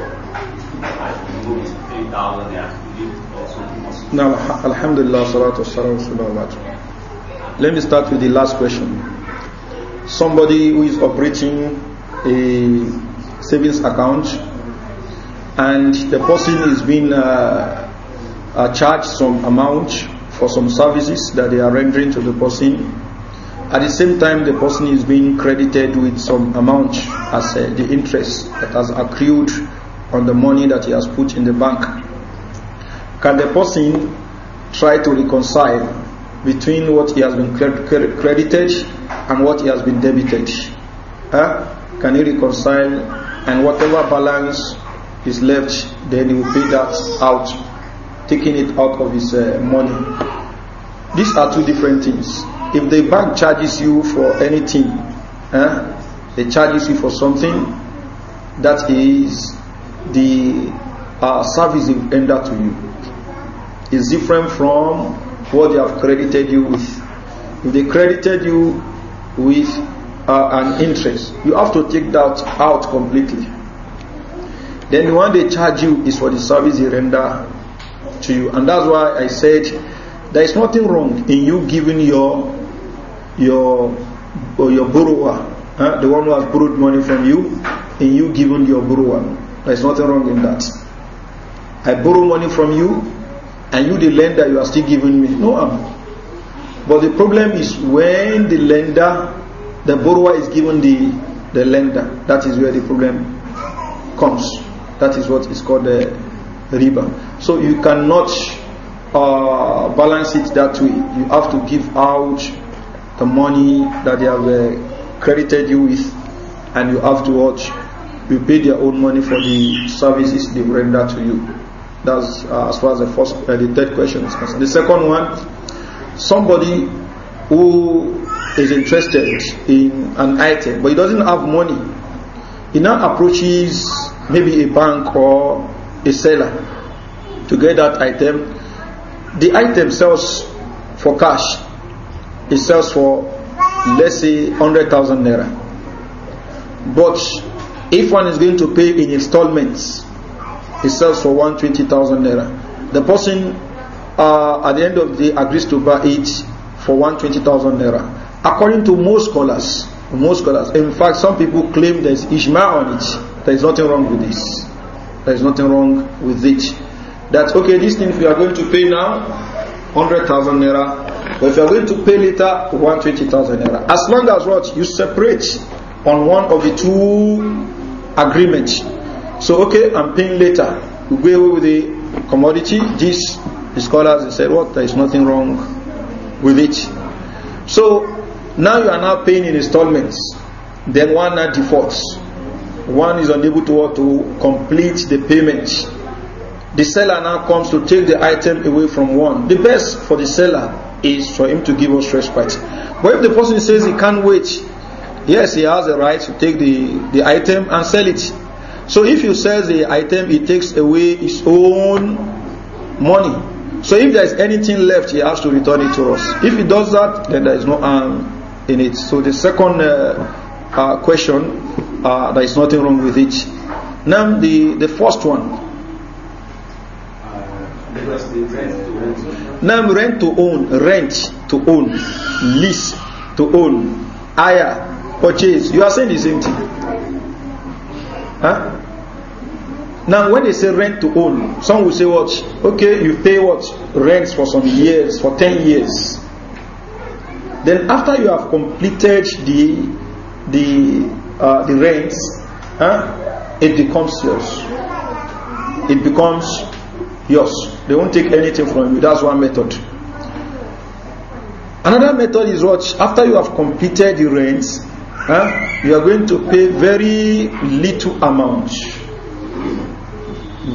3,000 Now, alhamdulillah, salatu salam, subhanahu wa ta'ala. Let me start with the last question. Somebody who is operating a savings account and the person is being uh, uh, charged some amount for some services that they are rendering to the person. At the same time, the person is being credited with some amount as uh, the interest that has accrued on the money that he has put in the bank. Can the person try to reconcile between what he has been credited and what he has been debited? Huh? Can he reconcile and whatever balance is left, then he will pay that out, taking it out of his uh, money. These are two different things. If the bank charges you for anything, they charges you for something, that is the uh, service they render to you. It's different from what they have credited you with. If they credited you with uh, an interest, you have to take that out completely. Then the one they charge you is for the service they render to you. And that's why I said there is nothing wrong in you giving your your your borrower, huh? the one who has borrowed money from you, in you giving your borrower. There is nothing wrong in that. I borrow money from you, and you the lender you are still giving me no but the problem is when the lender the borrower is given the the lender that is where the problem comes that is what is called the riba so you cannot uh, balance it that way you have to give out the money that they have uh, credited you with and you have to watch you pay their own money for the services they render to you that's uh, as far as the first, uh, the third question is concerned. The second one, somebody who is interested in an item, but he doesn't have money. He now approaches maybe a bank or a seller to get that item. The item sells for cash. It sells for let's say 100,000 naira. But if one is going to pay in installments, he sells for 120,000 naira. The person uh, at the end of the day agrees to buy it for 120,000 naira. According to most scholars, most scholars, in fact, some people claim there's Ishma on it. There is nothing wrong with this. There is nothing wrong with it. That okay, this thing we are going to pay now, 100,000 naira. But if you are going to pay later, 120,000 naira. As long as what you separate on one of the two agreements so, okay, I'm paying later. We go away with the commodity. These the scholars, they said, what? There is nothing wrong with it. So, now you are now paying in installments. Then one now defaults. One is unable to, to complete the payment. The seller now comes to take the item away from one. The best for the seller is for him to give us respite. But if the person says he can't wait, yes, he has a right to take the, the item and sell it. So if you sell the item, it takes away its own money. So if there is anything left, he has to return it to us. If he does that, then there is no harm in it. So the second uh, uh, question, uh, there is nothing wrong with it. Now the, the first one. Now rent to own, rent to own, lease to own, hire, purchase. You are saying the same thing. Huh? Now, when they say rent to own, some will say, What? Okay, you pay what? rent for some years, for 10 years. Then, after you have completed the the uh, the rent, huh, it becomes yours. It becomes yours. They won't take anything from you. That's one method. Another method is what? After you have completed the rent. huh, you are going to pay very little amount.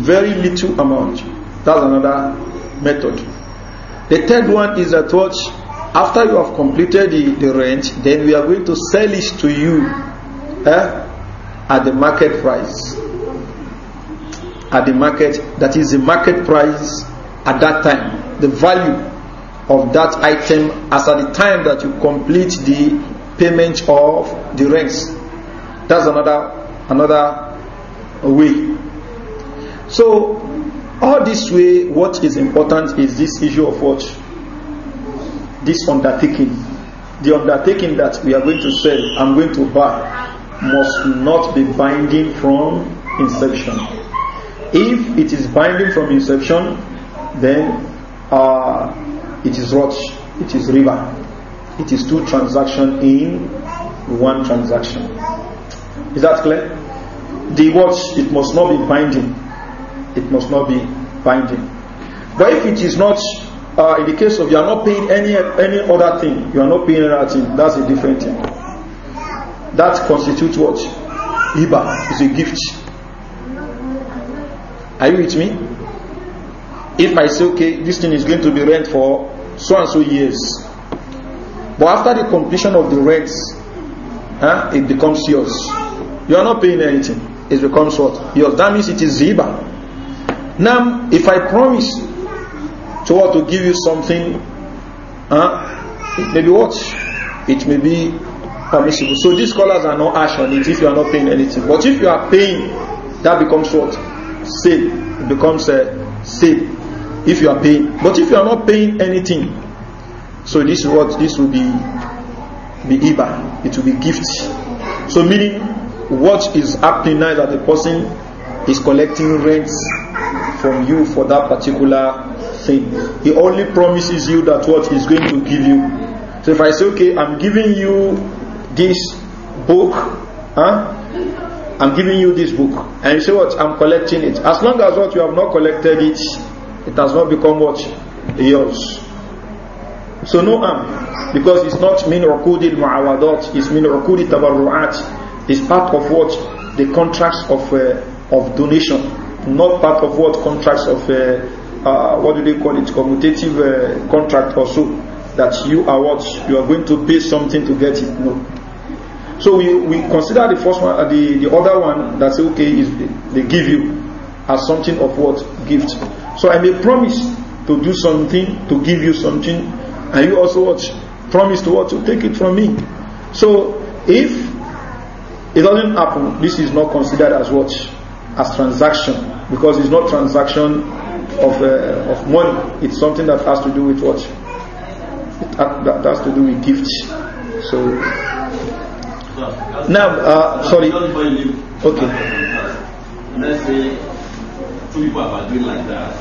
Very little amount. That's another method. The third one is that what after you have completed the, the rent, then we are going to sell it to you eh, at the market price. At the market, that is the market price at that time, the value of that item as at the time that you complete the payment of the rents. That's another another way. So all this way, what is important is this issue of what this undertaking, the undertaking that we are going to sell, I'm going to buy, must not be binding from inception. If it is binding from inception, then uh, it is rot, it is river it is two transactions in one transaction. Is that clear? The watch, it must not be binding. It must not be binding. But if it is not, uh, in the case of you are not paying any any other thing, you are not paying anything. that's a different thing. That constitutes what? Iba is a gift. Are you with me? If I say, okay, this thing is going to be rent for so and so years, but after the completion of the rent, huh, it becomes yours. You are not paying anything. It becomes what? Yours. That means it is ziba. Now, if I promise to what to give you something, huh, it may be what? It may be permissible. So these scholars are not ash on it if you are not paying anything. But if you are paying, that becomes what? Sale. It becomes a uh, sale if you are paying. But if you are not paying anything, so this is what this will be be iba. It will be gift. So meaning what is happening now is that the person is collecting rents from you for that particular thing. He only promises you that what he's going to give you. So if I say, okay, I'm giving you this book, huh? I'm giving you this book. And you say what? I'm collecting it. As long as what you have not collected it, it has not become what? Yours. So no because it's not min uqudil mu'awadat, it's min uqudil tabarru'at. It's part of what? The contracts of, uh, of donation, not part of what contracts of, uh, uh, what do they call it, commutative uh, contract or so, that you are what? You are going to pay something to get it. No. So we, we consider the first one, uh, the, the other one that say, okay, is they give you as something of what? Gift. So I may promise to do something, to give you something, and you also watch Promise to what? To take it from me. So if it doesn't happen, this is not considered as what? As transaction because it's not transaction of uh, of money. It's something that has to do with what? It, uh, that has to do with gifts. So now, uh, sorry. Okay. Let's say two people are doing like that,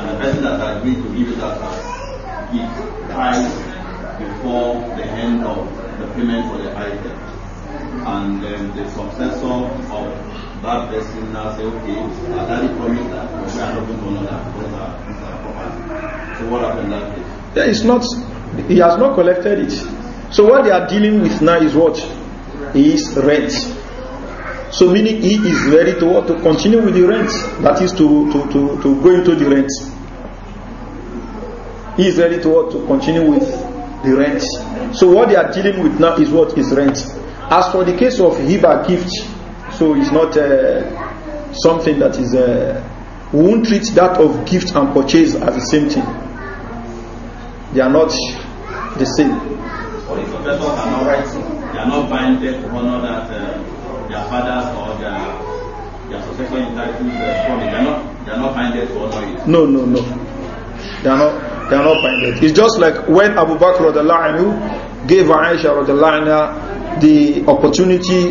and the person that agreed to give that gift before the end of the payment for the item. And then the successor of that person now say, okay, I daddy promised that we are not going to honor that because our, property. So what happened that day? There is not, he has not collected it. So what they are dealing with now is what? Is rent. So meaning he is ready to what? To continue with the rent. That is to, to, to, to go into the rent. he is ready to what to continue with the rent. So what they are dealing with now is what is rent. As for the case of hiba gift, so it's not uh, something that is. Uh, we won't treat that of gift and purchase as the same thing. They are not the same. Or if persons are not writing, they are not binded to honor that uh, their fathers or their their successor in that uh, they are not they are not binded to honor it. No, no, no. They are not cannot find it. It's just like when Abu Bakr anhu gave Aisha anha the opportunity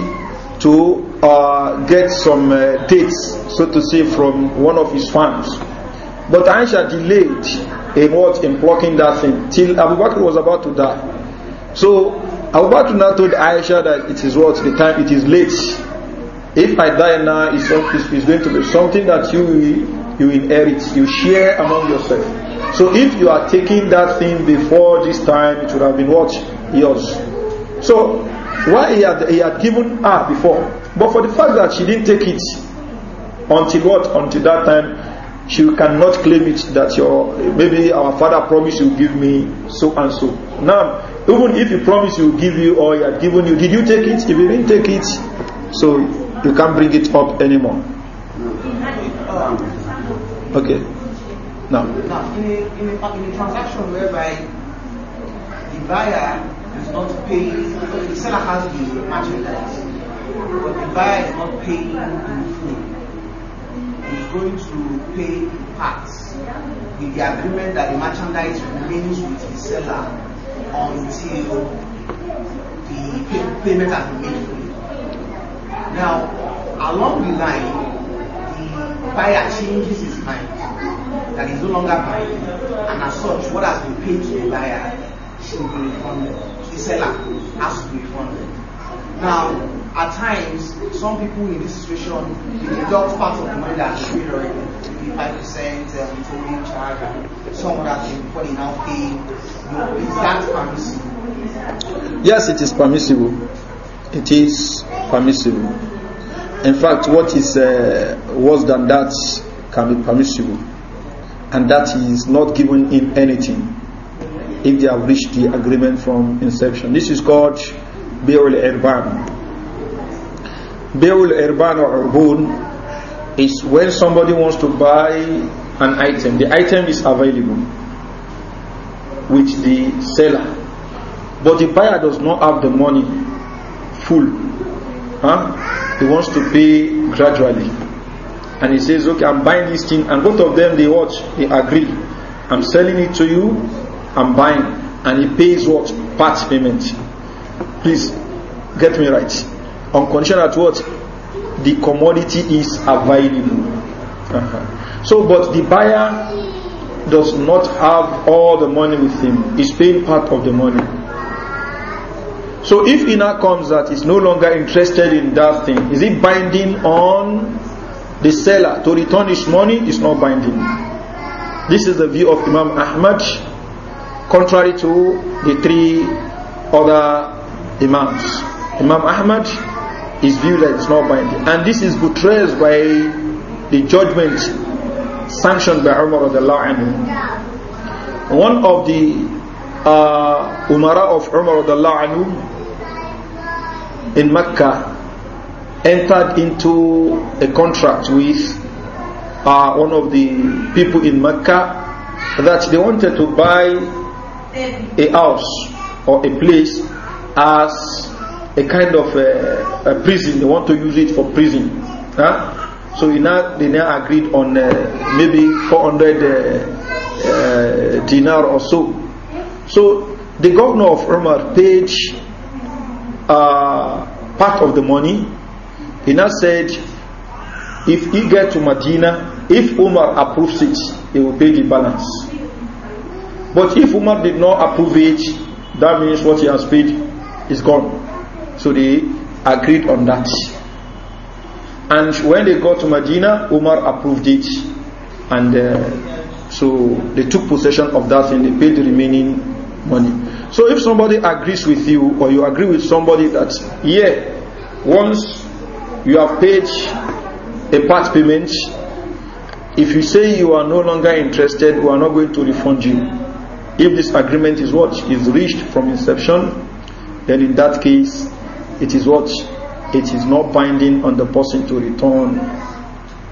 to uh, get some uh, dates, so to say, from one of his farms. But Aisha delayed a word in plucking that thing till Abu Bakr was about to die. So Abu Bakr now told Aisha that it is what the time it is late. If I die now, it's, it's, it's going to be something that you you inherit, you share among yourself. So if you are taking that thing before this time, it would have been what? Yours. So why he had, he had given her before. But for the fact that she didn't take it until what? Until that time, she cannot claim it that your maybe our father promised you give me so and so. Now, even if he promised you give you or he had given you, did you take it? If you didn't take it, so you can't bring it up anymore. Okay. No. Now, in a, in a, in a transaction whereby the buyer is not paying, the seller has the merchandise, but the buyer is not paying in full, he's going to pay in parts with the agreement that the merchandise remains with the seller until the pay, payment has been made fully. Now, along the line, the buyer changes his mind that is no longer buying, and as such, what has been paid to the buyer should be refunded. The seller has to be refunded. Now, at times, some people in this situation deduct part of the money that should be already, 55% um, tolling charge, and some other thing before they now pay. No, is that permissible? Yes, it is permissible. It is permissible. In fact, what is uh, worse than that can be permissible and that is not giving him anything if they have reached the agreement from inception. This is called Be'ul Irban. Be'ul Irban or Urbun is when somebody wants to buy an item. The item is available with the seller, but the buyer does not have the money full. Huh? He wants to pay gradually and he says, okay, I'm buying this thing, and both of them, they watch, they agree. I'm selling it to you, I'm buying, and he pays what? Part payment. Please, get me right. On condition that what? The commodity is available. Uh -huh. So, but the buyer does not have all the money with him. He's paying part of the money. So if he now comes that he's no longer interested in that thing, is it binding on the seller to return his money is not binding. This is the view of Imam Ahmad, contrary to the three other Imams. Imam Ahmad is viewed that it's not binding. And this is buttressed by the judgment sanctioned by Umar. One of the uh, Umara of Umar in Mecca entered into a contract with uh, one of the people in Mecca that they wanted to buy a house or a place as a kind of a, a prison. They want to use it for prison. Huh? So they now agreed on uh, maybe 400 uh, uh, dinar or so. So the governor of Umar paid uh, part of the money he now said, if he get to Medina, if Umar approves it, he will pay the balance. But if Umar did not approve it, that means what he has paid is gone. So they agreed on that. And when they got to Medina, Umar approved it. And uh, so they took possession of that and they paid the remaining money. So if somebody agrees with you or you agree with somebody that, yeah, once you have paid a part payment. If you say you are no longer interested, we are not going to refund you. If this agreement is what is reached from inception, then in that case, it is what it is not binding on the person to return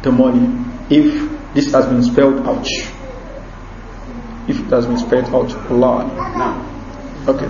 the money if this has been spelled out. If it has been spelled out, Allah. Okay.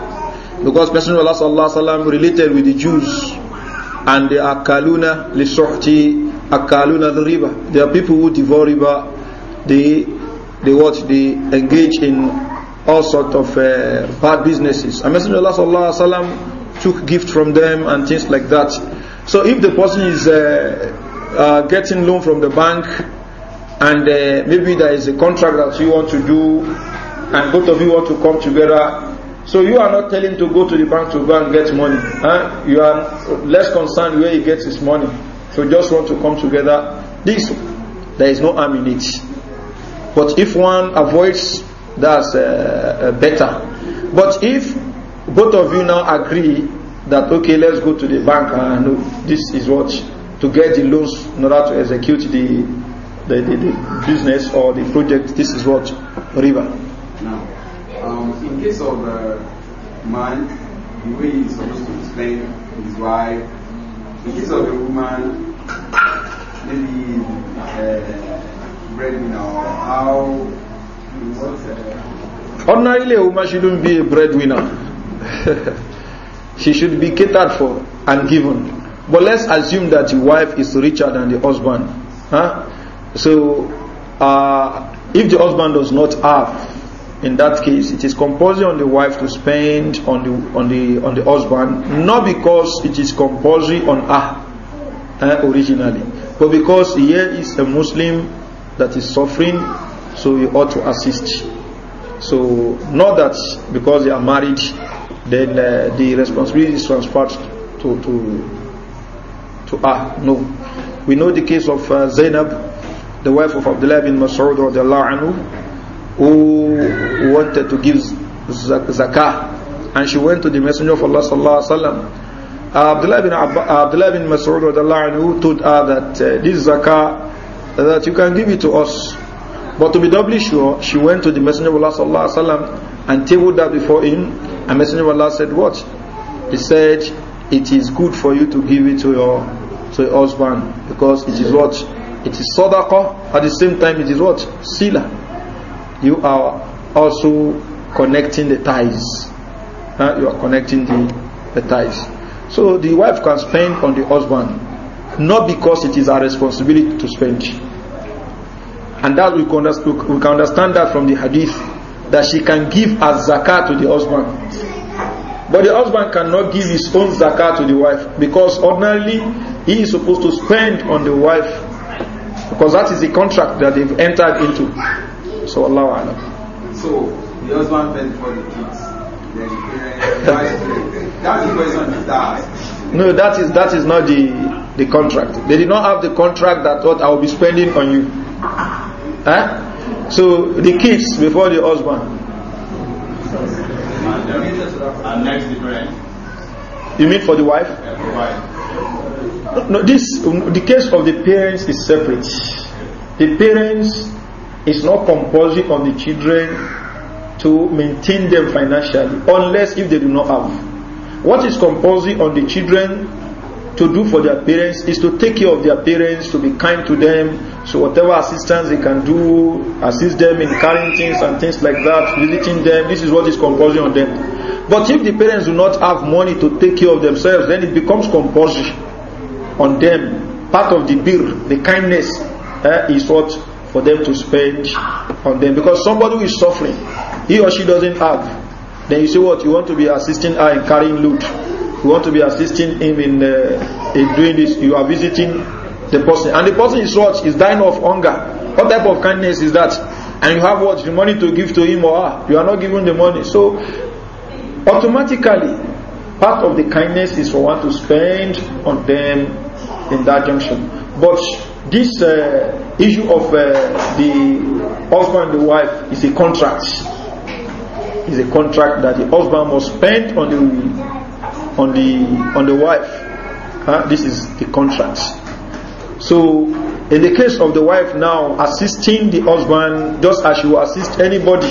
Because Messenger of Allah sallallahu related with the Jews and the akaluna lisorti akaluna the river. There are people who devour riba. They they what they engage in all sort of uh, bad businesses. And Messenger of Allah sallallahu took gift from them and things like that. So if the person is uh, uh, getting loan from the bank and uh, maybe there is a contract that you want to do and both of you want to come together so you are not telling to go to the bank to go and get money. Huh? You are less concerned where he gets his money. So just want to come together. This, there is no harm in it. But if one avoids, that's uh, uh better. But if both of you now agree that, okay, let's go to the bank and this is what, to get the loans in order to execute the, the, the, the business or the project, this is what, river. Um, in case of a uh, man, the way he's supposed to explain his wife. In case of a woman, maybe uh, breadwinner how. What, uh, Ordinarily, a woman shouldn't be a breadwinner. (laughs) she should be catered for and given. But let's assume that the wife is richer than the husband. Huh? So, uh, if the husband does not have in that case it is compulsory on the wife to spend on the on the on the husband not because it is compulsory on her eh, originally but because here is a muslim that is suffering so he ought to assist so not that because they are married then uh, the responsibility is transferred to to to her no we know the case of uh, Zainab the wife of Abdullah bin Mas'ud radiallahu anhu who wanted to give zakah and she went to the messenger of Allah sallallahu alaihi wasallam Abdullah bin Abba, Abdullah bin Mas'ud anhu told her that uh, this zakah uh, that you can give it to us but to be doubly sure she went to the messenger of Allah sallallahu alaihi wasallam and tabled that before him and messenger of Allah said what he said it is good for you to give it to your to your husband because it is what it is sadaqah at the same time it is what sila you are also connecting the ties. You are connecting the, the ties. So the wife can spend on the husband, not because it is her responsibility to spend. And that we can, we can understand that from the hadith that she can give as zakat to the husband. But the husband cannot give his own zakat to the wife because ordinarily he is supposed to spend on the wife because that is the contract that they've entered into. So Allah Alam. So the husband pays for the kids. Then the parents, that's the question that No, that is that is not the the contract. They did not have the contract that what I will be spending on you. Huh? So the kids before the husband. And next the You mean for the wife? Yeah, wife. No, this the case of the parents is separate. The parents It's not compulsory on the children to maintain them financially, unless if they do not have. What is compulsory on the children to do for their parents is to take care of their parents, to be kind to them. So whatever assistance they can do, assist them in carrying things and things like that, visiting them. This is what is compulsory on them. But if the parents do not have money to take care of themselves, then it becomes compulsory on them. Part of the bill, the kindness, eh, is what for them to spend on them. Because somebody who is suffering, he or she doesn't have. Then you say, What? You want to be assisting her in carrying loot. You want to be assisting him in, uh, in doing this. You are visiting the person. And the person is what? Is dying of hunger. What type of kindness is that? And you have what? The money to give to him or her. You are not giving the money. So, automatically, part of the kindness is for one to spend on them in that junction. But this uh, issue of uh, the husband and the wife is a contract. Is a contract that the husband must spend on the on the on the wife. Huh? This is the contract. So, in the case of the wife now assisting the husband, just as she will assist anybody,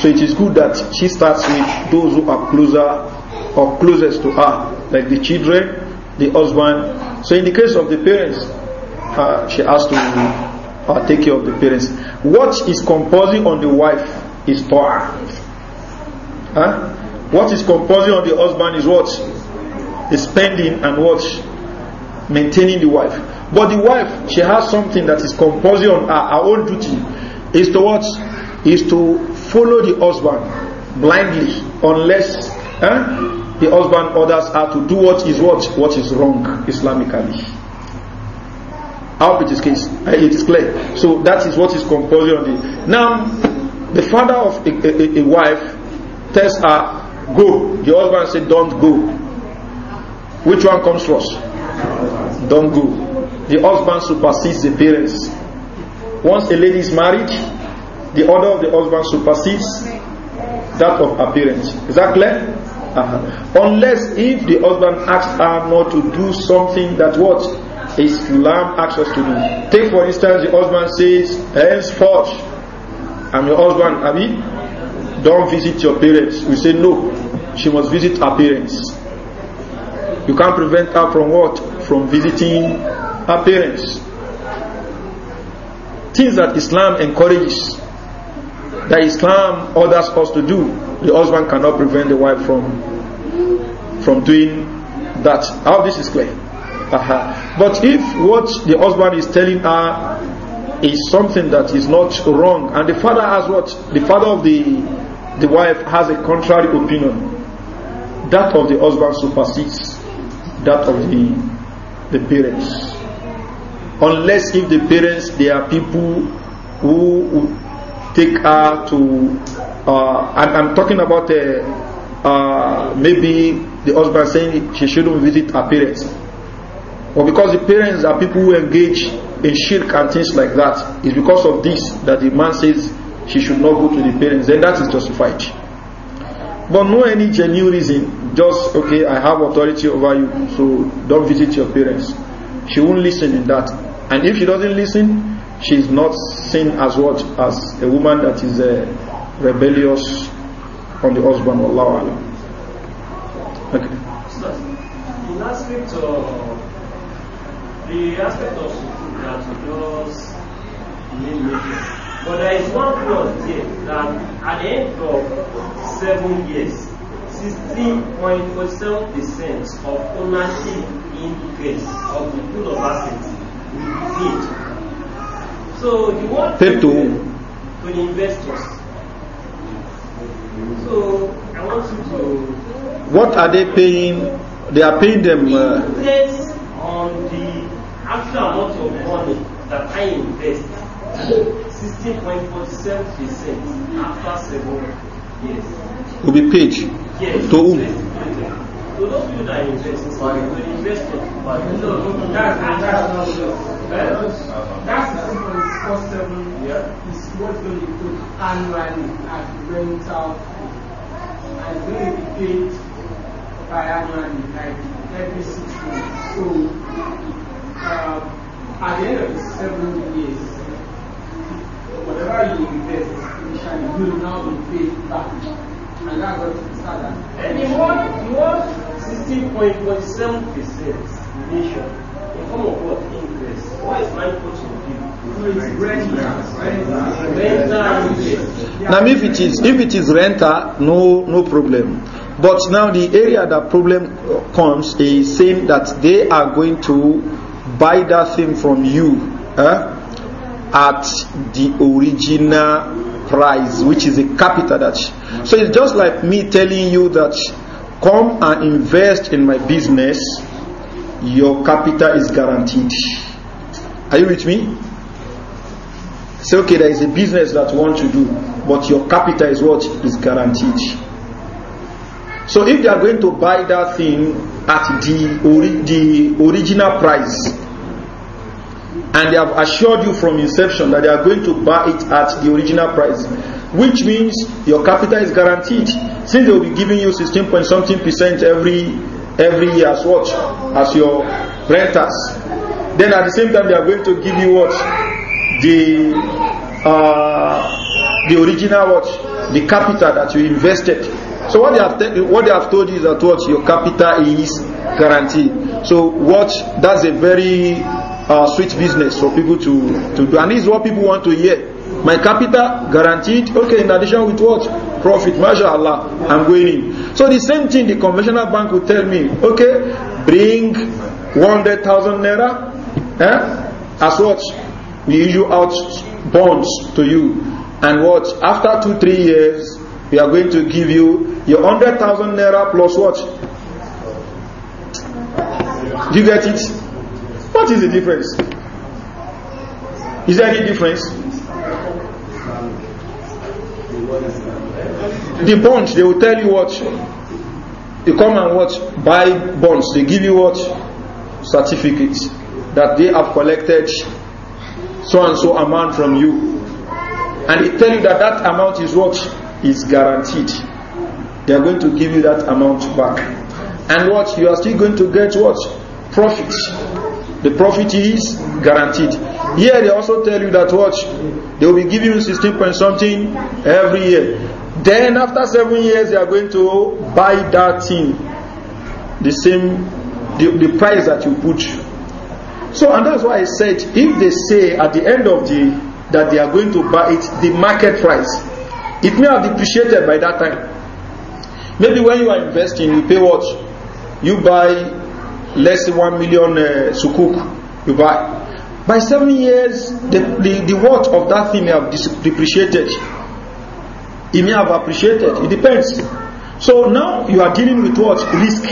so it is good that she starts with those who are closer or closest to her, like the children, the husband. So, in the case of the parents, uh, she has to uh, take care of the parents. What is composing on the wife is ta'ah. Huh? What is composing on the husband is what? Is spending and what? Maintaining the wife. But the wife, she has something that is composing on her, her own duty. Is to what? Is to follow the husband blindly unless huh? the husband orders her to do what is what? What is wrong Islamically. I hope it is case, uh, it is clear. So that is what is compulsory on it. Now, the father of a, a, a wife tells her, "Go." The husband said, "Don't go." Which one comes first? Don't go. The husband supersedes the parents. Once a lady is married, the order of the husband supersedes that of her parents. Is that clear? Uh -huh. Unless if the husband asks her not to do something that what Islam asks us to do. Take for instance, the husband says, henceforth, I'm your husband, Abi, don't visit your parents. We say no, she must visit her parents. You can't prevent her from what? From visiting her parents. Things that Islam encourages, that Islam orders us to do, the husband cannot prevent the wife from from doing that. How this is clear. Uh-huh. But if what the husband is telling her is something that is not wrong, and the father has what the father of the the wife has a contrary opinion, that of the husband supersedes that of the the parents. Unless if the parents they are people who take her to, uh, and I'm talking about uh, uh, maybe the husband saying she shouldn't visit her parents but because the parents are people who engage in shirk and things like that, it's because of this that the man says she should not go to the parents, then that is justified. But no any genuine reason, just okay, I have authority over you, so don't visit your parents. She won't listen in that. And if she doesn't listen, she's not seen as what as a woman that is uh, rebellious on the husband. Allah. Okay. In that scripture, the aspect of sukuk that you just name But there is one clause here that at the end of seven years, 16.47% of ownership in case of the pool of assets will be paid. So the one paid to To the investors. So I want you to. What are they paying? They are paying them. Uh, on the After amount of money that I invest, 16.47% after seven years. Will be paid yes. to whom? So those people that invest, they invest in no, that's that's not That's eh? four seven yeah. is what's going to be put annually as rental and going be paid by annually like every six months. So um, at the end of the seven years, whatever you invest initially, you will now be paid back. And that's what going to And he won, he won 16.47% nation in form of what? Interest. What is my renter. now if it is if it is renter no no problem but now the area that problem comes is saying that they are going to buy that thing from you eh, at the original price, which is a capital that. So it's just like me telling you that come and invest in my business, your capital is guaranteed. Are you with me? Say, okay, there is a business that you want to do, but your capital is what is guaranteed. So if they are going to buy that thing at the, ori the original price, and they have assured you from inception that they are going to buy it at the original price, which means your capital is guaranteed. Since they will be giving you 16 point something percent every every year as what as your renters, then at the same time they are going to give you what the uh, the original what the capital that you invested. So what they have what they have told you is that what your capital is guaranteed. So what that's a very uh, sweet business for people to, to do. And this is what people want to hear. My capital guaranteed, okay, in addition with what? Profit, mashallah, I'm going in. So the same thing the conventional bank will tell me, okay, bring 100,000 naira eh, as what? We issue out bonds to you. And what? After two, three years, we are going to give you your 100,000 naira plus what? Do you get it? What is the difference? Is there any difference? The bonds, they will tell you what. You come and watch, buy bonds. They give you what? Certificates that they have collected so and so amount from you. And they tell you that that amount is what? Is guaranteed. They are going to give you that amount back. And what? You are still going to get what? Profits the profit is guaranteed. Here they also tell you that watch, they will be giving you 16 point something every year. Then after seven years they are going to buy that thing, the same, the, the price that you put. So and that's why I said if they say at the end of the that they are going to buy it the market price, it may have depreciated by that time. Maybe when you are investing, you pay what you buy Less than 1 million uh, sukuk you buy. By seven years, the, the, the worth of that thing may have depreciated. It may have appreciated. It depends. So now you are dealing with what? Risk.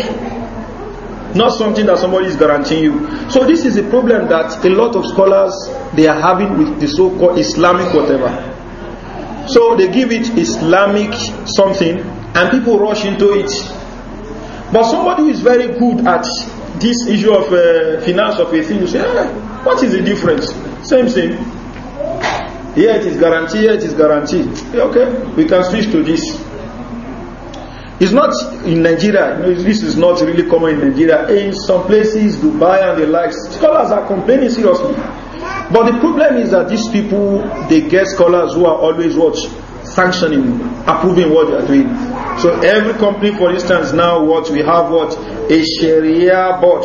Not something that somebody is guaranteeing you. So this is a problem that a lot of scholars they are having with the so-called Islamic whatever. So they give it Islamic something and people rush into it. But somebody who is very good at this issue of uh, finance of a thing, you say, ah, what is the difference? Same thing. Here it is guaranteed. here it is guarantee. Okay, we can switch to this. It's not in Nigeria, you know, this is not really common in Nigeria. In some places, Dubai and the likes, scholars are complaining seriously. But the problem is that these people, they get scholars who are always what? Sanctioning, approving what they are doing. So every company, for instance, now what we have what a Sharia board.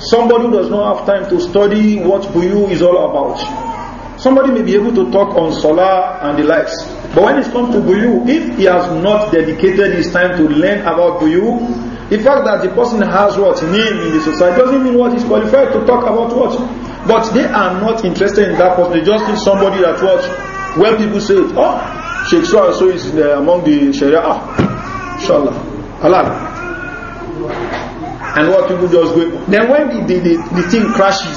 Somebody who does not have time to study what Buyu is all about. Somebody may be able to talk on solar and the likes. But when it comes to Buyu, if he has not dedicated his time to learn about Buyu, the fact that the person has what name in the society doesn't mean what he's qualified to talk about what. But they are not interested in that person. They just need somebody that what when people say, oh, Sheikh so and so is uh, among the Sharia. Ah, inshallah. Halal. And what people just go. Then when the, the, the, the thing crashes,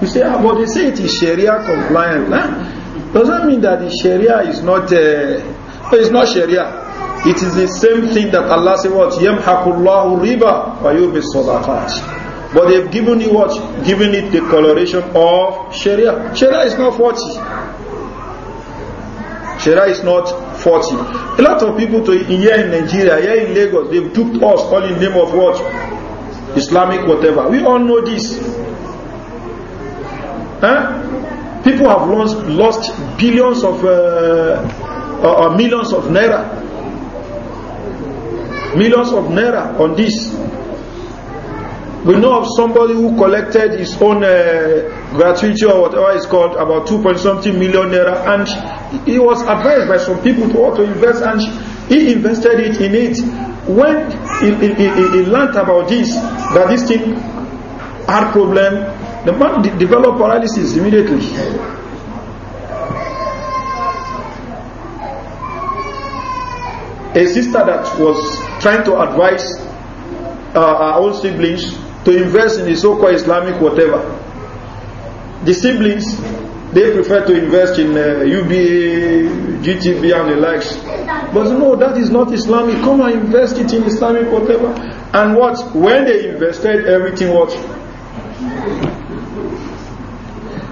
you say, ah, but they say it is Sharia compliant. Huh? Does that mean that the Sharia is not, uh, it's not Sharia? It is the same thing that Allah said, what? Yamhakullahu riba wa yubi sadaqat. But they've given you what? Given it the coloration of Sharia. Sharia is not 40. Sharia is not 40. A lot of people to, here in Nigeria, here in Lagos, they took us all in name of what? Islamic whatever. We all know this. Huh? People have lost, lost billions of uh, or, millions of naira, millions of naira on this. We know of somebody who collected his own uh, gratuity or whatever it's called, about 2 point something million naira, and he was advised by some people to auto invest, and he invested it in it. When he, he, he, he learned about this, that this thing had problem, the man developed paralysis immediately. A sister that was trying to advise uh, our own siblings to invest in the so-called Islamic whatever The siblings, they prefer to invest in uh, UBA, GTB and the likes. But no, that is not Islamic. Come and invest it in Islamic whatever. And what? When they invested, everything what?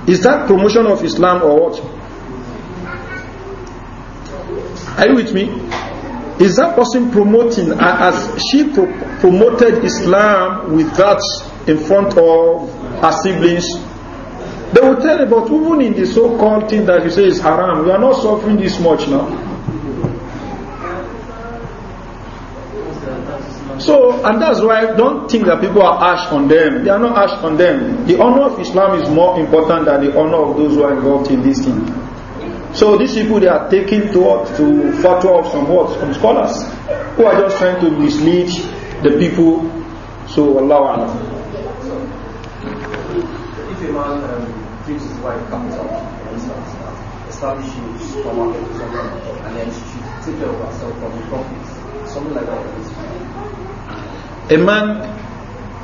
Is that promotion of Islam or what? Are you with me? Is that person promoting as she pro promoted Islam with that in front of her siblings they will tell you, but even in the so-called thing that you say is haram, you are not suffering this much now. So, and that's why don't think that people are harsh on them. They are not harsh on them. The honor of Islam is more important than the honor of those who are involved in this thing. So these people, they are taking to, to fatwa of some words, from scholars, who are just trying to mislead the people. So, Allah If a man um, acquire capital and instance, establish a supermarket or something, and then she take care of herself from the profits, something like that. A man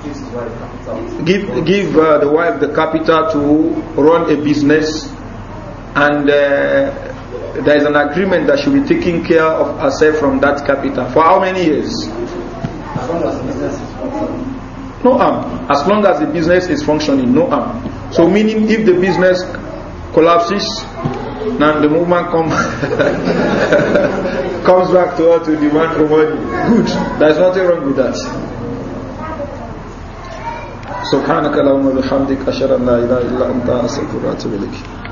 gives, his wife give, give uh, the wife the capital to run a business, and uh, there is an agreement that she will be taking care of herself from that capital. For how many years? As long as the business is functioning. No harm. as long as the business is functioning, no harm. Um. So meaning if the business collapses, then the movement come (laughs) comes back to her to demand for money. Good. There's nothing wrong with that. سبحانك اللهم وبحمدك أشهد أن لا إله إلا أنت أستغفرك وأتوب إليك